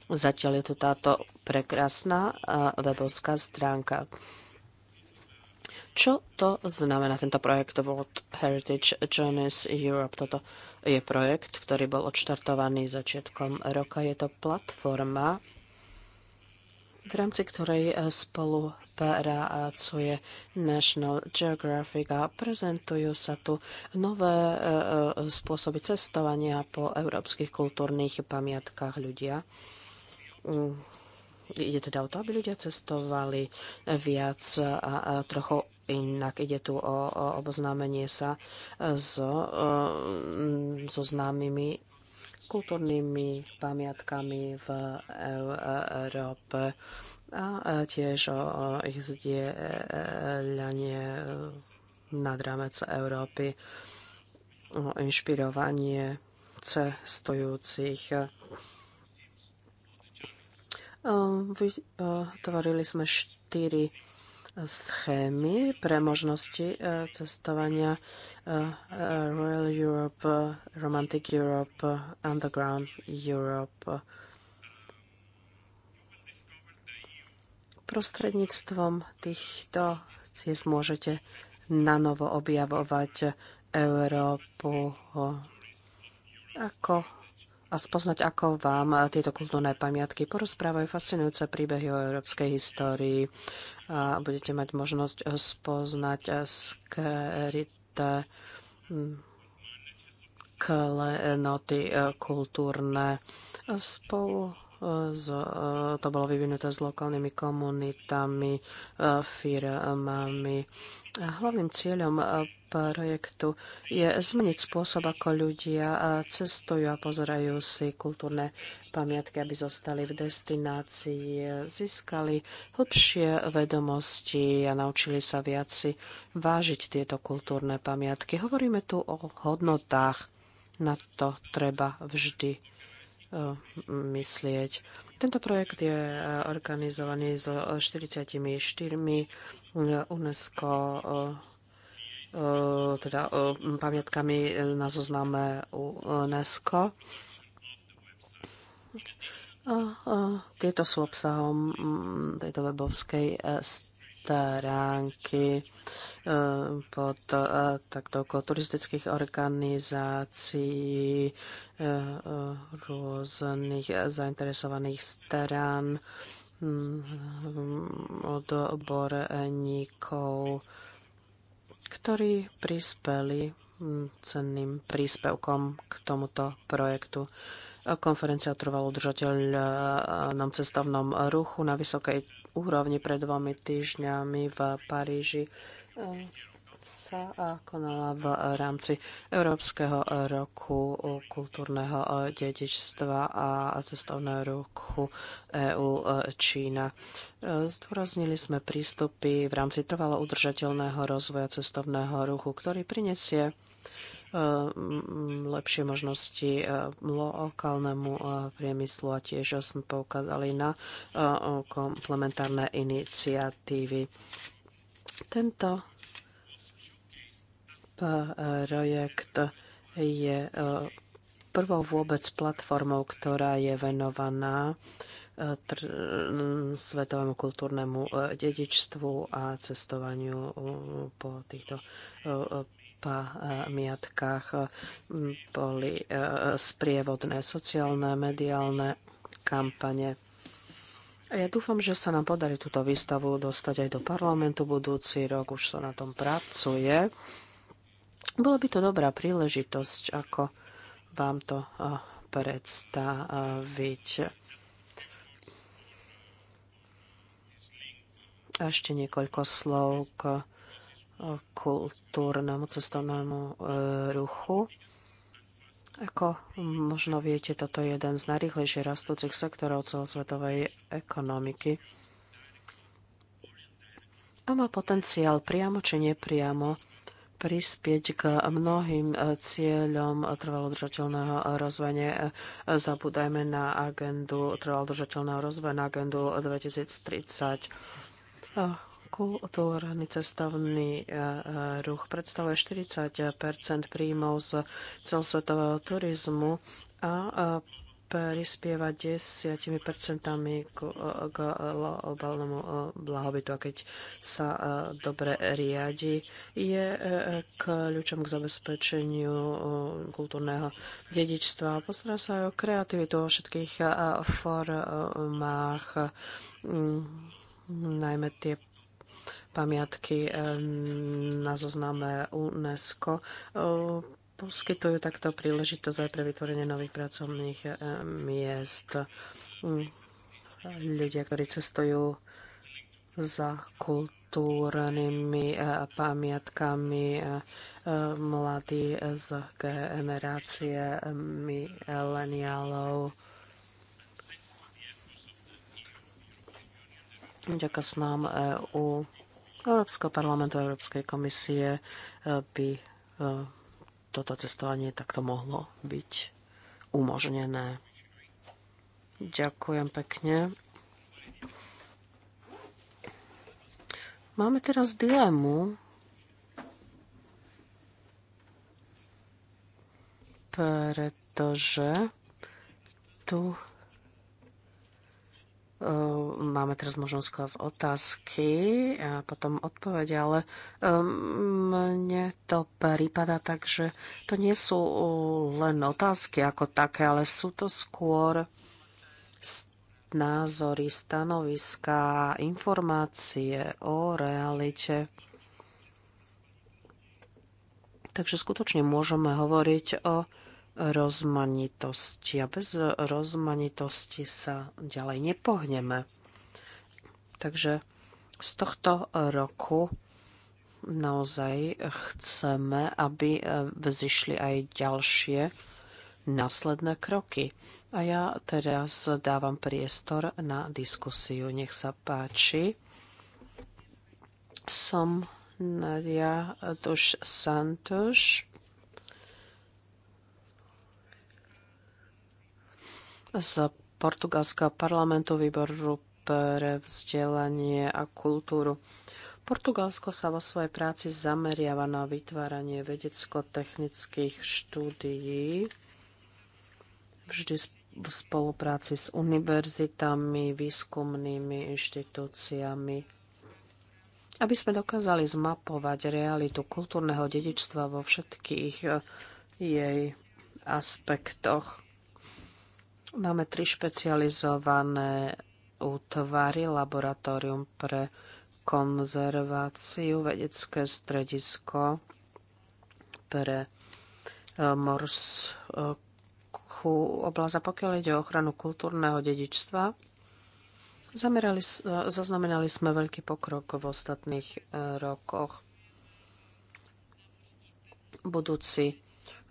Zatiaľ je tu táto prekrásna webovská stránka. Čo to znamená tento projekt World Heritage Journeys Europe? Toto je projekt, ktorý bol odštartovaný začiatkom roka. Je to platforma, v rámci ktorej e, spolu pracuje National Geographic a prezentujú sa tu nové e, e, spôsoby cestovania po európskych kultúrnych pamiatkách ľudia Mm, ide teda o to, aby ľudia cestovali viac a, a trochu inak. Ide tu o, o oboznámenie sa so, mm, so známymi kultúrnymi pamiatkami v Európe a tiež o, ich zdieľanie nad rámec Európy, o inšpirovanie cestujúcich Ehm, Vytvorili eh, sme štyri schémy pre možnosti eh, cestovania eh, Royal Europe, Romantic Europe, Underground Europe. Prostredníctvom týchto ciest môžete nanovo objavovať Európu ako a spoznať, ako vám tieto kultúrne pamiatky porozprávajú fascinujúce príbehy o európskej histórii. A budete mať možnosť spoznať skryté hm, klenoty e, kultúrne spolu z, e, e, to bolo vyvinuté s lokálnymi komunitami, firmami. Hlavným cieľom projektu je zmeniť spôsob, ako ľudia cestujú a pozerajú si kultúrne pamiatky, aby zostali v destinácii, získali hlbšie vedomosti a naučili sa viac si vážiť tieto kultúrne pamiatky. Hovoríme tu o hodnotách. Na to treba vždy e, myslieť. Tento projekt je e, organizovaný so 44 e, UNESCO E, teda e, pamiatkami na zozname UNESCO. Tieto sú obsahom mm, tejto webovskej e, stránky pod taktovkou turistických organizácií rôznych zainteresovaných strán mm, odborníkov ktorí prispeli hm, cenným príspevkom k tomuto projektu. Konferencia o udržateľnom cestovnom ruchu na vysokej úrovni pred dvomi týždňami v Paríži sa konala v rámci Európskeho roku kultúrneho dedičstva a cestovného ruchu EU e, Čína. Zdôraznili sme prístupy v rámci trvalo udržateľného rozvoja cestovného ruchu, ktorý prinesie e, lepšie možnosti e, lokálnemu priemyslu a tiež sme poukázali na komplementárne iniciatívy. Tento Projekt je e, prvou vôbec platformou, ktorá je venovaná e, svetovému kultúrnemu e, dedičstvu a cestovaniu po týchto pamiatkách. Boli sprievodné sociálne, mediálne kampane. Ja dúfam, že sa nám podarí túto výstavu dostať aj do parlamentu budúci rok. Už sa na tom pracuje. Bolo by to dobrá príležitosť, ako vám to predstaviť. Ešte niekoľko slov k kultúrnemu cestovnému e, ruchu. Ako možno viete, toto je jeden z najrychlejšie rastúcich sektorov celosvetovej ekonomiky a má potenciál priamo či nepriamo prispieť k mnohým e, cieľom trvalodržateľného rozvoja. E, zabúdajme na agendu trvalodržateľného rozvoja, na agendu 2030. E, kultúrny cestovný ruch predstavuje 40 príjmov z celosvetového turizmu a prispieva 10% k, k globálnemu eh, blahobytu. A keď sa eh, dobre riadi, je eh, kľúčom k zabezpečeniu kultúrneho dedičstva. Postará sa aj o kreativitu vo všetkých formách, mm, najmä tie pamiatky na zozname UNESCO poskytujú takto príležitosť aj pre vytvorenie nových pracovných eh, miest. Ľudia, ktorí cestujú za kultúrnymi eh, pamiatkami, eh, mladí z generácie mileniálov. Ďaká s nám EU, Európskeho parlamentu, Európskej komisie by toto cestovanie takto mohlo byť umožnené. Ďakujem pekne. Máme teraz dilemu, pretože tu Ehm, máme teraz možnosť klas otázky a potom odpovede, ale ehm, mne to prípada tak, že to nie sú len otázky ako také, ale sú to skôr názory, stanoviska, informácie o realite. Takže skutočne môžeme hovoriť o rozmanitosti. A bez rozmanitosti sa ďalej nepohneme. Takže z tohto roku naozaj chceme, aby vzýšli aj ďalšie následné kroky. A ja teraz dávam priestor na diskusiu. Nech sa páči. Som Nadia Duš Santoš, z portugalského parlamentu výboru pre vzdelanie a kultúru. Portugalsko sa vo svojej práci zameriava na vytváranie vedecko-technických štúdií vždy v spolupráci s univerzitami, výskumnými inštitúciami, aby sme dokázali zmapovať realitu kultúrneho dedičstva vo všetkých jej aspektoch. Máme tri špecializované útvary, laboratórium pre konzerváciu, vedecké stredisko pre e, morskú oblasť. A pokiaľ ide o ochranu kultúrneho dedičstva, zamerali, e, zaznamenali sme veľký pokrok v ostatných e, rokoch. Budúci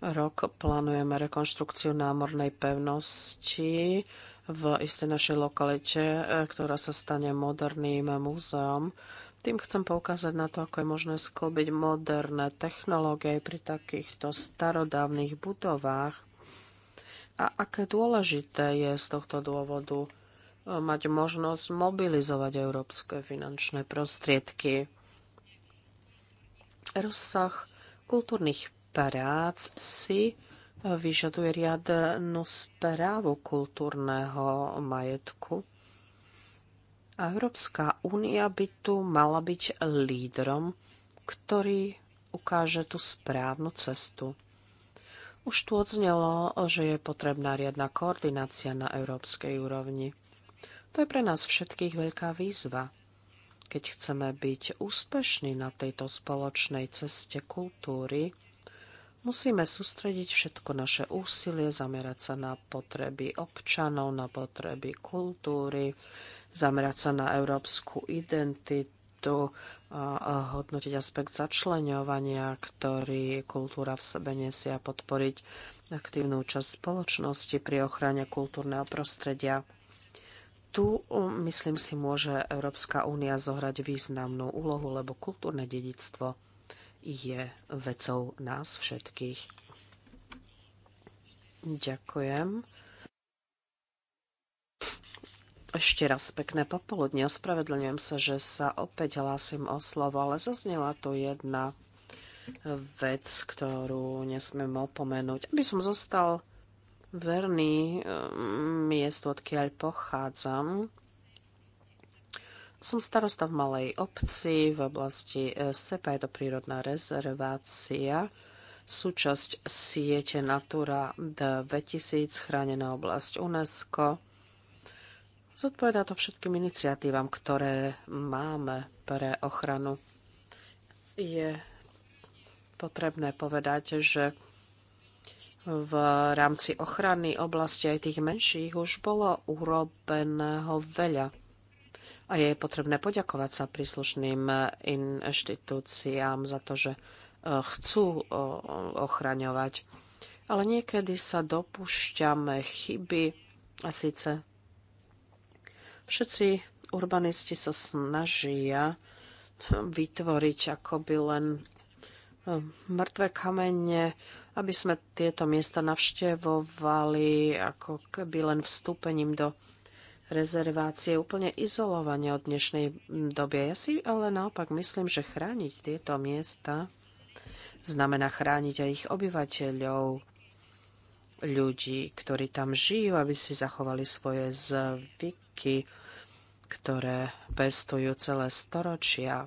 rok plánujeme rekonštrukciu námornej pevnosti v istej našej lokalite, e, ktorá sa stane moderným múzeom. Tým chcem poukázať na to, ako je možné sklbiť moderné technológie pri takýchto starodávnych budovách a aké dôležité je z tohto dôvodu e, mať možnosť mobilizovať európske finančné prostriedky. Rozsah kultúrnych prác si vyžaduje riadnu správu kultúrneho majetku. Európska únia by tu mala byť lídrom, ktorý ukáže tú správnu cestu. Už tu odznelo, že je potrebná riadna koordinácia na európskej úrovni. To je pre nás všetkých veľká výzva, keď chceme byť úspešní na tejto spoločnej ceste kultúry, Musíme sústrediť všetko naše úsilie, zamerať sa na potreby občanov, na potreby kultúry, zamerať sa na európsku identitu, a hodnotiť aspekt začleňovania, ktorý kultúra v sebe nesie a podporiť aktívnu časť spoločnosti pri ochrane kultúrneho prostredia. Tu, um, myslím si, môže Európska únia zohrať významnú úlohu, lebo kultúrne dedictvo je vecou nás všetkých. Ďakujem. Ešte raz pekné popoludne. Ospravedlňujem sa, že sa opäť hlásim o slovo, ale zaznela tu jedna vec, ktorú nesmiem opomenúť. Aby som zostal verný mm, miestu, odkiaľ pochádzam, som starosta v malej obci v oblasti e, SEPA, je to prírodná rezervácia, súčasť siete Natura 2000, chránená oblasť UNESCO. Zodpovedá to všetkým iniciatívam, ktoré máme pre ochranu. Je potrebné povedať, že v rámci ochrany oblasti aj tých menších už bolo urobeného veľa a je potrebné poďakovať sa príslušným inštitúciám za to, že e, chcú e, ochraňovať. Ale niekedy sa dopúšťame chyby a síce všetci urbanisti sa snažia vytvoriť akoby len e, mŕtve kamene, aby sme tieto miesta navštevovali ako keby len vstúpením do rezervácie úplne izolovane od dnešnej doby. Ja si ale naopak myslím, že chrániť tieto miesta znamená chrániť aj ich obyvateľov, ľudí, ktorí tam žijú, aby si zachovali svoje zvyky, ktoré pestujú celé storočia.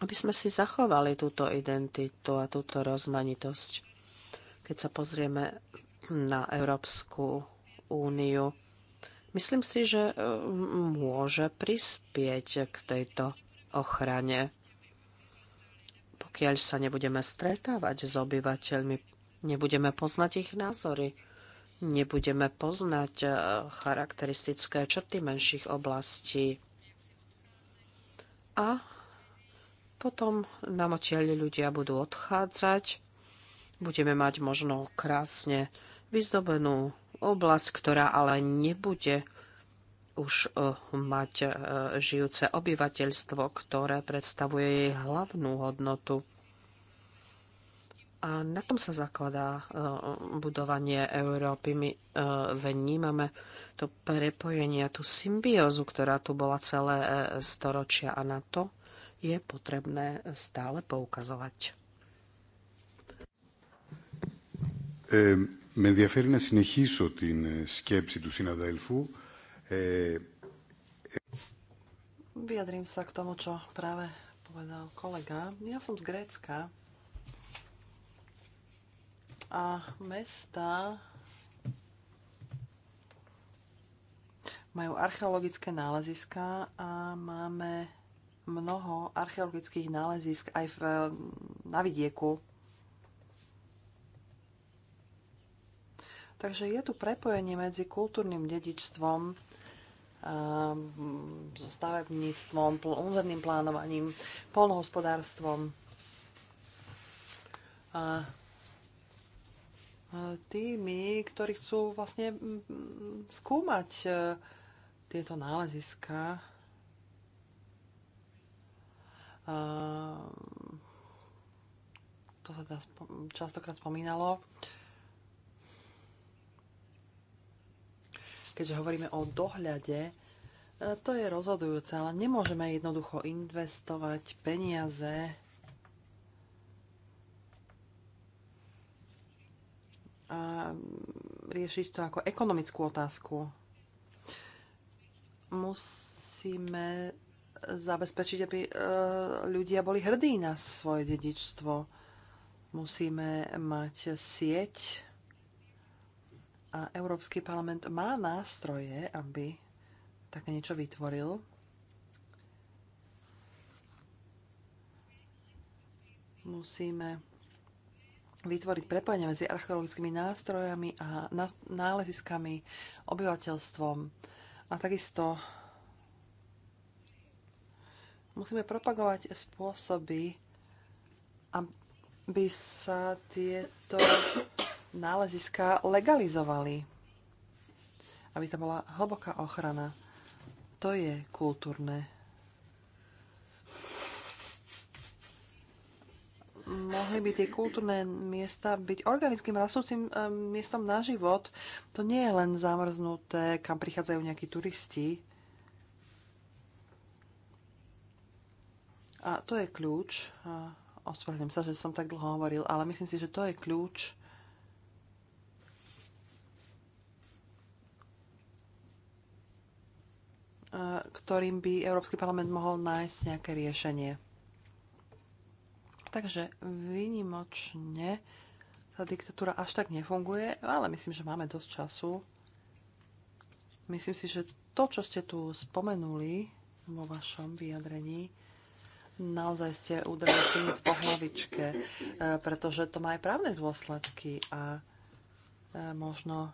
Aby sme si zachovali túto identitu a túto rozmanitosť. Keď sa pozrieme na Európsku úniu, Myslím si, že e, môže prispieť k tejto ochrane. Pokiaľ sa nebudeme stretávať s obyvateľmi, nebudeme poznať ich názory, nebudeme poznať e, charakteristické črty menších oblastí. A potom nám odtiaľ ľudia budú odchádzať. Budeme mať možno krásne vyzdobenú oblasť, ktorá ale nebude už e, mať e, žijúce obyvateľstvo, ktoré predstavuje jej hlavnú hodnotu. A na tom sa zakladá e, budovanie Európy. My vnímame to prepojenie, tú symbiózu, ktorá tu bola celé storočia a na to je potrebné stále poukazovať. Ehm, Με ενδιαφέρει να συνεχίσω την σκέψη του συναδέλφου. Ε... Vyjadrím sa k tomu, čo práve povedal kolega. Ja som z Grécka a mesta majú archeologické náleziska a máme mnoho archeologických nálezisk aj v, na vidieku Takže je tu prepojenie medzi kultúrnym dedičstvom, eh, so stavebníctvom, územným plánovaním, polnohospodárstvom. A tými, ktorí chcú vlastne skúmať eh, tieto náleziska. A to sa teda častokrát spomínalo. keďže hovoríme o dohľade, e, to je rozhodujúce, ale nemôžeme jednoducho investovať peniaze a riešiť to ako ekonomickú otázku. Musíme zabezpečiť, aby e, ľudia boli hrdí na svoje dedičstvo. Musíme mať sieť a Európsky parlament má nástroje, aby také niečo vytvoril. Musíme vytvoriť prepojenie medzi archeologickými nástrojami a náleziskami, obyvateľstvom. A takisto musíme propagovať spôsoby, aby sa tieto náleziska legalizovali. Aby tam bola hlboká ochrana. To je kultúrne. Mohli by tie kultúrne miesta byť organickým rastúcim eh, miestom na život. To nie je len zamrznuté, kam prichádzajú nejakí turisti. A to je kľúč. Ospravedlňujem sa, že som tak dlho hovoril, ale myslím si, že to je kľúč ktorým by Európsky parlament mohol nájsť nejaké riešenie. Takže vynimočne tá diktatúra až tak nefunguje, ale myslím, že máme dosť času. Myslím si, že to, čo ste tu spomenuli vo vašom vyjadrení, naozaj ste udrali klinec po hlavičke, eh, pretože to má aj právne dôsledky a eh, možno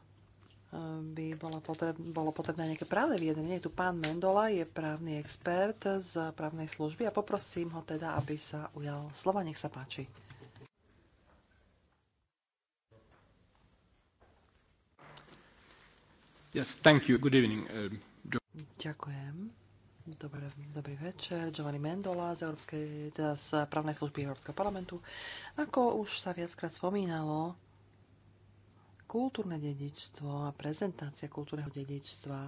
by bolo potrebné, bolo potrebné nejaké právne vyjadrenie. Tu pán Mendola je právny expert z právnej služby a poprosím ho teda, aby sa ujal slova. Nech sa páči. Yes, thank you. Good evening. Uh, Ďakujem. Dobre, dobrý večer. Giovanni Mendola z, Európskej, teda z právnej služby Európskeho parlamentu. Ako už sa viackrát spomínalo, kultúrne dedičstvo a prezentácia kultúrneho dedičstva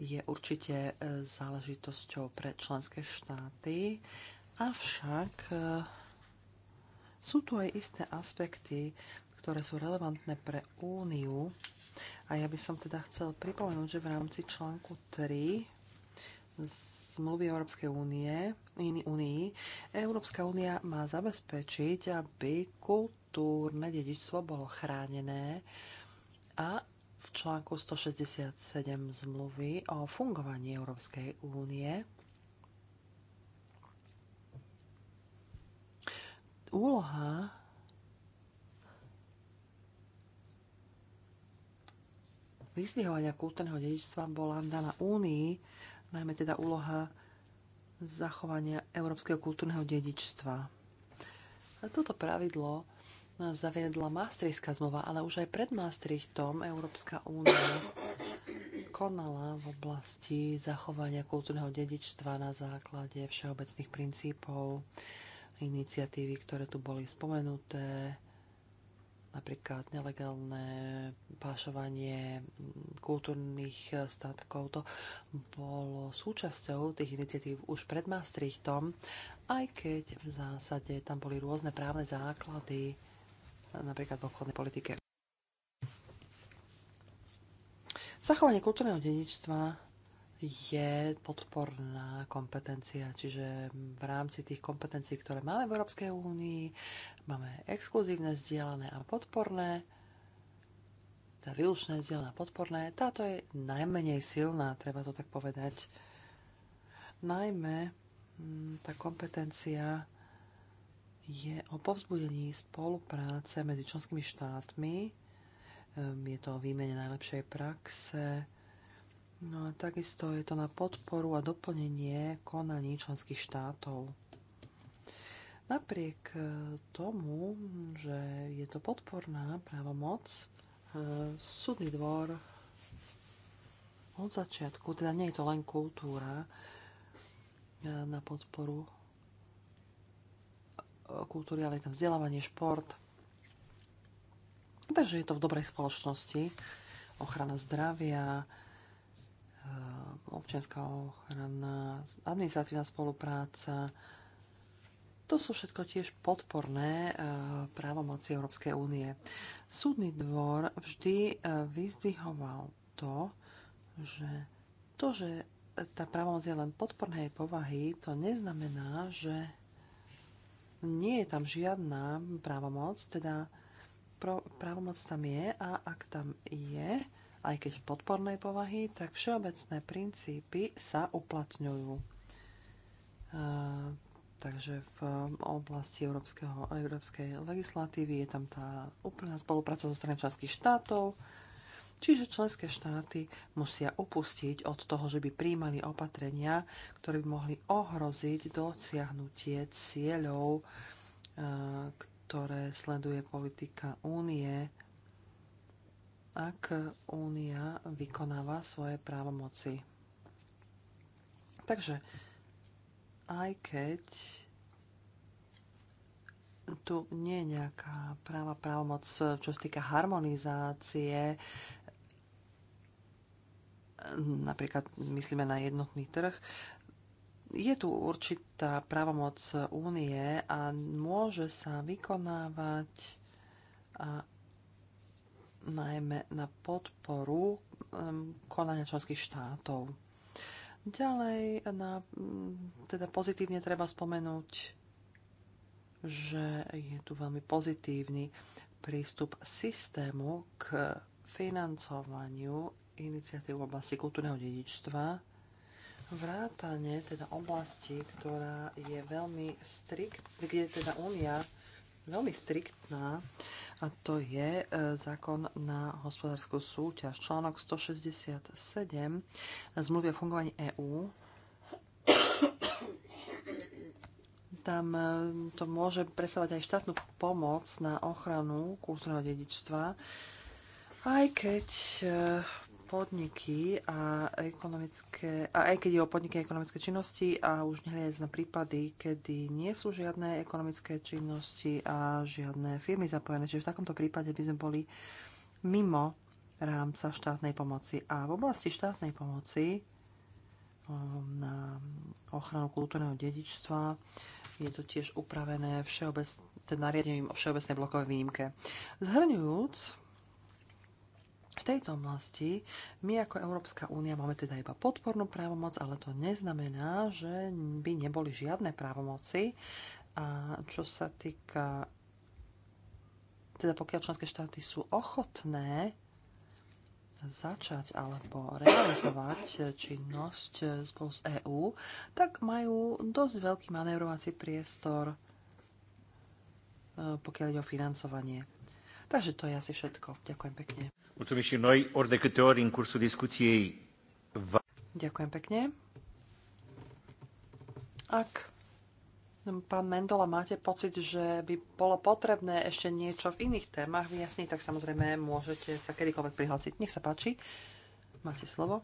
je určite e, záležitosťou pre členské štáty, avšak e, sú tu aj isté aspekty, ktoré sú relevantné pre Úniu. A ja by som teda chcel pripomenúť, že v rámci článku 3 zmluvy Európskej únie, Únii, Európska únia má zabezpečiť, aby kultúra kultúrne dedičstvo bolo chránené a v článku 167 zmluvy o fungovaní Európskej únie úloha vyzvihovania kultúrneho dedičstva bola daná únii, najmä teda úloha zachovania európskeho kultúrneho dedičstva. A toto pravidlo zaviedla Maastrichská zmluva, ale už aj pred Maastrichtom Európska únia konala v oblasti zachovania kultúrneho dedičstva na základe všeobecných princípov, iniciatívy, ktoré tu boli spomenuté, napríklad nelegálne pášovanie kultúrnych statkov. To bolo súčasťou tých iniciatív už pred Maastrichtom, aj keď v zásade tam boli rôzne právne základy, napríklad v obchodnej politike. Zachovanie kultúrneho dedičstva je podporná kompetencia, čiže v rámci tých kompetencií, ktoré máme v Európskej únii, máme exkluzívne, zdieľané a podporné, tá zdieľané a podporné, táto je najmenej silná, treba to tak povedať. Najmä mm, tá kompetencia je o povzbudení spolupráce medzi členskými štátmi. Je to o výmene najlepšej praxe. No a takisto je to na podporu a doplnenie konaní členských štátov. Napriek e, tomu, že je to podporná právomoc, e, súdny dvor od začiatku, teda nie je to len kultúra e, na podporu kultúry, ale aj tam vzdelávanie, šport. Takže je to v dobrej spoločnosti. Ochrana zdravia, e, občianská ochrana, administratívna spolupráca. To sú všetko tiež podporné e, právomoci Európskej únie. Súdny dvor vždy e, vyzdvihoval to, že to, že tá právomoc je len podpornej povahy, to neznamená, že nie je tam žiadna právomoc, teda právomoc tam je a ak tam je, aj keď podpornej povahy, tak všeobecné princípy sa uplatňujú. Takže v oblasti európskeho, európskej legislatívy je tam tá úplná spolupráca zo strany členských štátov, Čiže členské štáty musia upustiť od toho, že by príjmali opatrenia, ktoré by mohli ohroziť dosiahnutie cieľov, eh, ktoré sleduje politika únie, ak únia vykonáva svoje právomoci. Takže aj keď tu nie je nejaká práva právomoc, čo sa týka harmonizácie napríklad myslíme na jednotný trh, je tu určitá právomoc únie a môže sa vykonávať a najmä na podporu konania členských štátov. Ďalej, na, teda pozitívne treba spomenúť, že je tu veľmi pozitívny prístup systému k financovaniu iniciatív v oblasti kultúrneho dedičstva, vrátane teda oblasti, ktorá je veľmi strikt, kde je teda únia veľmi striktná a to je e, zákon na hospodárskú súťaž. Článok 167 zmluvy o fungovaní EÚ. Tam e, to môže presávať aj štátnu pomoc na ochranu kultúrneho dedičstva, aj keď e, podniky a ekonomické, a aj keď je o podniky a ekonomické činnosti a už nehliadať na prípady, kedy nie sú žiadne ekonomické činnosti a žiadne firmy zapojené. Čiže v takomto prípade by sme boli mimo rámca štátnej pomoci. A v oblasti štátnej pomoci um, na ochranu kultúrneho dedičstva je to tiež upravené všeobec, nariadením o všeobecnej blokovej výnimke. Zhrňujúc, v tejto oblasti my ako Európska únia máme teda iba podpornú právomoc, ale to neznamená, že by neboli žiadne právomoci. A čo sa týka teda pokiaľ členské štáty sú ochotné začať alebo realizovať činnosť spolu s EÚ, tak majú dosť veľký manévrovací priestor, e, pokiaľ ide o financovanie. Takže to je asi všetko. Ďakujem pekne. Ďakujem pekne. Ak Pán Mendola, máte pocit, že by bolo potrebné ešte niečo v iných témach vyjasniť, tak samozrejme môžete sa kedykoľvek prihlásiť. Nech sa páči, máte slovo.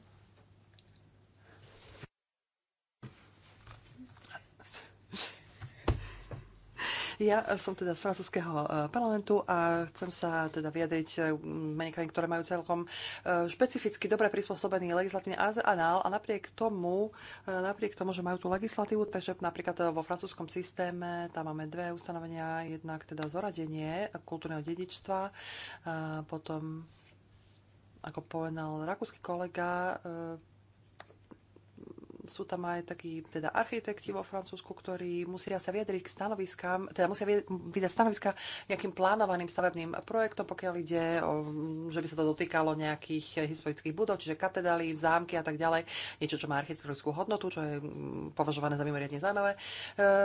Ja som teda z francúzského e, parlamentu a chcem sa teda vyjadriť e, menej krajín, ktoré majú celkom e, špecificky dobre prispôsobený legislatívny anál a napriek tomu, napriek tomu, že majú tú legislatívu, takže napríklad vo francúzskom systéme tam máme dve ustanovenia, jednak teda zoradenie kultúrneho dedičstva, potom ako povedal rakúsky kolega, sú tam aj takí teda architekti vo Francúzsku, ktorí musia sa vyjadriť k stanoviskám, teda musia vydať stanoviska nejakým plánovaným stavebným projektom, pokiaľ ide, o, že by sa to dotýkalo nejakých historických budov, čiže katedály, zámky a tak ďalej, niečo, čo má architektonickú hodnotu, čo je mm, považované za mimoriadne zaujímavé. E,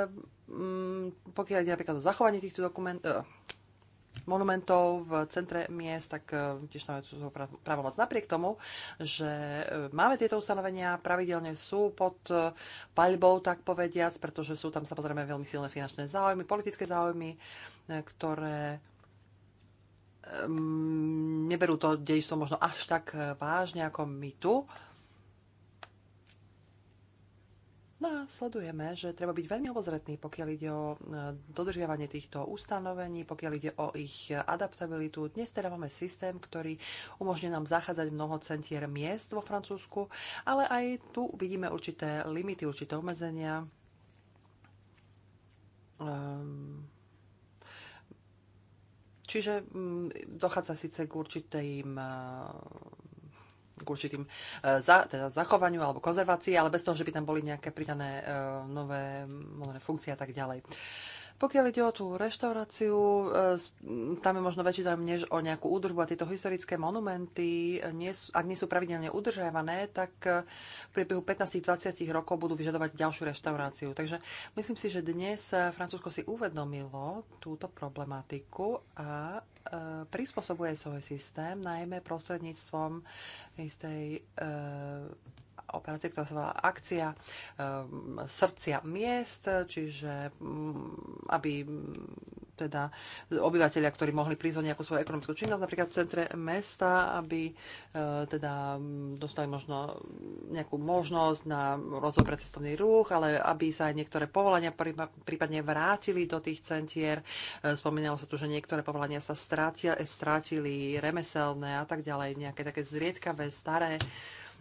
m, mm, pokiaľ ide napríklad o zachovanie týchto dokumentov, e, monumentov v centre miest, tak e, tiež máme to právomoc. Napriek tomu, že e, máme tieto ustanovenia, pravidelne sú pod e, paľbou, tak povediac, pretože sú tam samozrejme veľmi silné finančné záujmy, politické záujmy, ktoré neberú to dejstvo možno až tak vážne ako my tu. No a sledujeme, že treba byť veľmi obozretný, pokiaľ ide o e, dodržiavanie týchto ustanovení, pokiaľ ide o ich e, adaptabilitu. Dnes teda máme systém, ktorý umožňuje nám zachádzať mnoho centier miest vo Francúzsku, ale aj tu vidíme určité limity, určité obmedzenia. Um, čiže mm, dochádza síce k určitým e, k určitým e, za, teda zachovaniu alebo konzervácii, ale bez toho, že by tam boli nejaké pridané e, nové moderné funkcie a tak ďalej. Pokiaľ ide o tú reštauráciu, e, tam je možno väčší záujem než o nejakú údržbu a tieto historické monumenty, nie sú, ak nie sú pravidelne udržiavané, tak e, v priebehu 15-20 rokov budú vyžadovať ďalšiu reštauráciu. Takže myslím si, že dnes e, Francúzsko si uvedomilo túto problematiku a prispôsobuje svoj systém, najmä prostredníctvom istej operácia, ktorá sa volá akcia ehm, srdcia miest, čiže mm, aby teda obyvateľia, ktorí mohli prísť o nejakú svoju ekonomickú činnosť, napríklad v centre mesta, aby e, teda mm, dostali možno nejakú možnosť na rozvoj pre cestovný ruch, ale aby sa aj niektoré povolania prípadne vrátili do tých centier. E, spomínalo sa tu, že niektoré povolania sa strátili, remeselné a tak ďalej, nejaké také zriedkavé, staré. E,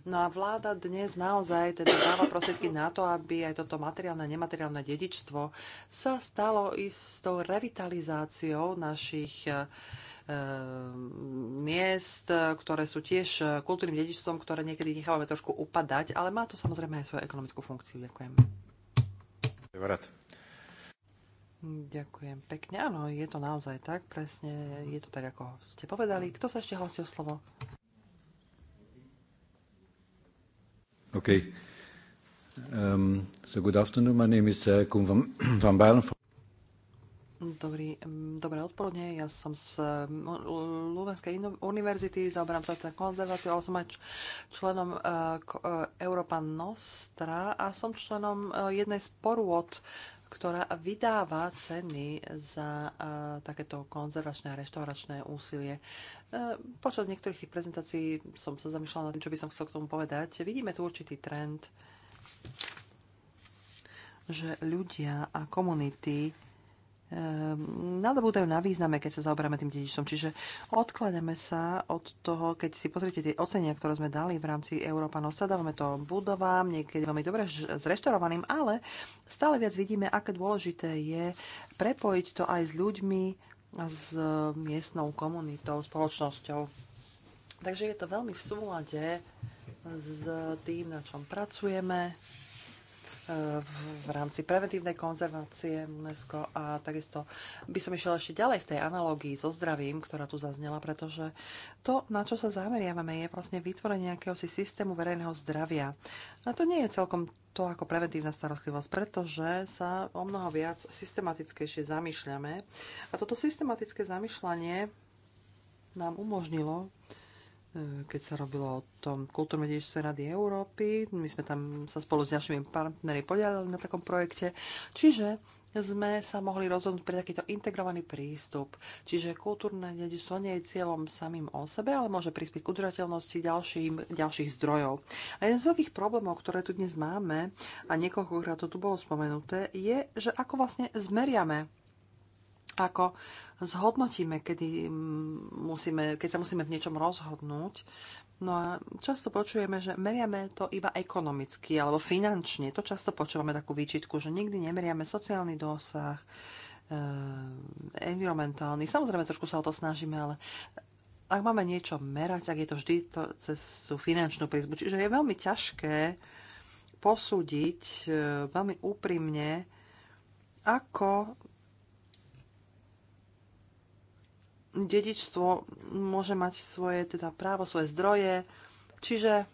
No a vláda dnes naozaj teda dáva prostriedky na to, aby aj toto materiálne a nemateriálne dedičstvo sa stalo istou revitalizáciou našich e, e, miest, ktoré sú tiež kultúrnym dedičstvom, ktoré niekedy nechávame trošku upadať, ale má to samozrejme aj svoju ekonomickú funkciu. Ďakujem. Ďakujem pekne. Áno, je to naozaj tak, presne. Je to tak, ako ste povedali. Kto sa ešte hlasí o slovo? Okay. Um, so good afternoon. My name is uh, Koen van, [CLEARS THROAT] van Baalen. Dobrý, um, dobré odpoludne, ja som z um, Luvenskej univerzity, zaoberám sa teda konzerváciou, ale som aj členom uh, uh Európa Nostra a som členom uh, jednej z porôd ktorá vydáva ceny za uh, takéto konzervačné a reštauračné úsilie. Uh, počas niektorých tých prezentácií som sa zamýšľala nad tým, čo by som chcel k tomu povedať. Vidíme tu určitý trend, že ľudia a komunity Ehm, nadobúdajú na význame, keď sa zaoberáme tým dedičstvom. Čiže odkladáme sa od toho, keď si pozriete tie ocenia, ktoré sme dali v rámci Európa Nosa, dávame to budovám, niekedy veľmi dobre zreštorovaným, ale stále viac vidíme, aké dôležité je prepojiť to aj s ľuďmi a s e, miestnou komunitou, spoločnosťou. Takže je to veľmi v súlade s tým, na čom pracujeme, v rámci preventívnej konzervácie UNESCO a takisto by som išiel ešte ďalej v tej analógii so zdravím, ktorá tu zaznela, pretože to, na čo sa zameriavame, je vlastne vytvorenie nejakého si systému verejného zdravia. A to nie je celkom to ako preventívna starostlivosť, pretože sa o mnoho viac systematickejšie zamýšľame. A toto systematické zamýšľanie nám umožnilo uh, E, keď sa robilo o tom kultúrmedičstve Rady Európy. My sme tam sa spolu s ďalšími partnermi podielali na takom projekte. Čiže sme sa mohli rozhodnúť pre takýto integrovaný prístup. Čiže kultúrne dedičstvo nie je cieľom samým o sebe, ale môže prispieť k udržateľnosti ďalším, ďalších zdrojov. A jeden z veľkých problémov, ktoré tu dnes máme, a niekoľkokrát to tu bolo spomenuté, je, že ako vlastne zmeriame ako zhodnotíme, kedy musíme, keď sa musíme v niečom rozhodnúť. No a často počujeme, že meriame to iba ekonomicky alebo finančne. To často počúvame takú výčitku, že nikdy nemeriame sociálny dosah, eh, environmentálny. Samozrejme, trošku sa o to snažíme, ale ak máme niečo merať, tak je to vždy to, cez tú finančnú prízbu. Čiže je veľmi ťažké posúdiť eh, veľmi úprimne, ako dedičstvo môže mať svoje teda právo, svoje zdroje. Čiže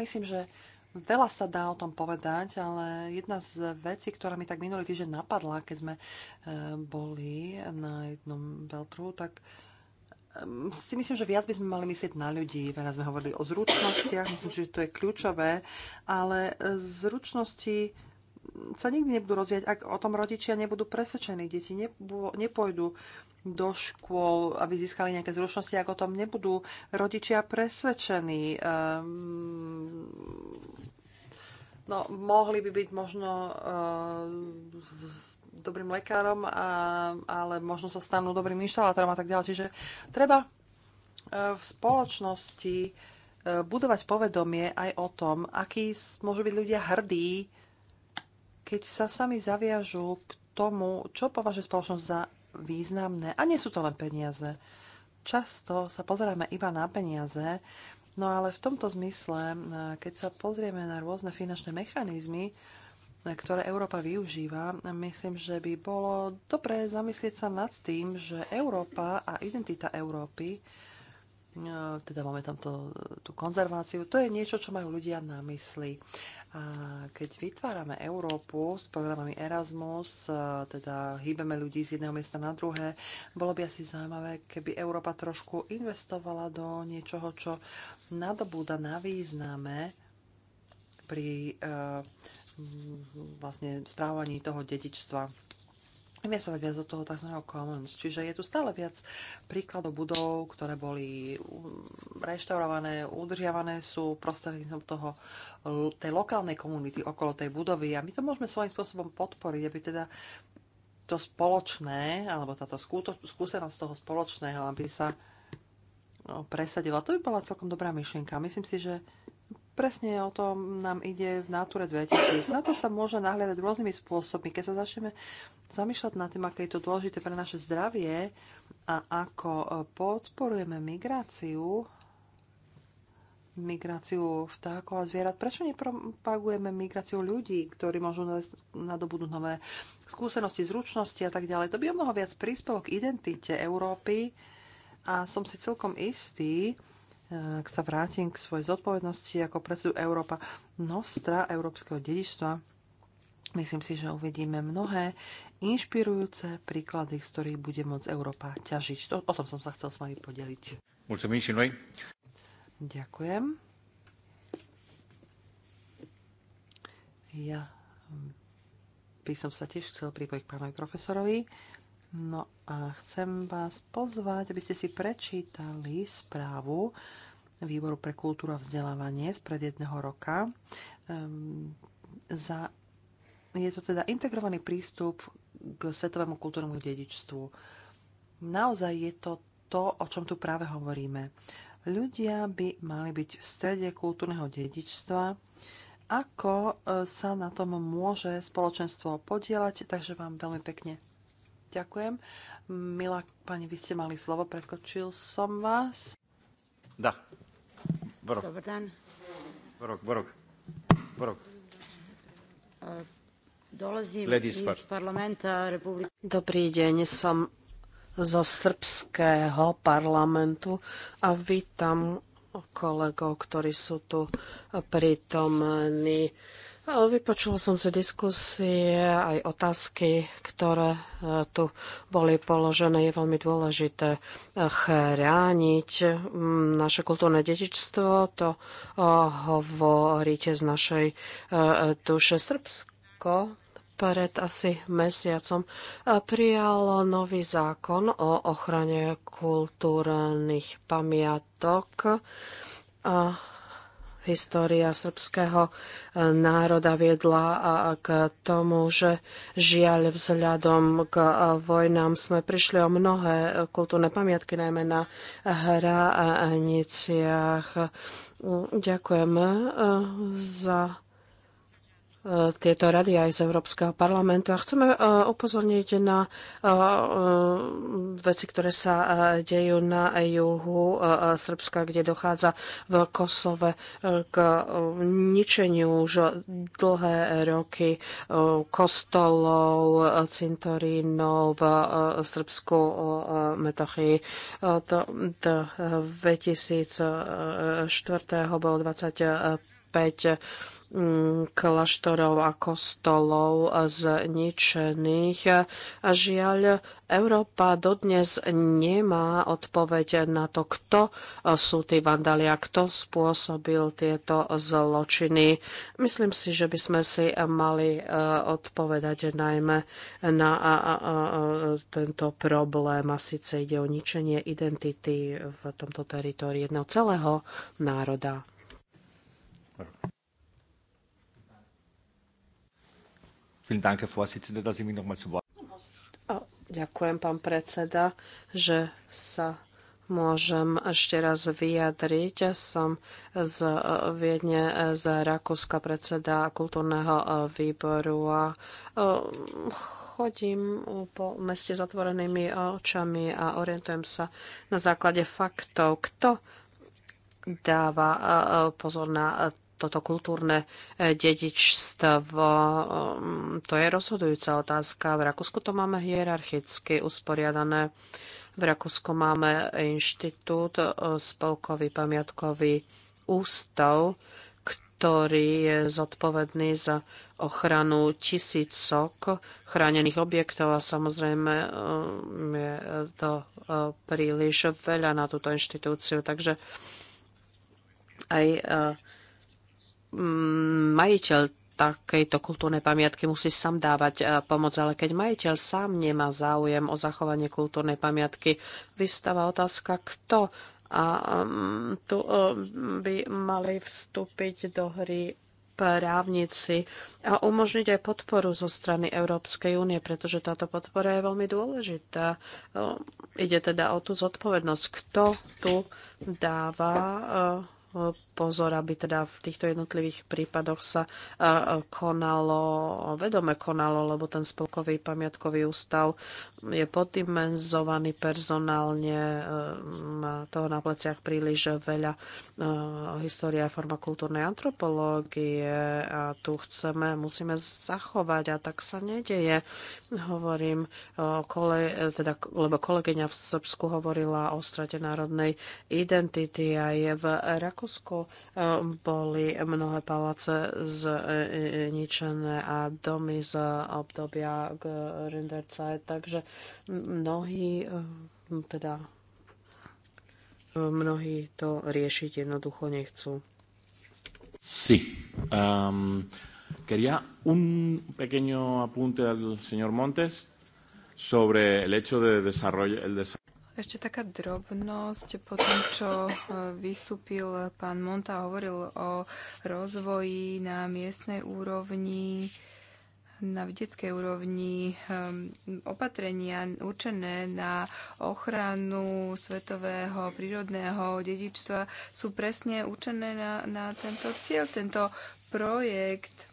myslím, že veľa sa dá o tom povedať, ale jedna z vecí, ktorá mi tak minulý týždeň napadla, keď sme eh, boli na jednom Beltru, tak ehm, si myslím, že viac by sme mali myslieť na ľudí. Veľa sme hovorili o zručnostiach, myslím, že to je kľúčové, ale eh, zručnosti sa nikdy nebudú rozvíjať, ak o tom rodičia nebudú presvedčení. Deti nepôjdu do škôl, aby získali nejaké zručnosti, ak o tom nebudú rodičia presvedčení. Um, no, mohli by byť možno uh, dobrým lekárom, a, ale možno sa stanú dobrým inštalátorom a tak ďalej. Čiže treba eh, v spoločnosti eh, budovať povedomie aj o tom, akí môžu byť ľudia hrdí, keď sa sami zaviažú k tomu, čo považuje spoločnosť za významné. A nie sú to len peniaze. Často sa pozeráme iba na peniaze, no ale v tomto zmysle, e, keď sa pozrieme na rôzne finančné mechanizmy, e, ktoré Európa využíva, myslím, že by bolo dobré zamyslieť sa nad tým, že Európa a identita Európy, e, teda máme tam to, tú konzerváciu, to je niečo, čo majú ľudia na mysli keď vytvárame Európu s programami Erasmus, e, teda hýbeme ľudí z jedného miesta na druhé, bolo by asi zaujímavé, keby Európa trošku investovala do niečoho, čo nadobúda na význame pri e, vlastne správaní toho dedičstva sa viac do toho tzv. commons. Čiže je tu stále viac príkladov budov, ktoré boli mm, reštaurované, udržiavané sú prostredníctvom toho, tej lokálnej komunity okolo tej budovy a my to môžeme svojím spôsobom podporiť, aby teda to spoločné, alebo táto skúsenosť toho spoločného, aby sa no, presadila. To by bola celkom dobrá myšlienka. Myslím si, že Presne o tom nám ide v Nature 2000. Na to sa môže nahliadať rôznymi spôsobmi. Keď sa začneme zamýšľať nad tým, aké je to dôležité pre naše zdravie a ako e, podporujeme migráciu, migráciu vtákov a zvierat. Prečo nepropagujeme migráciu ľudí, ktorí môžu nadobudnúť nové skúsenosti, zručnosti a tak ďalej? To by o mnoho viac prispelo k identite Európy a som si celkom istý, e, ak sa vrátim k svojej zodpovednosti ako predsedu Európa Nostra, Európskeho dedičstva, myslím si, že uvidíme mnohé inšpirujúce príklady, z ktorých bude môcť Európa ťažiť. O, o tom som sa chcel s vami podeliť. Ďakujem. Ja by som sa tiež chcel pripojiť k pánovi profesorovi. No a chcem vás pozvať, aby ste si prečítali správu Výboru pre kultúru a vzdelávanie z pred jedného roka. Um, za, je to teda integrovaný prístup k svetovému kultúrnemu dedičstvu. Naozaj je to to, o čom tu práve hovoríme. Ľudia by mali byť v strede kultúrneho dedičstva. Ako e, sa na tom môže spoločenstvo podielať? Takže vám veľmi pekne ďakujem. Milá pani, vy ste mali slovo, preskočil som vás. Da. Borok. Dobrý den. Borok, Borok. Borok. E, Dobrý deň, som zo srbského parlamentu a vítam kolegov, ktorí sú tu prítomní. Vypočula som si diskusie, aj otázky, ktoré e, tu boli položené. Je veľmi dôležité e, chrániť naše kultúrne dedičstvo. To e, hovoríte z našej duše Srbsko pred asi mesiacom prijal nový zákon o ochrane kultúrnych pamiatok. A história srbského národa viedla k tomu, že žiaľ vzhľadom k vojnám sme prišli o mnohé kultúrne pamiatky, najmä na hraniciach. Ďakujem e, za E, tieto rady aj z Európskeho parlamentu a chceme e, upozorniť na e, veci, ktoré sa dejú na juhu Srbska, kde dochádza v Kosove k ničeniu už dlhé roky kostolov, cintorínov v Srbsku metochy. To 2004. bolo 25 Mm, kláštorov a kostolov zničených. A žiaľ, Európa dodnes nemá odpoveď na to, kto sú tí vandalia, kto spôsobil tieto zločiny. Myslím si, že by sme si mali e, odpovedať najmä na tento problém. A síce ide o ničenie identity v tomto teritorii jedného celého národa. Vielen Dank, Herr Vorsitzender, dass mich zu Wort. Ďakujem, pán predseda, že sa môžem ešte raz vyjadriť. Som z Viedne, z Rakúska predseda kultúrneho výboru a chodím po meste s otvorenými očami a orientujem sa na základe faktov, kto dáva pozor na toto kultúrne e, dedičstvo, e, to je rozhodujúca otázka. V Rakúsku to máme hierarchicky usporiadané. V Rakúsku máme inštitút, e, spolkový pamiatkový ústav, ktorý je zodpovedný za ochranu tisícok chránených objektov a samozrejme je to príliš veľa na túto inštitúciu. Takže aj Mm, majiteľ takejto kultúrnej pamiatky musí sám dávať e, pomoc, ale keď majiteľ sám nemá záujem o zachovanie kultúrnej pamiatky, vystáva otázka, kto a mm, tu e, by mali vstúpiť do hry právnici a umožniť aj podporu zo strany Európskej únie, pretože táto podpora je veľmi dôležitá. E, ide teda o tú zodpovednosť, kto tu dáva pozor, aby teda v týchto jednotlivých prípadoch sa konalo, vedome konalo, lebo ten spolkový pamiatkový ústav je poddimenzovaný personálne, e, má toho na pleciach príliš veľa e, história kultúrnej antropológie a tu chceme, musíme zachovať a tak sa nedeje. Hovorím, kole, e, teda, lebo kolegyňa v Srbsku hovorila o strate národnej identity a je v Rakúsku Rakúsku e, boli mnohé paláce zničené a domy z obdobia Rinderzeit, takže mnohí e, teda mnohí to riešiť jednoducho nechcú. Sí. Um, quería un pequeño apunte al señor Montes sobre el hecho de desarrollar el desarrollo ešte taká drobnosť po tom, čo e, vystúpil pán Monta, hovoril o rozvoji na miestnej úrovni, na vedeckej úrovni ehm, opatrenia určené na ochranu svetového prírodného dedičstva sú presne určené na, na tento cieľ. Tento projekt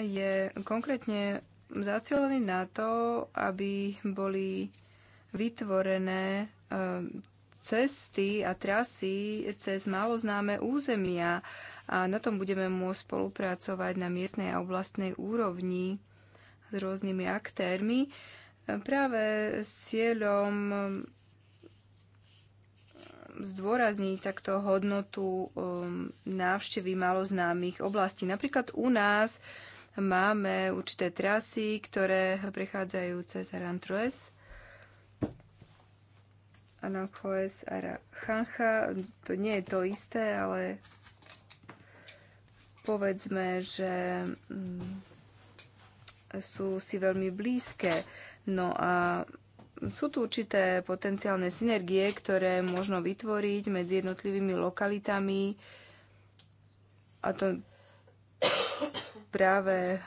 je konkrétne zacielený na to, aby boli vytvorené eh, cesty a trasy cez maloznáme územia a na tom budeme môcť spolupracovať na miestnej a oblastnej úrovni s rôznymi aktérmi eh, práve s cieľom eh, zdôrazniť takto hodnotu návštevy maloznámych známych oblastí. Napríklad u nás máme určité trasy, ktoré prechádzajú cez Arantroes Anápoes Arachancha. To nie je to isté, ale povedzme, že mm, sú si veľmi blízke. No a sú tu určité potenciálne synergie, ktoré možno vytvoriť medzi jednotlivými lokalitami a to [COUGHS] práve eh,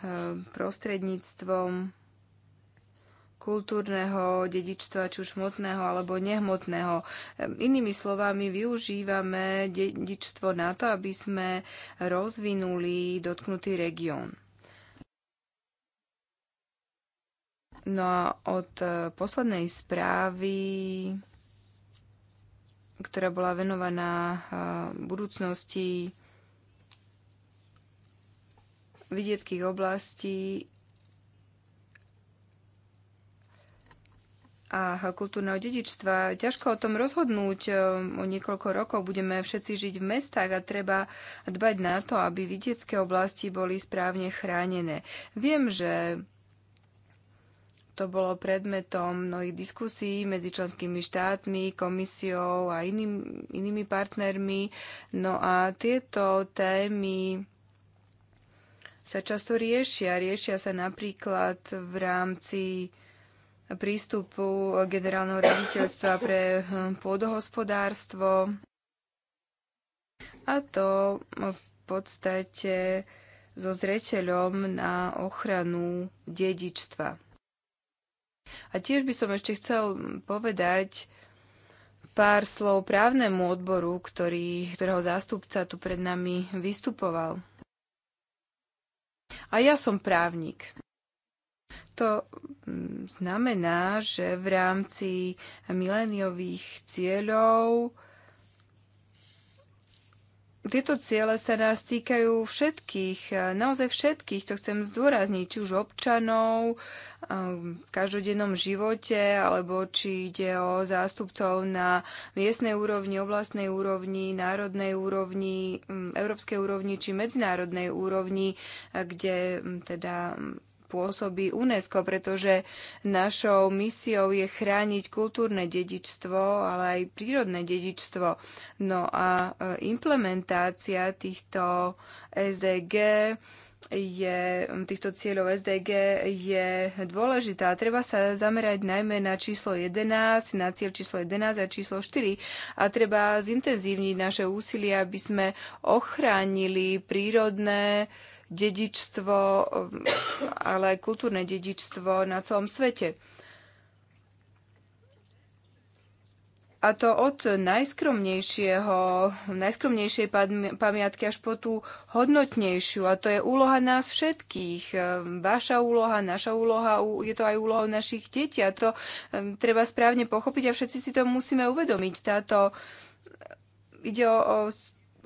prostredníctvom kultúrneho dedičstva, či už hmotného alebo nehmotného. Inými slovami, využívame dedičstvo na to, aby sme rozvinuli dotknutý región. No a od e, poslednej správy, ktorá bola venovaná e, budúcnosti vidieckých oblastí a kultúrneho dedičstva. Ťažko o tom rozhodnúť. E, o niekoľko rokov budeme všetci žiť v mestách a treba dbať na to, aby vidiecké oblasti boli správne chránené. Viem, že to bolo predmetom mnohých diskusí medzi členskými štátmi, komisiou a iným, inými partnermi. No a tieto témy sa často riešia. Riešia sa napríklad v rámci prístupu generálneho raditeľstva pre hm, pôdohospodárstvo. A to v podstate so zreteľom na ochranu dedičstva. A tiež by som ešte chcel povedať pár slov právnemu odboru, ktorý, ktorého zástupca tu pred nami vystupoval. A ja som právnik. To mm, znamená, že v rámci mileniových cieľov tieto ciele sa nás týkajú všetkých, naozaj všetkých, to chcem zdôrazniť, či už občanov v každodennom živote, alebo či ide o zástupcov na miestnej úrovni, oblastnej úrovni, národnej úrovni, mm, európskej úrovni či medzinárodnej úrovni, kde mm, teda pôsobí UNESCO, pretože našou misiou je chrániť kultúrne dedičstvo, ale aj prírodné dedičstvo. No a e, implementácia týchto SDG je, týchto cieľov SDG je dôležitá. Treba sa zamerať najmä na číslo 11, na cieľ číslo 11 a číslo 4 a treba zintenzívniť naše úsilie, aby sme ochránili prírodné uh, dedičstvo, ale aj kultúrne dedičstvo na celom svete. A to od najskromnejšieho, najskromnejšej pamiatky až po tú hodnotnejšiu. A to je úloha nás všetkých. Ehm, vaša úloha, naša úloha, je to aj úloha našich detí. A to ehm, treba správne pochopiť a všetci si to musíme uvedomiť. Táto, ide o, o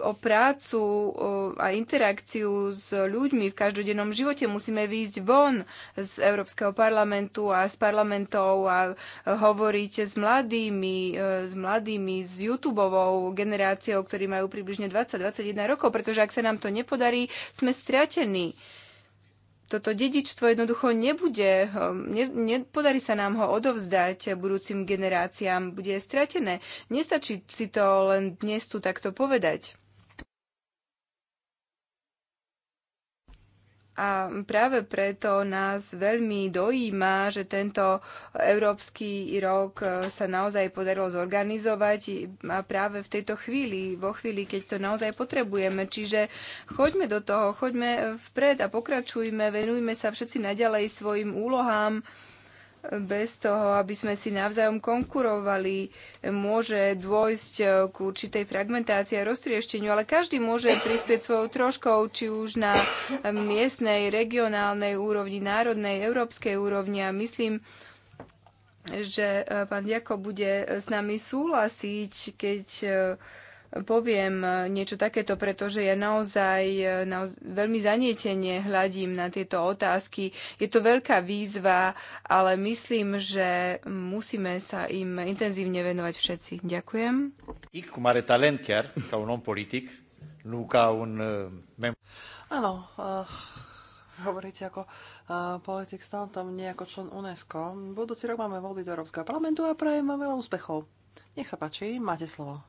o prácu a interakciu s ľuďmi v každodennom živote. Musíme výjsť von z Európskeho parlamentu a z parlamentov a e, hovoriť s mladými, e, s mladými, s YouTubeovou generáciou, ktorí majú približne 20-21 rokov, pretože ak sa nám to nepodarí, sme stratení toto dedičstvo jednoducho nebude, e, ne, nepodarí sa nám ho odovzdať budúcim generáciám, bude stratené. Nestačí si to len dnes tu takto povedať. A práve preto nás veľmi dojíma, že tento európsky rok e, sa naozaj podarilo zorganizovať a práve v tejto chvíli, vo chvíli, keď to naozaj potrebujeme. Čiže choďme do toho, choďme vpred a pokračujme, venujme sa všetci naďalej svojim úlohám bez toho, aby sme si navzájom konkurovali, môže dôjsť eh, k určitej fragmentácii a roztriešteniu, ale každý môže prispieť svojou troškou, či už na miestnej, regionálnej úrovni, národnej, európskej úrovni a myslím, že eh, pán Jako bude eh, s nami súhlasiť, keď poviem niečo takéto, pretože ja naozaj, naozaj veľmi zanietenie hľadím na tieto otázky. Je to veľká výzva, ale myslím, že musíme sa im intenzívne venovať všetci. Ďakujem. Áno, uh, hovoríte ako uh, politik, stále tam nie ako člen UNESCO. Budúci rok máme voľby do Európskeho parlamentu a prajem vám veľa úspechov. Nech sa páči, máte slovo.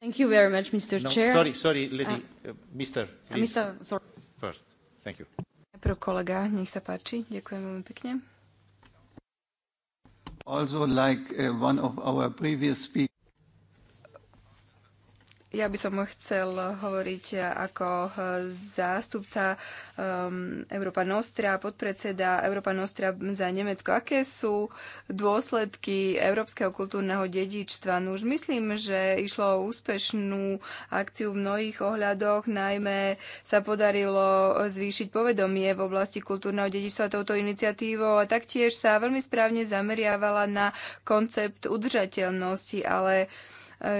Thank you very much, Mr. No, Chair. Sorry, sorry, uh, lady, uh, Mr. Uh, please. Mr. Sorry. First. Thank you. Najprv kolega, nech sa páči. Ďakujem veľmi pekne. Also like uh, one of our previous speakers, ja by som chcel hovoriť ako zástupca um, Európa Nostra, podpredseda Európa Nostra za Nemecko. Aké sú dôsledky európskeho kultúrneho dedičstva? No už myslím, že išlo o úspešnú akciu v mnohých ohľadoch, najmä sa podarilo zvýšiť povedomie v oblasti kultúrneho dedičstva touto iniciatívou a taktiež sa veľmi správne zameriavala na koncept udržateľnosti, ale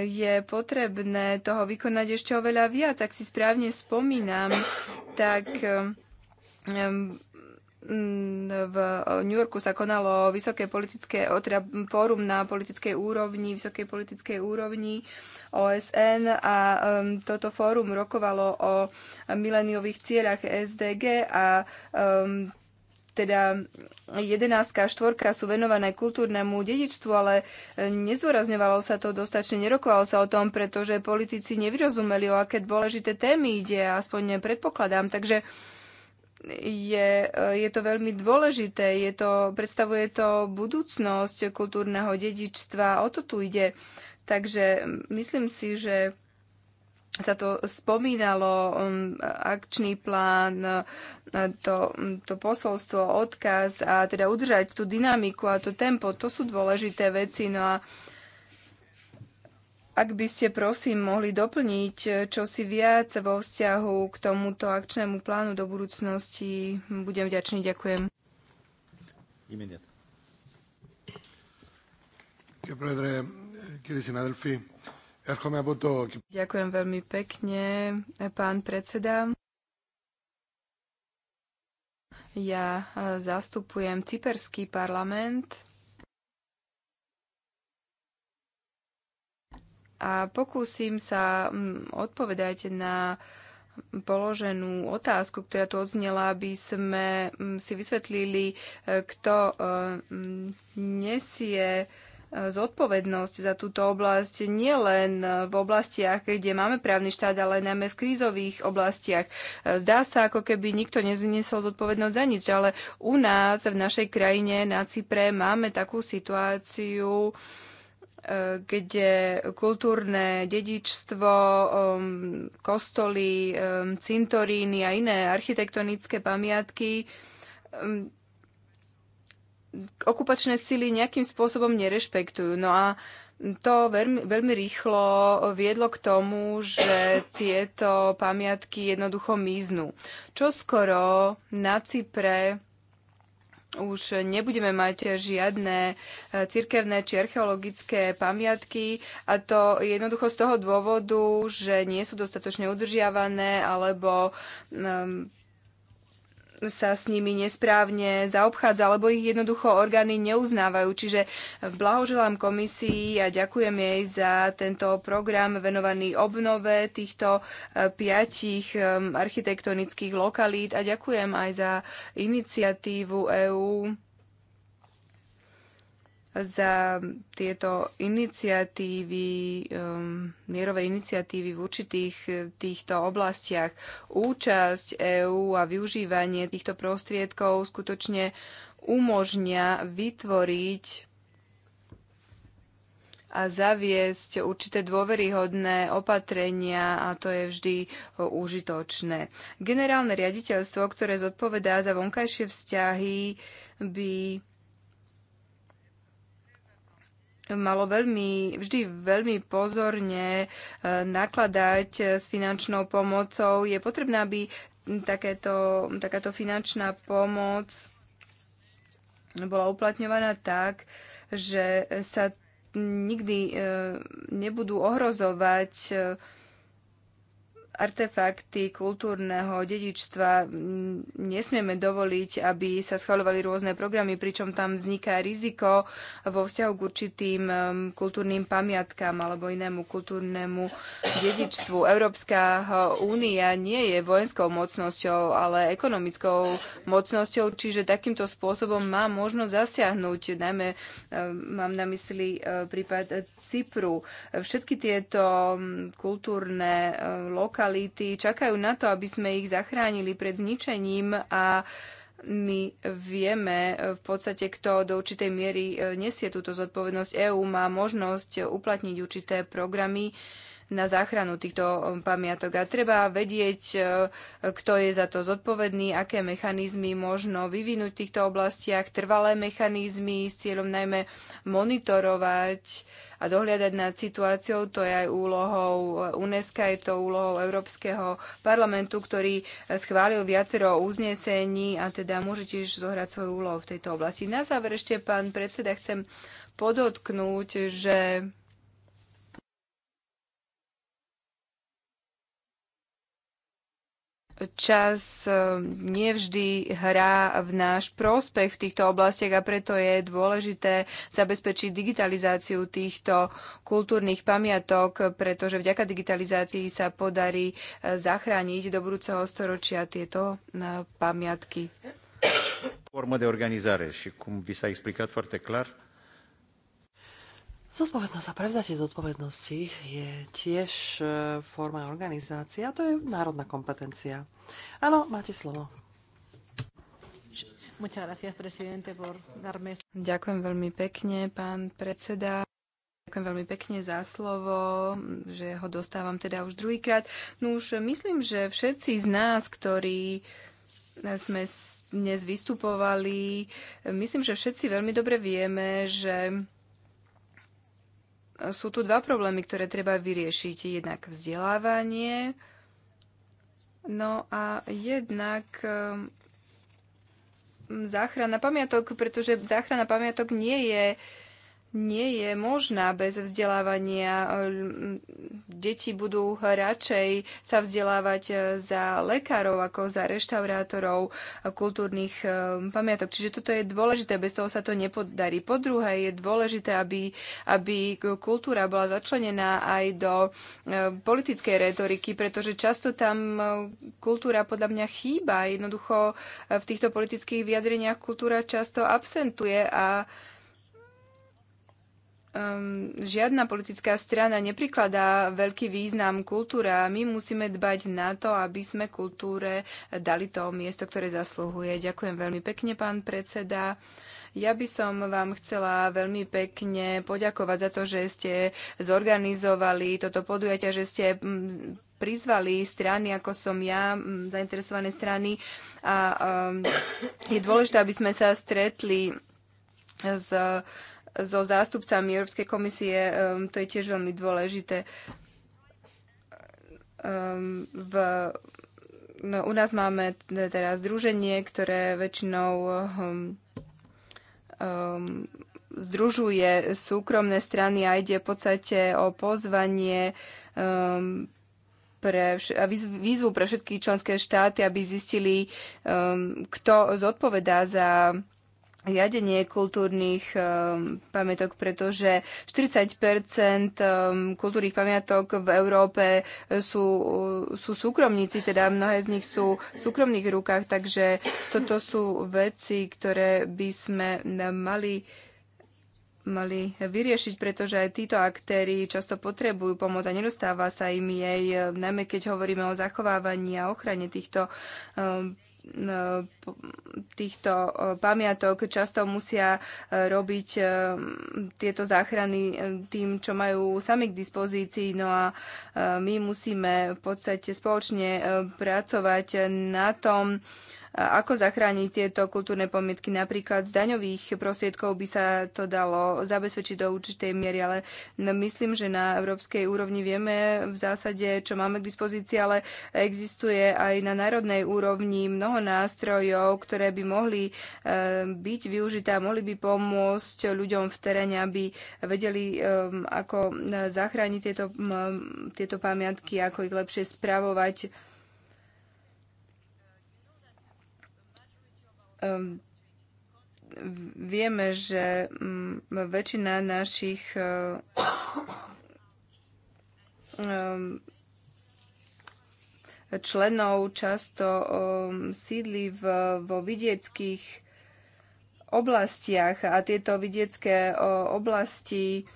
je potrebné toho vykonať ešte oveľa viac. Ak si správne spomínam, tak v New Yorku sa konalo vysoké politické, teda fórum na politickej úrovni, vysokej politickej úrovni OSN a um, toto fórum rokovalo o mileniových cieľach SDG a um, teda 11 a 4 sú venované kultúrnemu dedičstvu, ale e, nezvorazňovalo sa to dostačne, nerokovalo sa o tom, pretože politici nevyrozumeli, o aké dôležité témy ide, aspoň predpokladám. Takže je, e, je to veľmi dôležité, je to, predstavuje to budúcnosť kultúrneho dedičstva, o to tu ide. Takže myslím si, že sa to spomínalo, um, akčný plán, uh, to, um, to posolstvo, odkaz a teda udržať tú dynamiku a to tempo, to sú dôležité veci. No a ak by ste prosím mohli doplniť uh, čo si viac vo vzťahu k tomuto akčnému plánu do budúcnosti, budem vďačný, ďakujem. Imediat. Κύριε Ďakujem veľmi pekne, pán predseda. Ja e, zastupujem Cyperský parlament a pokúsim sa odpovedať na položenú otázku, ktorá tu odznela, aby sme si vysvetlili, e, kto e, nesie zodpovednosť za túto oblasť nie len v oblastiach, kde máme právny štát, ale najmä v krízových oblastiach. Zdá sa, ako keby nikto nezniesol zodpovednosť za nič, ale u nás, v našej krajine, na Cypre, máme takú situáciu, eh, kde kultúrne dedičstvo, ehm, kostoly, ehm, cintoríny a iné architektonické pamiatky ehm, okupačné sily nejakým spôsobom nerešpektujú. No a to veľmi, veľmi rýchlo viedlo k tomu, že tieto pamiatky jednoducho miznú. Čo skoro na Cypre už nebudeme mať žiadne eh, cirkevné či archeologické pamiatky a to jednoducho z toho dôvodu, že nie sú dostatočne udržiavané alebo um, sa s nimi nesprávne zaobchádza, alebo ich jednoducho orgány neuznávajú. Čiže blahoželám komisii a ďakujem jej za tento program venovaný obnove týchto e, piatich e, architektonických lokalít a ďakujem aj za iniciatívu EÚ za tieto iniciatívy, um, mierové iniciatívy v určitých eh, týchto oblastiach. Účasť EÚ a využívanie týchto prostriedkov skutočne umožňa vytvoriť a zaviesť určité dôveryhodné opatrenia a to je vždy eh, užitočné. Generálne riaditeľstvo, ktoré zodpovedá za vonkajšie vzťahy, by malo veľmi, vždy veľmi pozorne e, nakladať e, s finančnou pomocou. Je potrebné, aby takéto, takáto finančná pomoc bola uplatňovaná tak, že sa nikdy e, nebudú ohrozovať artefakty kultúrneho dedičstva nesmieme dovoliť, aby sa schvalovali rôzne programy, pričom tam vzniká riziko vo vzťahu k určitým um, kultúrnym pamiatkám alebo inému kultúrnemu dedičstvu. Európska únia nie je vojenskou mocnosťou, ale ekonomickou mocnosťou, čiže takýmto spôsobom má možnosť zasiahnuť, najmä um, mám na mysli uh, prípad Cypru. Všetky tieto um, kultúrne uh, lokály lokality čakajú na to, aby sme ich zachránili pred zničením a my vieme v podstate, kto do určitej miery e, nesie túto zodpovednosť. EÚ má možnosť uplatniť určité programy, na záchranu týchto um, pamiatok. A treba vedieť, uh, kto je za to zodpovedný, aké mechanizmy možno vyvinúť v týchto oblastiach, trvalé mechanizmy s cieľom najmä monitorovať a dohliadať nad situáciou. To je aj úlohou uh, UNESCO, je to úlohou Európskeho parlamentu, ktorý uh, schválil viacero uznesení a teda môže tiež zohrať svoju úlohu v tejto oblasti. Na záver ešte, pán predseda, chcem podotknúť, že čas eh, nevždy hrá v náš prospech v týchto oblastiach a preto je dôležité zabezpečiť digitalizáciu týchto kultúrnych pamiatok, pretože vďaka digitalizácii sa podarí eh, zachrániť do budúceho storočia tieto eh, pamiatky. Forma de organizare și cum vi s-a explicat foarte clar, Zodpovednosť a prevzatie zodpovednosti je tiež e, forma organizácie a to je národná kompetencia. Áno, máte slovo. Ďakujem veľmi pekne, pán predseda. Ďakujem veľmi pekne za slovo, že ho dostávam teda už druhýkrát. No už myslím, že všetci z nás, ktorí sme dnes vystupovali, myslím, že všetci veľmi dobre vieme, že sú tu dva problémy, ktoré treba vyriešiť. Jednak vzdelávanie, no a jednak ehm, záchrana pamiatok, pretože záchrana pamiatok nie je uh, nie je možná bez vzdelávania. Deti budú radšej sa vzdelávať za lekárov ako za reštaurátorov kultúrnych eh, pamiatok. Čiže toto je dôležité, bez toho sa to nepodarí. Po druhé, je dôležité, aby, aby kultúra bola začlenená aj do eh, politickej retoriky, pretože často tam eh, kultúra podľa mňa chýba. Jednoducho v týchto politických vyjadreniach kultúra často absentuje a um, žiadna politická strana neprikladá veľký význam kultúre a my musíme dbať na to, aby sme kultúre dali to miesto, ktoré zasluhuje. Ďakujem veľmi pekne, pán predseda. Ja by som vám chcela veľmi pekne poďakovať za to, že ste zorganizovali toto podujatie, že ste mm, prizvali strany, ako som ja, mm, zainteresované strany. A um, je dôležité, aby sme sa stretli s uh, so zástupcami Európskej komisie, um, to je tiež veľmi dôležité. Um, v, no, u nás máme teraz združenie, ktoré väčšinou um, um, združuje súkromné strany a ide v podstate o pozvanie um, pre vš- výzvu pre všetky členské štáty, aby zistili, um, kto zodpovedá za riadenie kultúrnych um, pamiatok, pretože 40 um, ehm, kultúrnych pamiatok v Európe sú, sú súkromníci, teda mnohé z nich sú v súkromných rukách, takže toto sú veci, ktoré by sme mali mali vyriešiť, pretože aj títo aktéry často potrebujú pomoc a nedostáva sa im jej, ehm, najmä keď hovoríme o zachovávaní a ochrane týchto um, týchto e, pamiatok často musia e, robiť e, tieto záchrany tým, čo majú sami k dispozícii. No a my musíme v podstate spoločne pracovať na tom, ako zachrániť tieto kultúrne pamätky? Napríklad z daňových prostriedkov by sa to dalo zabezpečiť do určitej miery, ale no, myslím, že na európskej úrovni vieme v zásade, čo máme k dispozícii, ale existuje aj na národnej úrovni mnoho nástrojov, ktoré by mohli e, byť využité a mohli by pomôcť ľuďom v teréne, aby vedeli, e, ako zachrániť tieto, tieto pamiatky, ako ich lepšie spravovať vieme, že mm, väčšina našich eh, členov často sídli vo vidieckých oblastiach a tieto vidiecké eh, oblasti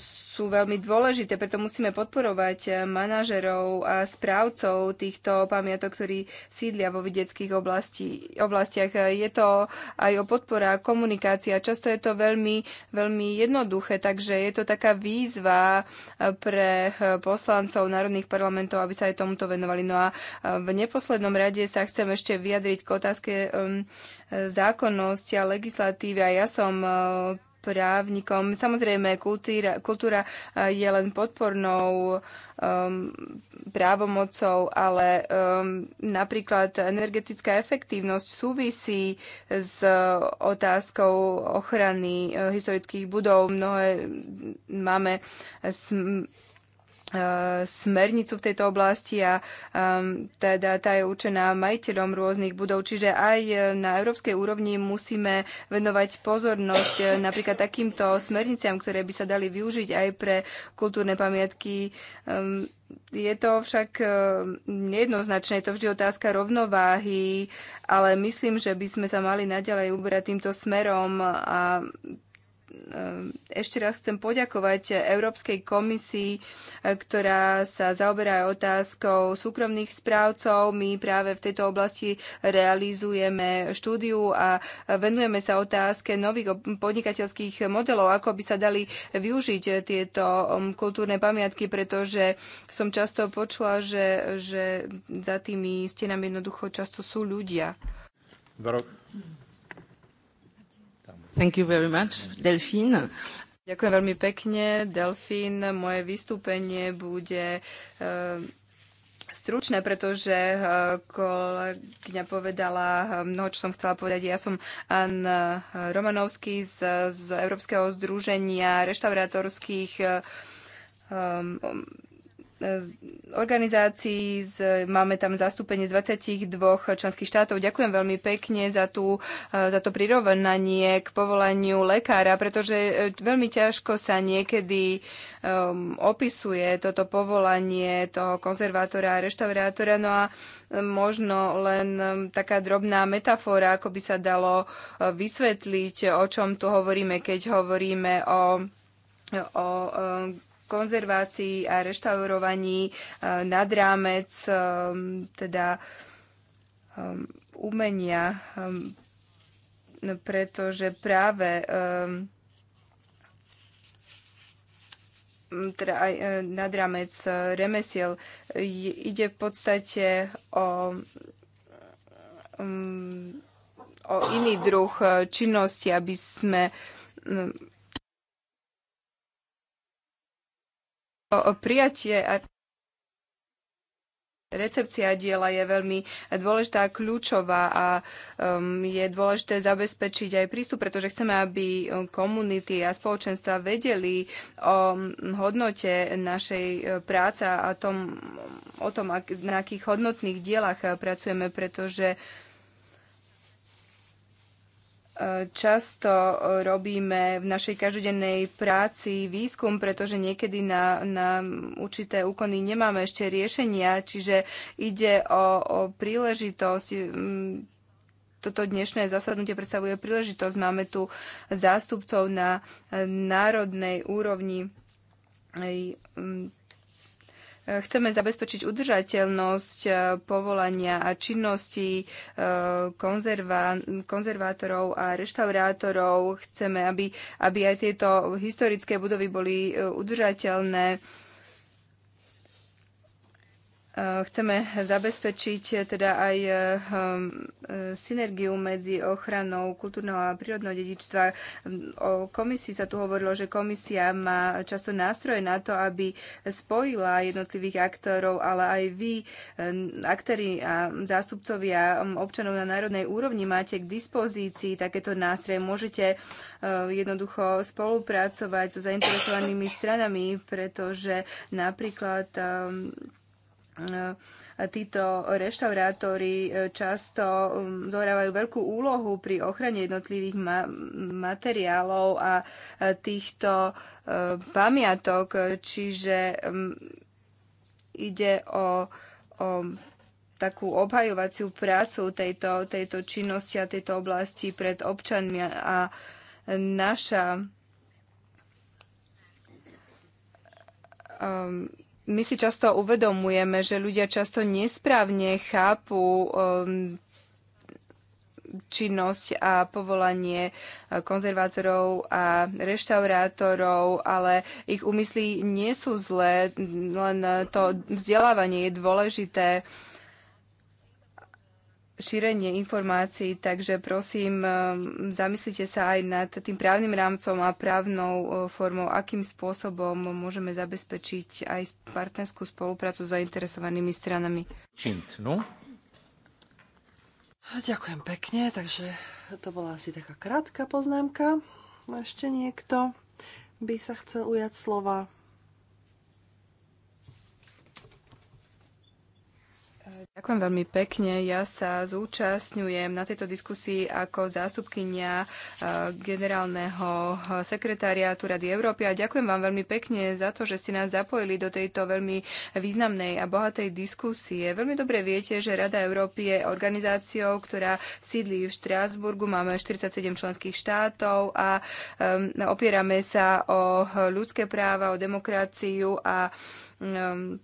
sú veľmi dôležité, preto musíme podporovať eh, manažerov a správcov týchto pamiatok, ktorí sídlia vo vidieckých oblasti, oblastiach. Je to aj o podpora komunikácia. Často je to veľmi, veľmi jednoduché, takže je to taká výzva eh, pre eh, poslancov národných parlamentov, aby sa aj tomuto venovali. No a v neposlednom rade sa chcem ešte vyjadriť k otázke zákonnosti a legislatívy. A ja som právnikom. Samozrejme, kultúra, kultúra e, je len podpornou um, právomocou, ale um, napríklad energetická efektívnosť súvisí s otázkou ochrany e, historických budov. Mnohé máme sm- E, smernicu v tejto oblasti a um, teda tá je určená majiteľom rôznych budov. Čiže aj e, na európskej úrovni musíme venovať pozornosť napríklad takýmto smerniciam, ktoré by sa dali využiť aj pre kultúrne pamiatky. Um, je to však nejednoznačné, je to vždy otázka rovnováhy, ale myslím, že by sme sa mali naďalej uberať týmto smerom a Ehm, ešte raz chcem poďakovať Európskej komisii, eh, ktorá sa zaoberá otázkou súkromných správcov. My práve v tejto oblasti realizujeme štúdiu a venujeme sa otázke nových podnikateľských modelov, ako by sa dali využiť tieto ehm, kultúrne pamiatky, pretože som často počula, že, že za tými stenami jednoducho často sú ľudia. Barok. Thank you very much, Ďakujem veľmi pekne, Delfín. Moje vystúpenie bude eh, stručné, pretože eh, kolegyňa povedala eh, mnoho, čo som chcela povedať. Ja som Ann Romanovský z, z Európskeho združenia reštaurátorských um, organizácií, z, máme tam zastúpenie z 22 členských štátov. Ďakujem veľmi pekne za, tú, e, za to prirovnanie k povolaniu lekára, pretože e, veľmi ťažko sa niekedy um, opisuje toto povolanie toho konzervátora a reštaurátora. No a možno len taká drobná metafora, ako by sa dalo vysvetliť, o čom tu hovoríme, keď hovoríme o o konzervácii a reštaurovaní eh, nad rámec eh, teda eh, umenia, pretože práve teda aj nad rámec remesiel ide v podstate o mm, o iný druh činnosti, aby sme mm, prijatie a recepcia diela je veľmi dôležitá a kľúčová a um, je dôležité zabezpečiť aj prístup, pretože chceme, aby um, komunity a spoločenstva vedeli o um, hodnote našej e, práce a tom, o tom, ak, na akých hodnotných dielach e, pracujeme, pretože uh, často robíme v našej každodennej práci výskum, pretože niekedy na, na určité úkony nemáme ešte riešenia, čiže ide o, o príležitosť. Toto dnešné zasadnutie predstavuje príležitosť. Máme tu zástupcov na národnej úrovni Chceme zabezpečiť udržateľnosť e, povolania a činnosti e, konzerva, konzervátorov a reštaurátorov. Chceme, aby, aby aj tieto historické budovy boli e, udržateľné chceme zabezpečiť teda aj ehm, e, synergiu medzi ochranou kultúrneho a prírodného dedičstva. O komisii sa tu hovorilo, že komisia má často nástroje na to, aby spojila jednotlivých aktorov, ale aj vy, ehm, aktéri a zástupcovia ehm, občanov na národnej úrovni, máte k dispozícii takéto nástroje. Môžete e, jednoducho spolupracovať so zainteresovanými stranami, pretože napríklad E, títo reštaurátori e, často um, zohrávajú veľkú úlohu pri ochrane jednotlivých ma- materiálov a e, týchto pamiatok, čiže um, ide o, o takú obhajovaciu prácu tejto, tejto činnosti a tejto oblasti pred občanmi a naša um, my si často uvedomujeme, že ľudia často nesprávne chápu um, činnosť a povolanie uh, konzervátorov a reštaurátorov, ale ich úmysly nie sú zlé, len to vzdelávanie je dôležité šírenie informácií, takže prosím, um, zamyslite sa aj nad tým právnym rámcom a právnou uh, formou, akým spôsobom môžeme zabezpečiť aj partnerskú spoluprácu s zainteresovanými stranami. Čint, no? Ďakujem pekne, takže to bola asi taká krátka poznámka. No, ešte niekto by sa chcel ujať slova. Ďakujem veľmi pekne. Ja sa zúčastňujem na tejto diskusii ako zástupkynia e, generálneho sekretariátu Rady Európy a ďakujem vám veľmi pekne za to, že ste nás zapojili do tejto veľmi významnej a bohatej diskusie. Veľmi dobre viete, že Rada Európy je organizáciou, ktorá sídlí v Štrásburgu. Máme 47 členských štátov a opierame sa o ľudské práva, o demokraciu a um,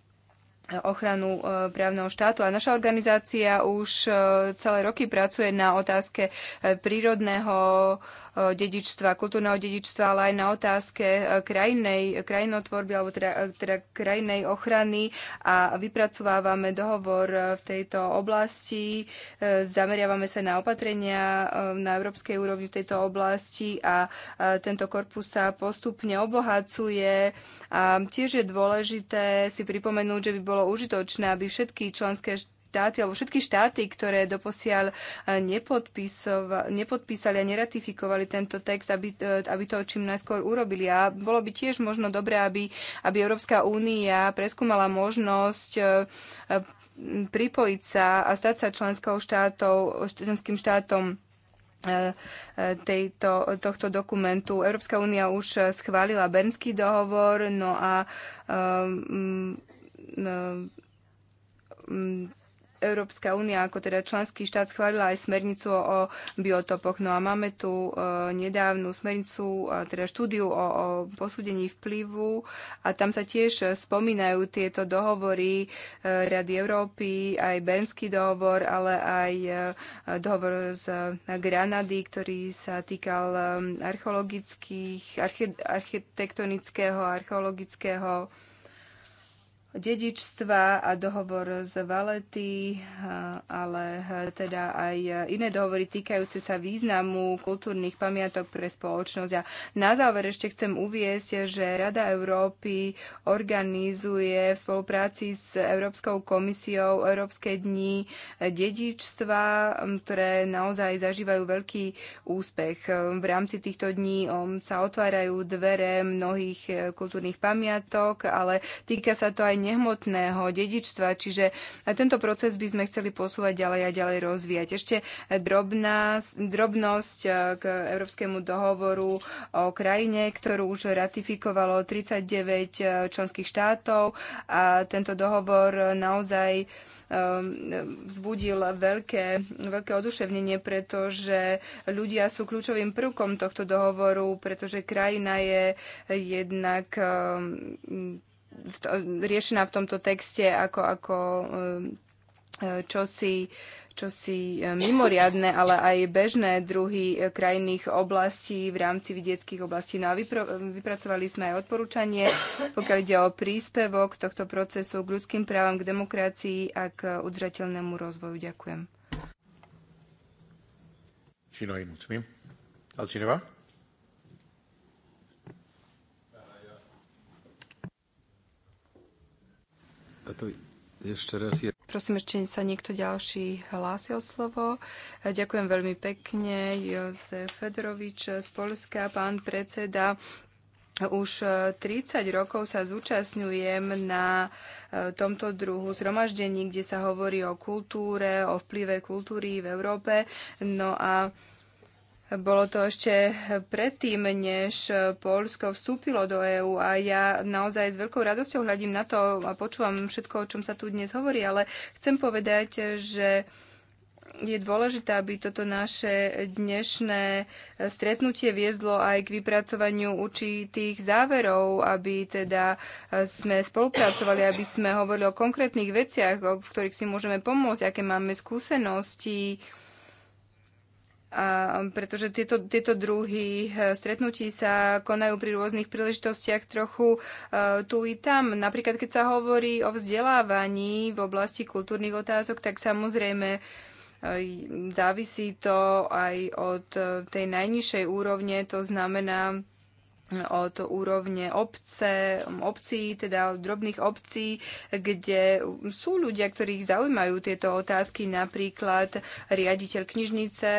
ochranu e, právneho štátu. A naša organizácia už e, celé roky pracuje na otázke e, prírodného dedičstva, kultúrneho dedičstva, ale aj na otázke krajnej, krajinotvorby alebo teda, teda krajnej ochrany a vypracovávame dohovor v tejto oblasti. Zameriavame sa na opatrenia na európskej úrovni v tejto oblasti a tento korpus sa postupne obohacuje. A tiež je dôležité si pripomenúť, že by bolo užitočné, aby všetky členské štáty, alebo všetky štáty, ktoré doposiaľ eh, nepodpísali a neratifikovali tento text, aby, eh, aby to čím najskôr urobili. A bolo by tiež možno dobré, aby, aby Európska únia preskúmala možnosť eh, pripojiť sa a stať sa členskou štátou, členským štátom tejto, tohto dokumentu. Európska únia už schválila Bernský dohovor, no a um, Eh, mm, Európska únia ako teda členský štát schválila aj smernicu o biotopoch. No a máme tu eh, nedávnu smernicu, teda štúdiu o, o posúdení vplyvu a tam sa tiež spomínajú tieto dohovory eh, Rady Európy, aj Bernský dohovor, ale aj dohovor z Granady, ktorý sa týkal archeologických, architektonického, archeologického dedičstva a dohovor z Valety, ale teda aj iné dohovory týkajúce sa významu kultúrnych pamiatok pre spoločnosť. A na záver ešte chcem uviesť, že Rada Európy organizuje v spolupráci s Európskou komisiou Európske dni dedičstva, ktoré naozaj zažívajú veľký úspech. V rámci týchto dní um, sa otvárajú dvere mnohých e, kultúrnych pamiatok, ale týka sa to aj nehmotného dedičstva, čiže tento proces by sme chceli posúvať ďalej a ďalej rozvíjať. Ešte drobná, drobnosť eh, k Európskemu dohovoru o krajine, ktorú už ratifikovalo 39 eh, členských štátov a tento dohovor naozaj ehm, vzbudil veľké, veľké oduševnenie, pretože ľudia sú kľúčovým prvkom tohto dohovoru, pretože krajina je jednak ehm, to, riešená v tomto texte ako, ako eh, čosi, čosi eh, mimoriadne, ale aj bežné druhy eh, krajných oblastí v rámci vidieckých oblastí. No a vypro, vypracovali sme aj odporúčanie, pokiaľ ide o príspevok tohto procesu k ľudským právam, k demokracii a k udržateľnému rozvoju. Ďakujem. ešte raz je... Prosím, ešte sa niekto ďalší hlási o slovo. E, ďakujem veľmi pekne. Jozef Fedorovič z Polska, pán predseda. Už 30 e, rokov sa zúčastňujem na e, tomto druhu zhromaždení, kde sa hovorí o kultúre, o vplyve kultúry v Európe. No a bolo to ešte predtým, než Polsko vstúpilo do EÚ a ja naozaj s veľkou radosťou hľadím na to a počúvam všetko, o čom sa tu dnes hovorí, ale chcem povedať, že je dôležité, aby toto naše dnešné stretnutie viezlo aj k vypracovaniu určitých záverov, aby teda sme spolupracovali, aby sme hovorili o konkrétnych veciach, v ktorých si môžeme pomôcť, aké máme skúsenosti, a pretože tieto, tieto druhy e, stretnutí sa konajú pri rôznych príležitostiach trochu e, tu i tam. Napríklad, keď sa hovorí o vzdelávaní v oblasti kultúrnych otázok, tak samozrejme e, závisí to aj od tej najnižšej úrovne, to znamená od úrovne obce, obcí, teda drobných obcí, kde sú ľudia, ktorých zaujímajú tieto otázky, napríklad riaditeľ knižnice,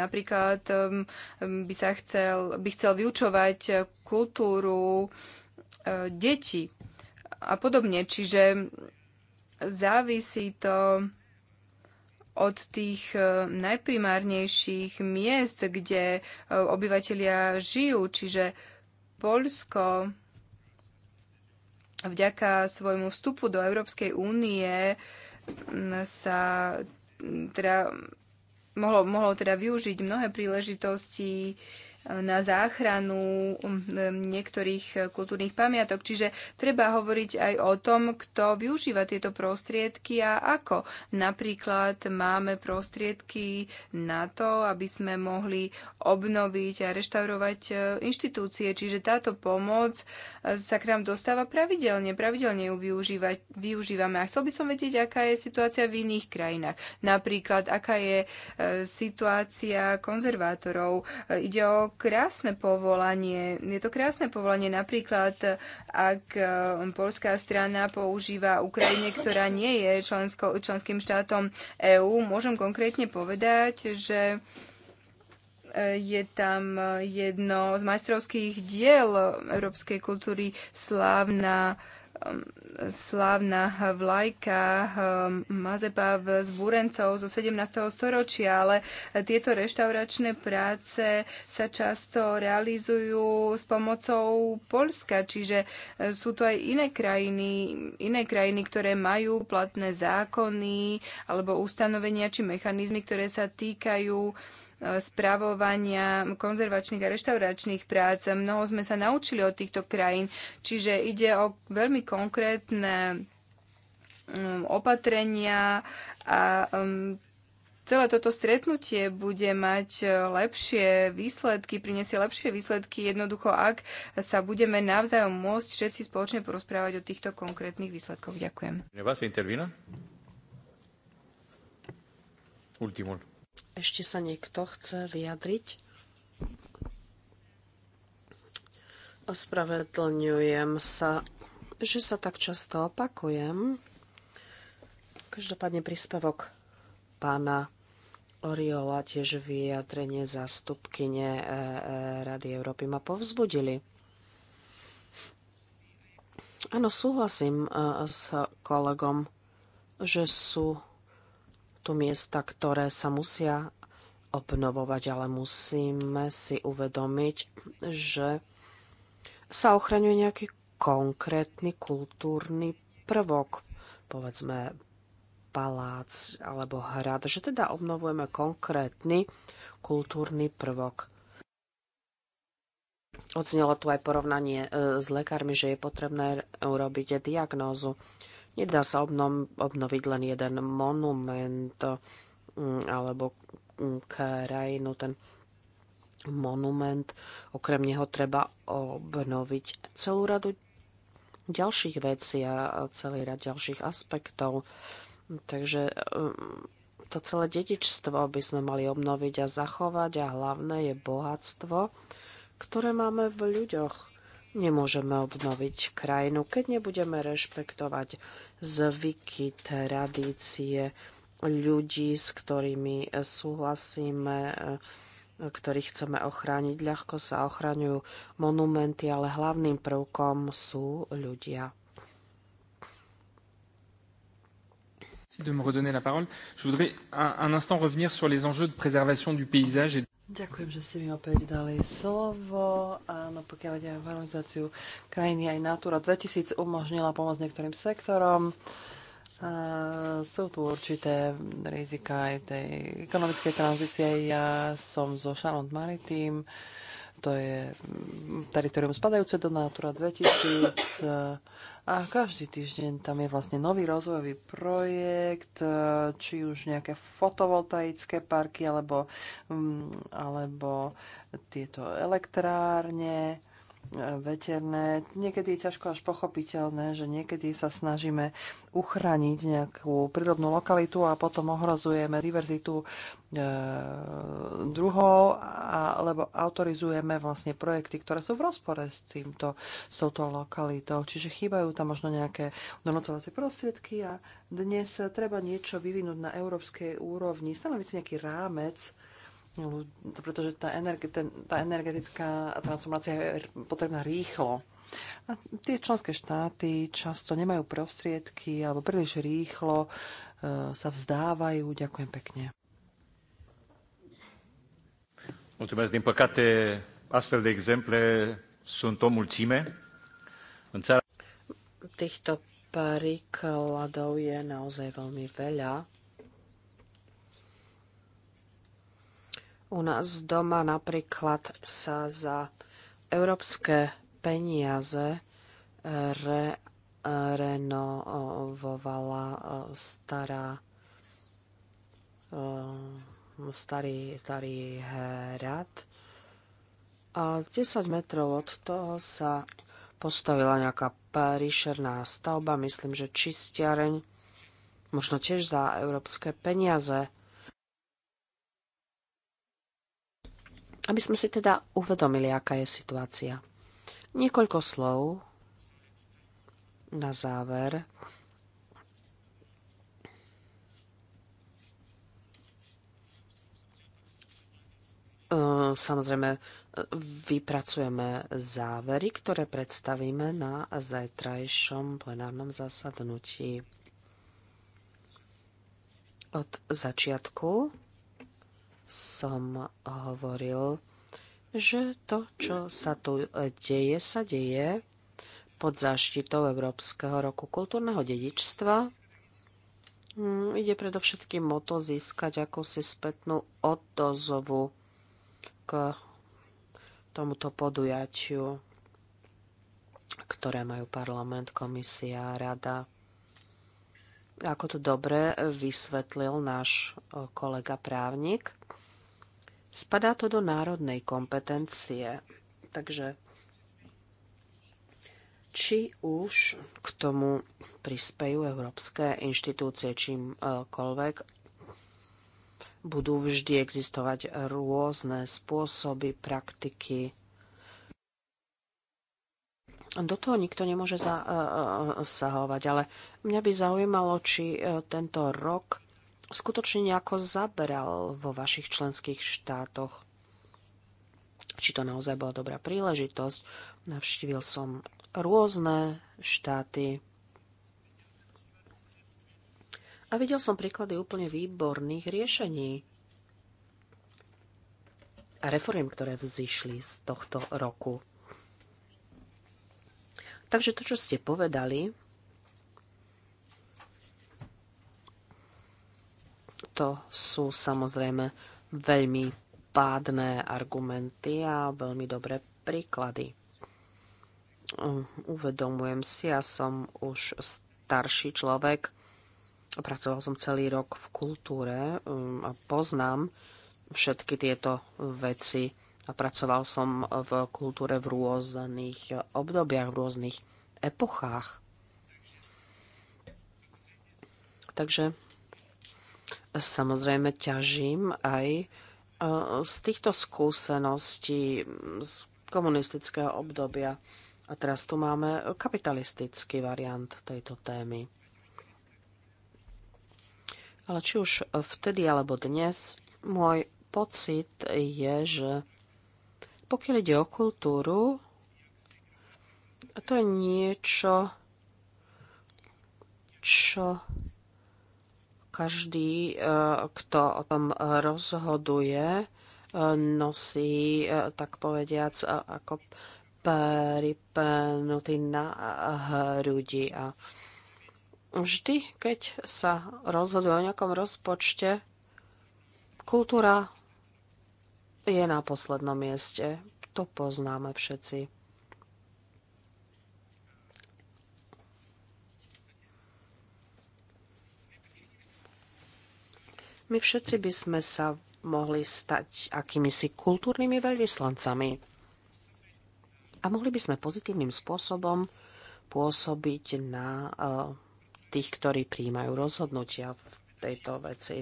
napríklad um, um, by sa chcel, by chcel vyučovať kultúru uh, detí a podobne. Čiže závisí to od tých uh, najprimárnejších miest, kde uh, obyvateľia žijú, čiže Polsko vďaka svojmu vstupu do Európskej únie sa teda mohlo, mohlo teda využiť mnohé príležitosti na záchranu niektorých e, kultúrnych pamiatok. Čiže treba hovoriť aj o tom, kto využíva tieto prostriedky a ako. Napríklad máme prostriedky na to, aby sme mohli obnoviť a reštaurovať e, inštitúcie. Čiže táto pomoc e, sa k nám dostáva pravidelne. Pravidelne ju využívať, využívame. A chcel by som vedieť, aká je situácia v iných krajinách. Napríklad, aká je situácia konzervátorov. Ide o krásne povolanie. Je to krásne povolanie. Napríklad, ak eh, polská strana používa Ukrajine, ktorá nie je člensko, členským štátom EÚ, môžem konkrétne povedať, že eh, je tam jedno z majstrovských diel európskej kultúry slávna uh, Um, slávna vlajka um, Mazepa v zbúrencov zo 17. storočia, ale tieto reštauračné práce sa často realizujú s pomocou Polska, čiže e, sú to aj iné krajiny, iné krajiny, ktoré majú platné zákony alebo ustanovenia či mechanizmy, ktoré sa týkajú spravovania konzervačných a reštauračných prác. Mnoho sme sa naučili od týchto krajín, čiže ide o veľmi konkrétne um, opatrenia a um, celé toto stretnutie bude mať uh, lepšie výsledky, prinesie lepšie výsledky jednoducho, ak sa budeme navzájom môcť všetci spoločne porozprávať o týchto konkrétnych výsledkoch. Ďakujem. Vás intervína? Ultimul. Ešte sa niekto chce vyjadriť? Ospravedlňujem sa, že sa tak často opakujem. Každopádne príspevok pána Oriola, tiež vyjadrenie zástupkyne e, e, Rady Európy ma povzbudili. Áno, súhlasím e, s kolegom, že sú tu miesta, ktoré sa musia obnovovať, ale musíme si uvedomiť, že sa ochraňuje nejaký konkrétny kultúrny prvok, povedzme palác alebo hrad, že teda obnovujeme konkrétny kultúrny prvok. Ocenilo tu aj porovnanie e, s lekármi, že je potrebné urobiť diagnózu. Nedá sa obnom, obnoviť len jeden monument mm, alebo mm, krajinu. Ten monument, okrem neho treba obnoviť celú radu ďalších vecí a celý rad ďalších aspektov. Takže mm, to celé dedičstvo by sme mali obnoviť a zachovať a hlavné je bohatstvo, ktoré máme v ľuďoch. Nemôžeme obnoviť krajinu, keď nebudeme rešpektovať zvyky, tradície ľudí, s ktorými súhlasíme, e, ktorých chceme ochrániť. Ľahko sa ochraňujú monumenty, ale hlavným prvkom sú ľudia. de me redonner la parole. Je voudrais un, un instant revenir sur les enjeux de préservation du paysage. Et... Ďakujem, že ste mi opäť dali slovo. Áno, pokiaľ ide o valorizáciu krajiny, aj Natura 2000 umožnila pomoc niektorým sektorom. A sú tu určité rizika aj tej ekonomickej tranzície. Ja som zo Charlotte Maritime, to je teritorium spadajúce do Natura 2000. A každý týždeň tam je vlastne nový rozvojový projekt, e, či už nejaké fotovoltaické parky, alebo, mm, alebo tieto elektrárne veterné. Niekedy je ťažko až pochopiteľné, že niekedy sa snažíme uchrániť nejakú prírodnú lokalitu a potom ohrozujeme diverzitu e, druhov, alebo autorizujeme vlastne projekty, ktoré sú v rozpore s, týmto, s touto lokalitou. Čiže chýbajú tam možno nejaké donocovacie prostriedky a dnes treba niečo vyvinúť na európskej úrovni, stanoviť si nejaký rámec, pretože tá, energe, ten, tá energetická transformácia je potrebná rýchlo. A tie členské štáty často nemajú prostriedky alebo príliš rýchlo e, sa vzdávajú. Ďakujem pekne. Mulțumesc. Din păcate, astfel de exemple sunt o mulțime. În țara... Týchto príkladov je naozaj veľmi veľa. U nás doma napríklad sa za európske peniaze re, eh, renovovala eh, stará eh, starý, starý hrad. A 10 metrov od toho sa postavila nejaká príšerná stavba, myslím, že čistiareň, možno tiež za európske peniaze. aby sme si teda uvedomili, aká je situácia. Niekoľko slov na záver. E, samozrejme, vypracujeme závery, ktoré predstavíme na zajtrajšom plenárnom zasadnutí. Od začiatku som hovoril, že to, čo sa tu deje, sa deje pod záštitou Európskeho roku kultúrneho dedičstva. Hm, ide predovšetkým o to získať akúsi spätnú odozovu k tomuto podujatiu, ktoré majú parlament, komisia, rada ako to dobre vysvetlil náš e, kolega právnik. Spadá to do národnej kompetencie, takže či už k tomu prispejú európske inštitúcie čímkoľvek, budú vždy existovať rôzne spôsoby, praktiky, do toho nikto nemôže e, e, zasahovať, ale mňa by zaujímalo, či e, tento rok skutočne nejako zaberal vo vašich členských štátoch. Či to naozaj bola dobrá príležitosť. Navštívil som rôzne štáty. A videl som príklady úplne výborných riešení a reforiem, ktoré vzýšli z tohto roku. Takže to, čo ste povedali, to sú samozrejme veľmi pádne argumenty a veľmi dobré príklady. Hm, uvedomujem si, ja som už starší človek, pracoval som celý rok v kultúre hm, a poznám všetky tieto veci a pracoval som v kultúre v rôznych obdobiach, v rôznych epochách. Takže samozrejme ťažím aj e, z týchto skúseností z komunistického obdobia. A teraz tu máme kapitalistický variant tejto témy. Ale či už vtedy alebo dnes, môj pocit je, že pokiaľ ide o kultúru, to je niečo, čo každý, e, kto o tom rozhoduje, e, nosí, e, tak povediac, ako pripenutý na hrudi. A vždy, keď sa rozhoduje o nejakom rozpočte, kultúra je na poslednom mieste. To poznáme všetci. My všetci by sme sa mohli stať akýmisi kultúrnymi veľvyslancami. A mohli by sme pozitívnym spôsobom pôsobiť na e, tých, ktorí príjmajú rozhodnutia v tejto veci,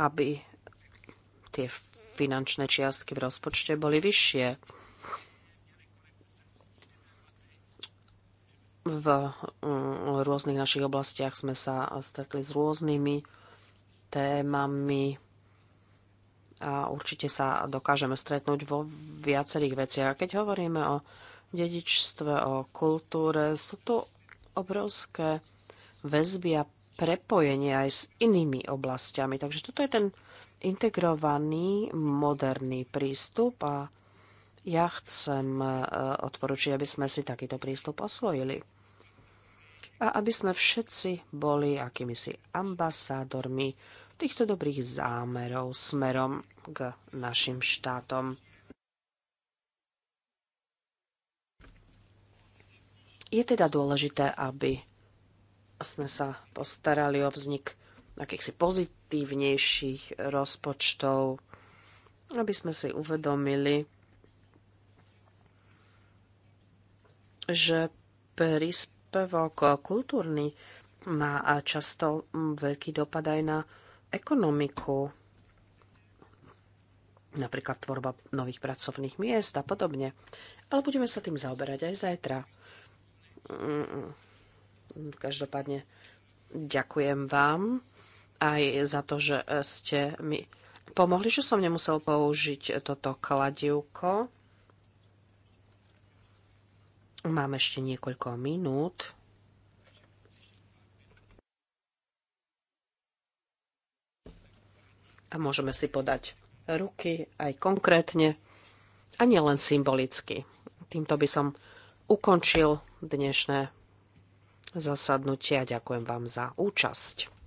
aby tie finančné čiastky v rozpočte boli vyššie. V mm, rôznych našich oblastiach sme sa stretli s rôznymi témami a určite sa dokážeme stretnúť vo viacerých veciach. Keď hovoríme o dedičstve, o kultúre, sú tu obrovské väzby a prepojenie aj s inými oblastiami. Takže toto je ten integrovaný, moderný prístup a ja chcem e, odporučiť, aby sme si takýto prístup osvojili. A aby sme všetci boli akýmisi ambasádormi týchto dobrých zámerov smerom k našim štátom. Je teda dôležité, aby sme sa postarali o vznik akýchsi pozitívnejších rozpočtov, aby sme si uvedomili, že príspevok kultúrny má často veľký dopad aj na ekonomiku, napríklad tvorba nových pracovných miest a podobne. Ale budeme sa tým zaoberať aj zajtra. Mm, mm. Každopádne ďakujem vám aj za to, že e, ste mi pomohli, že som nemusel použiť toto kladivko. Mám ešte niekoľko minút. A môžeme si podať ruky aj konkrétne a nielen symbolicky. Týmto by som ukončil dnešné zasadnutie a ďakujem vám za účasť.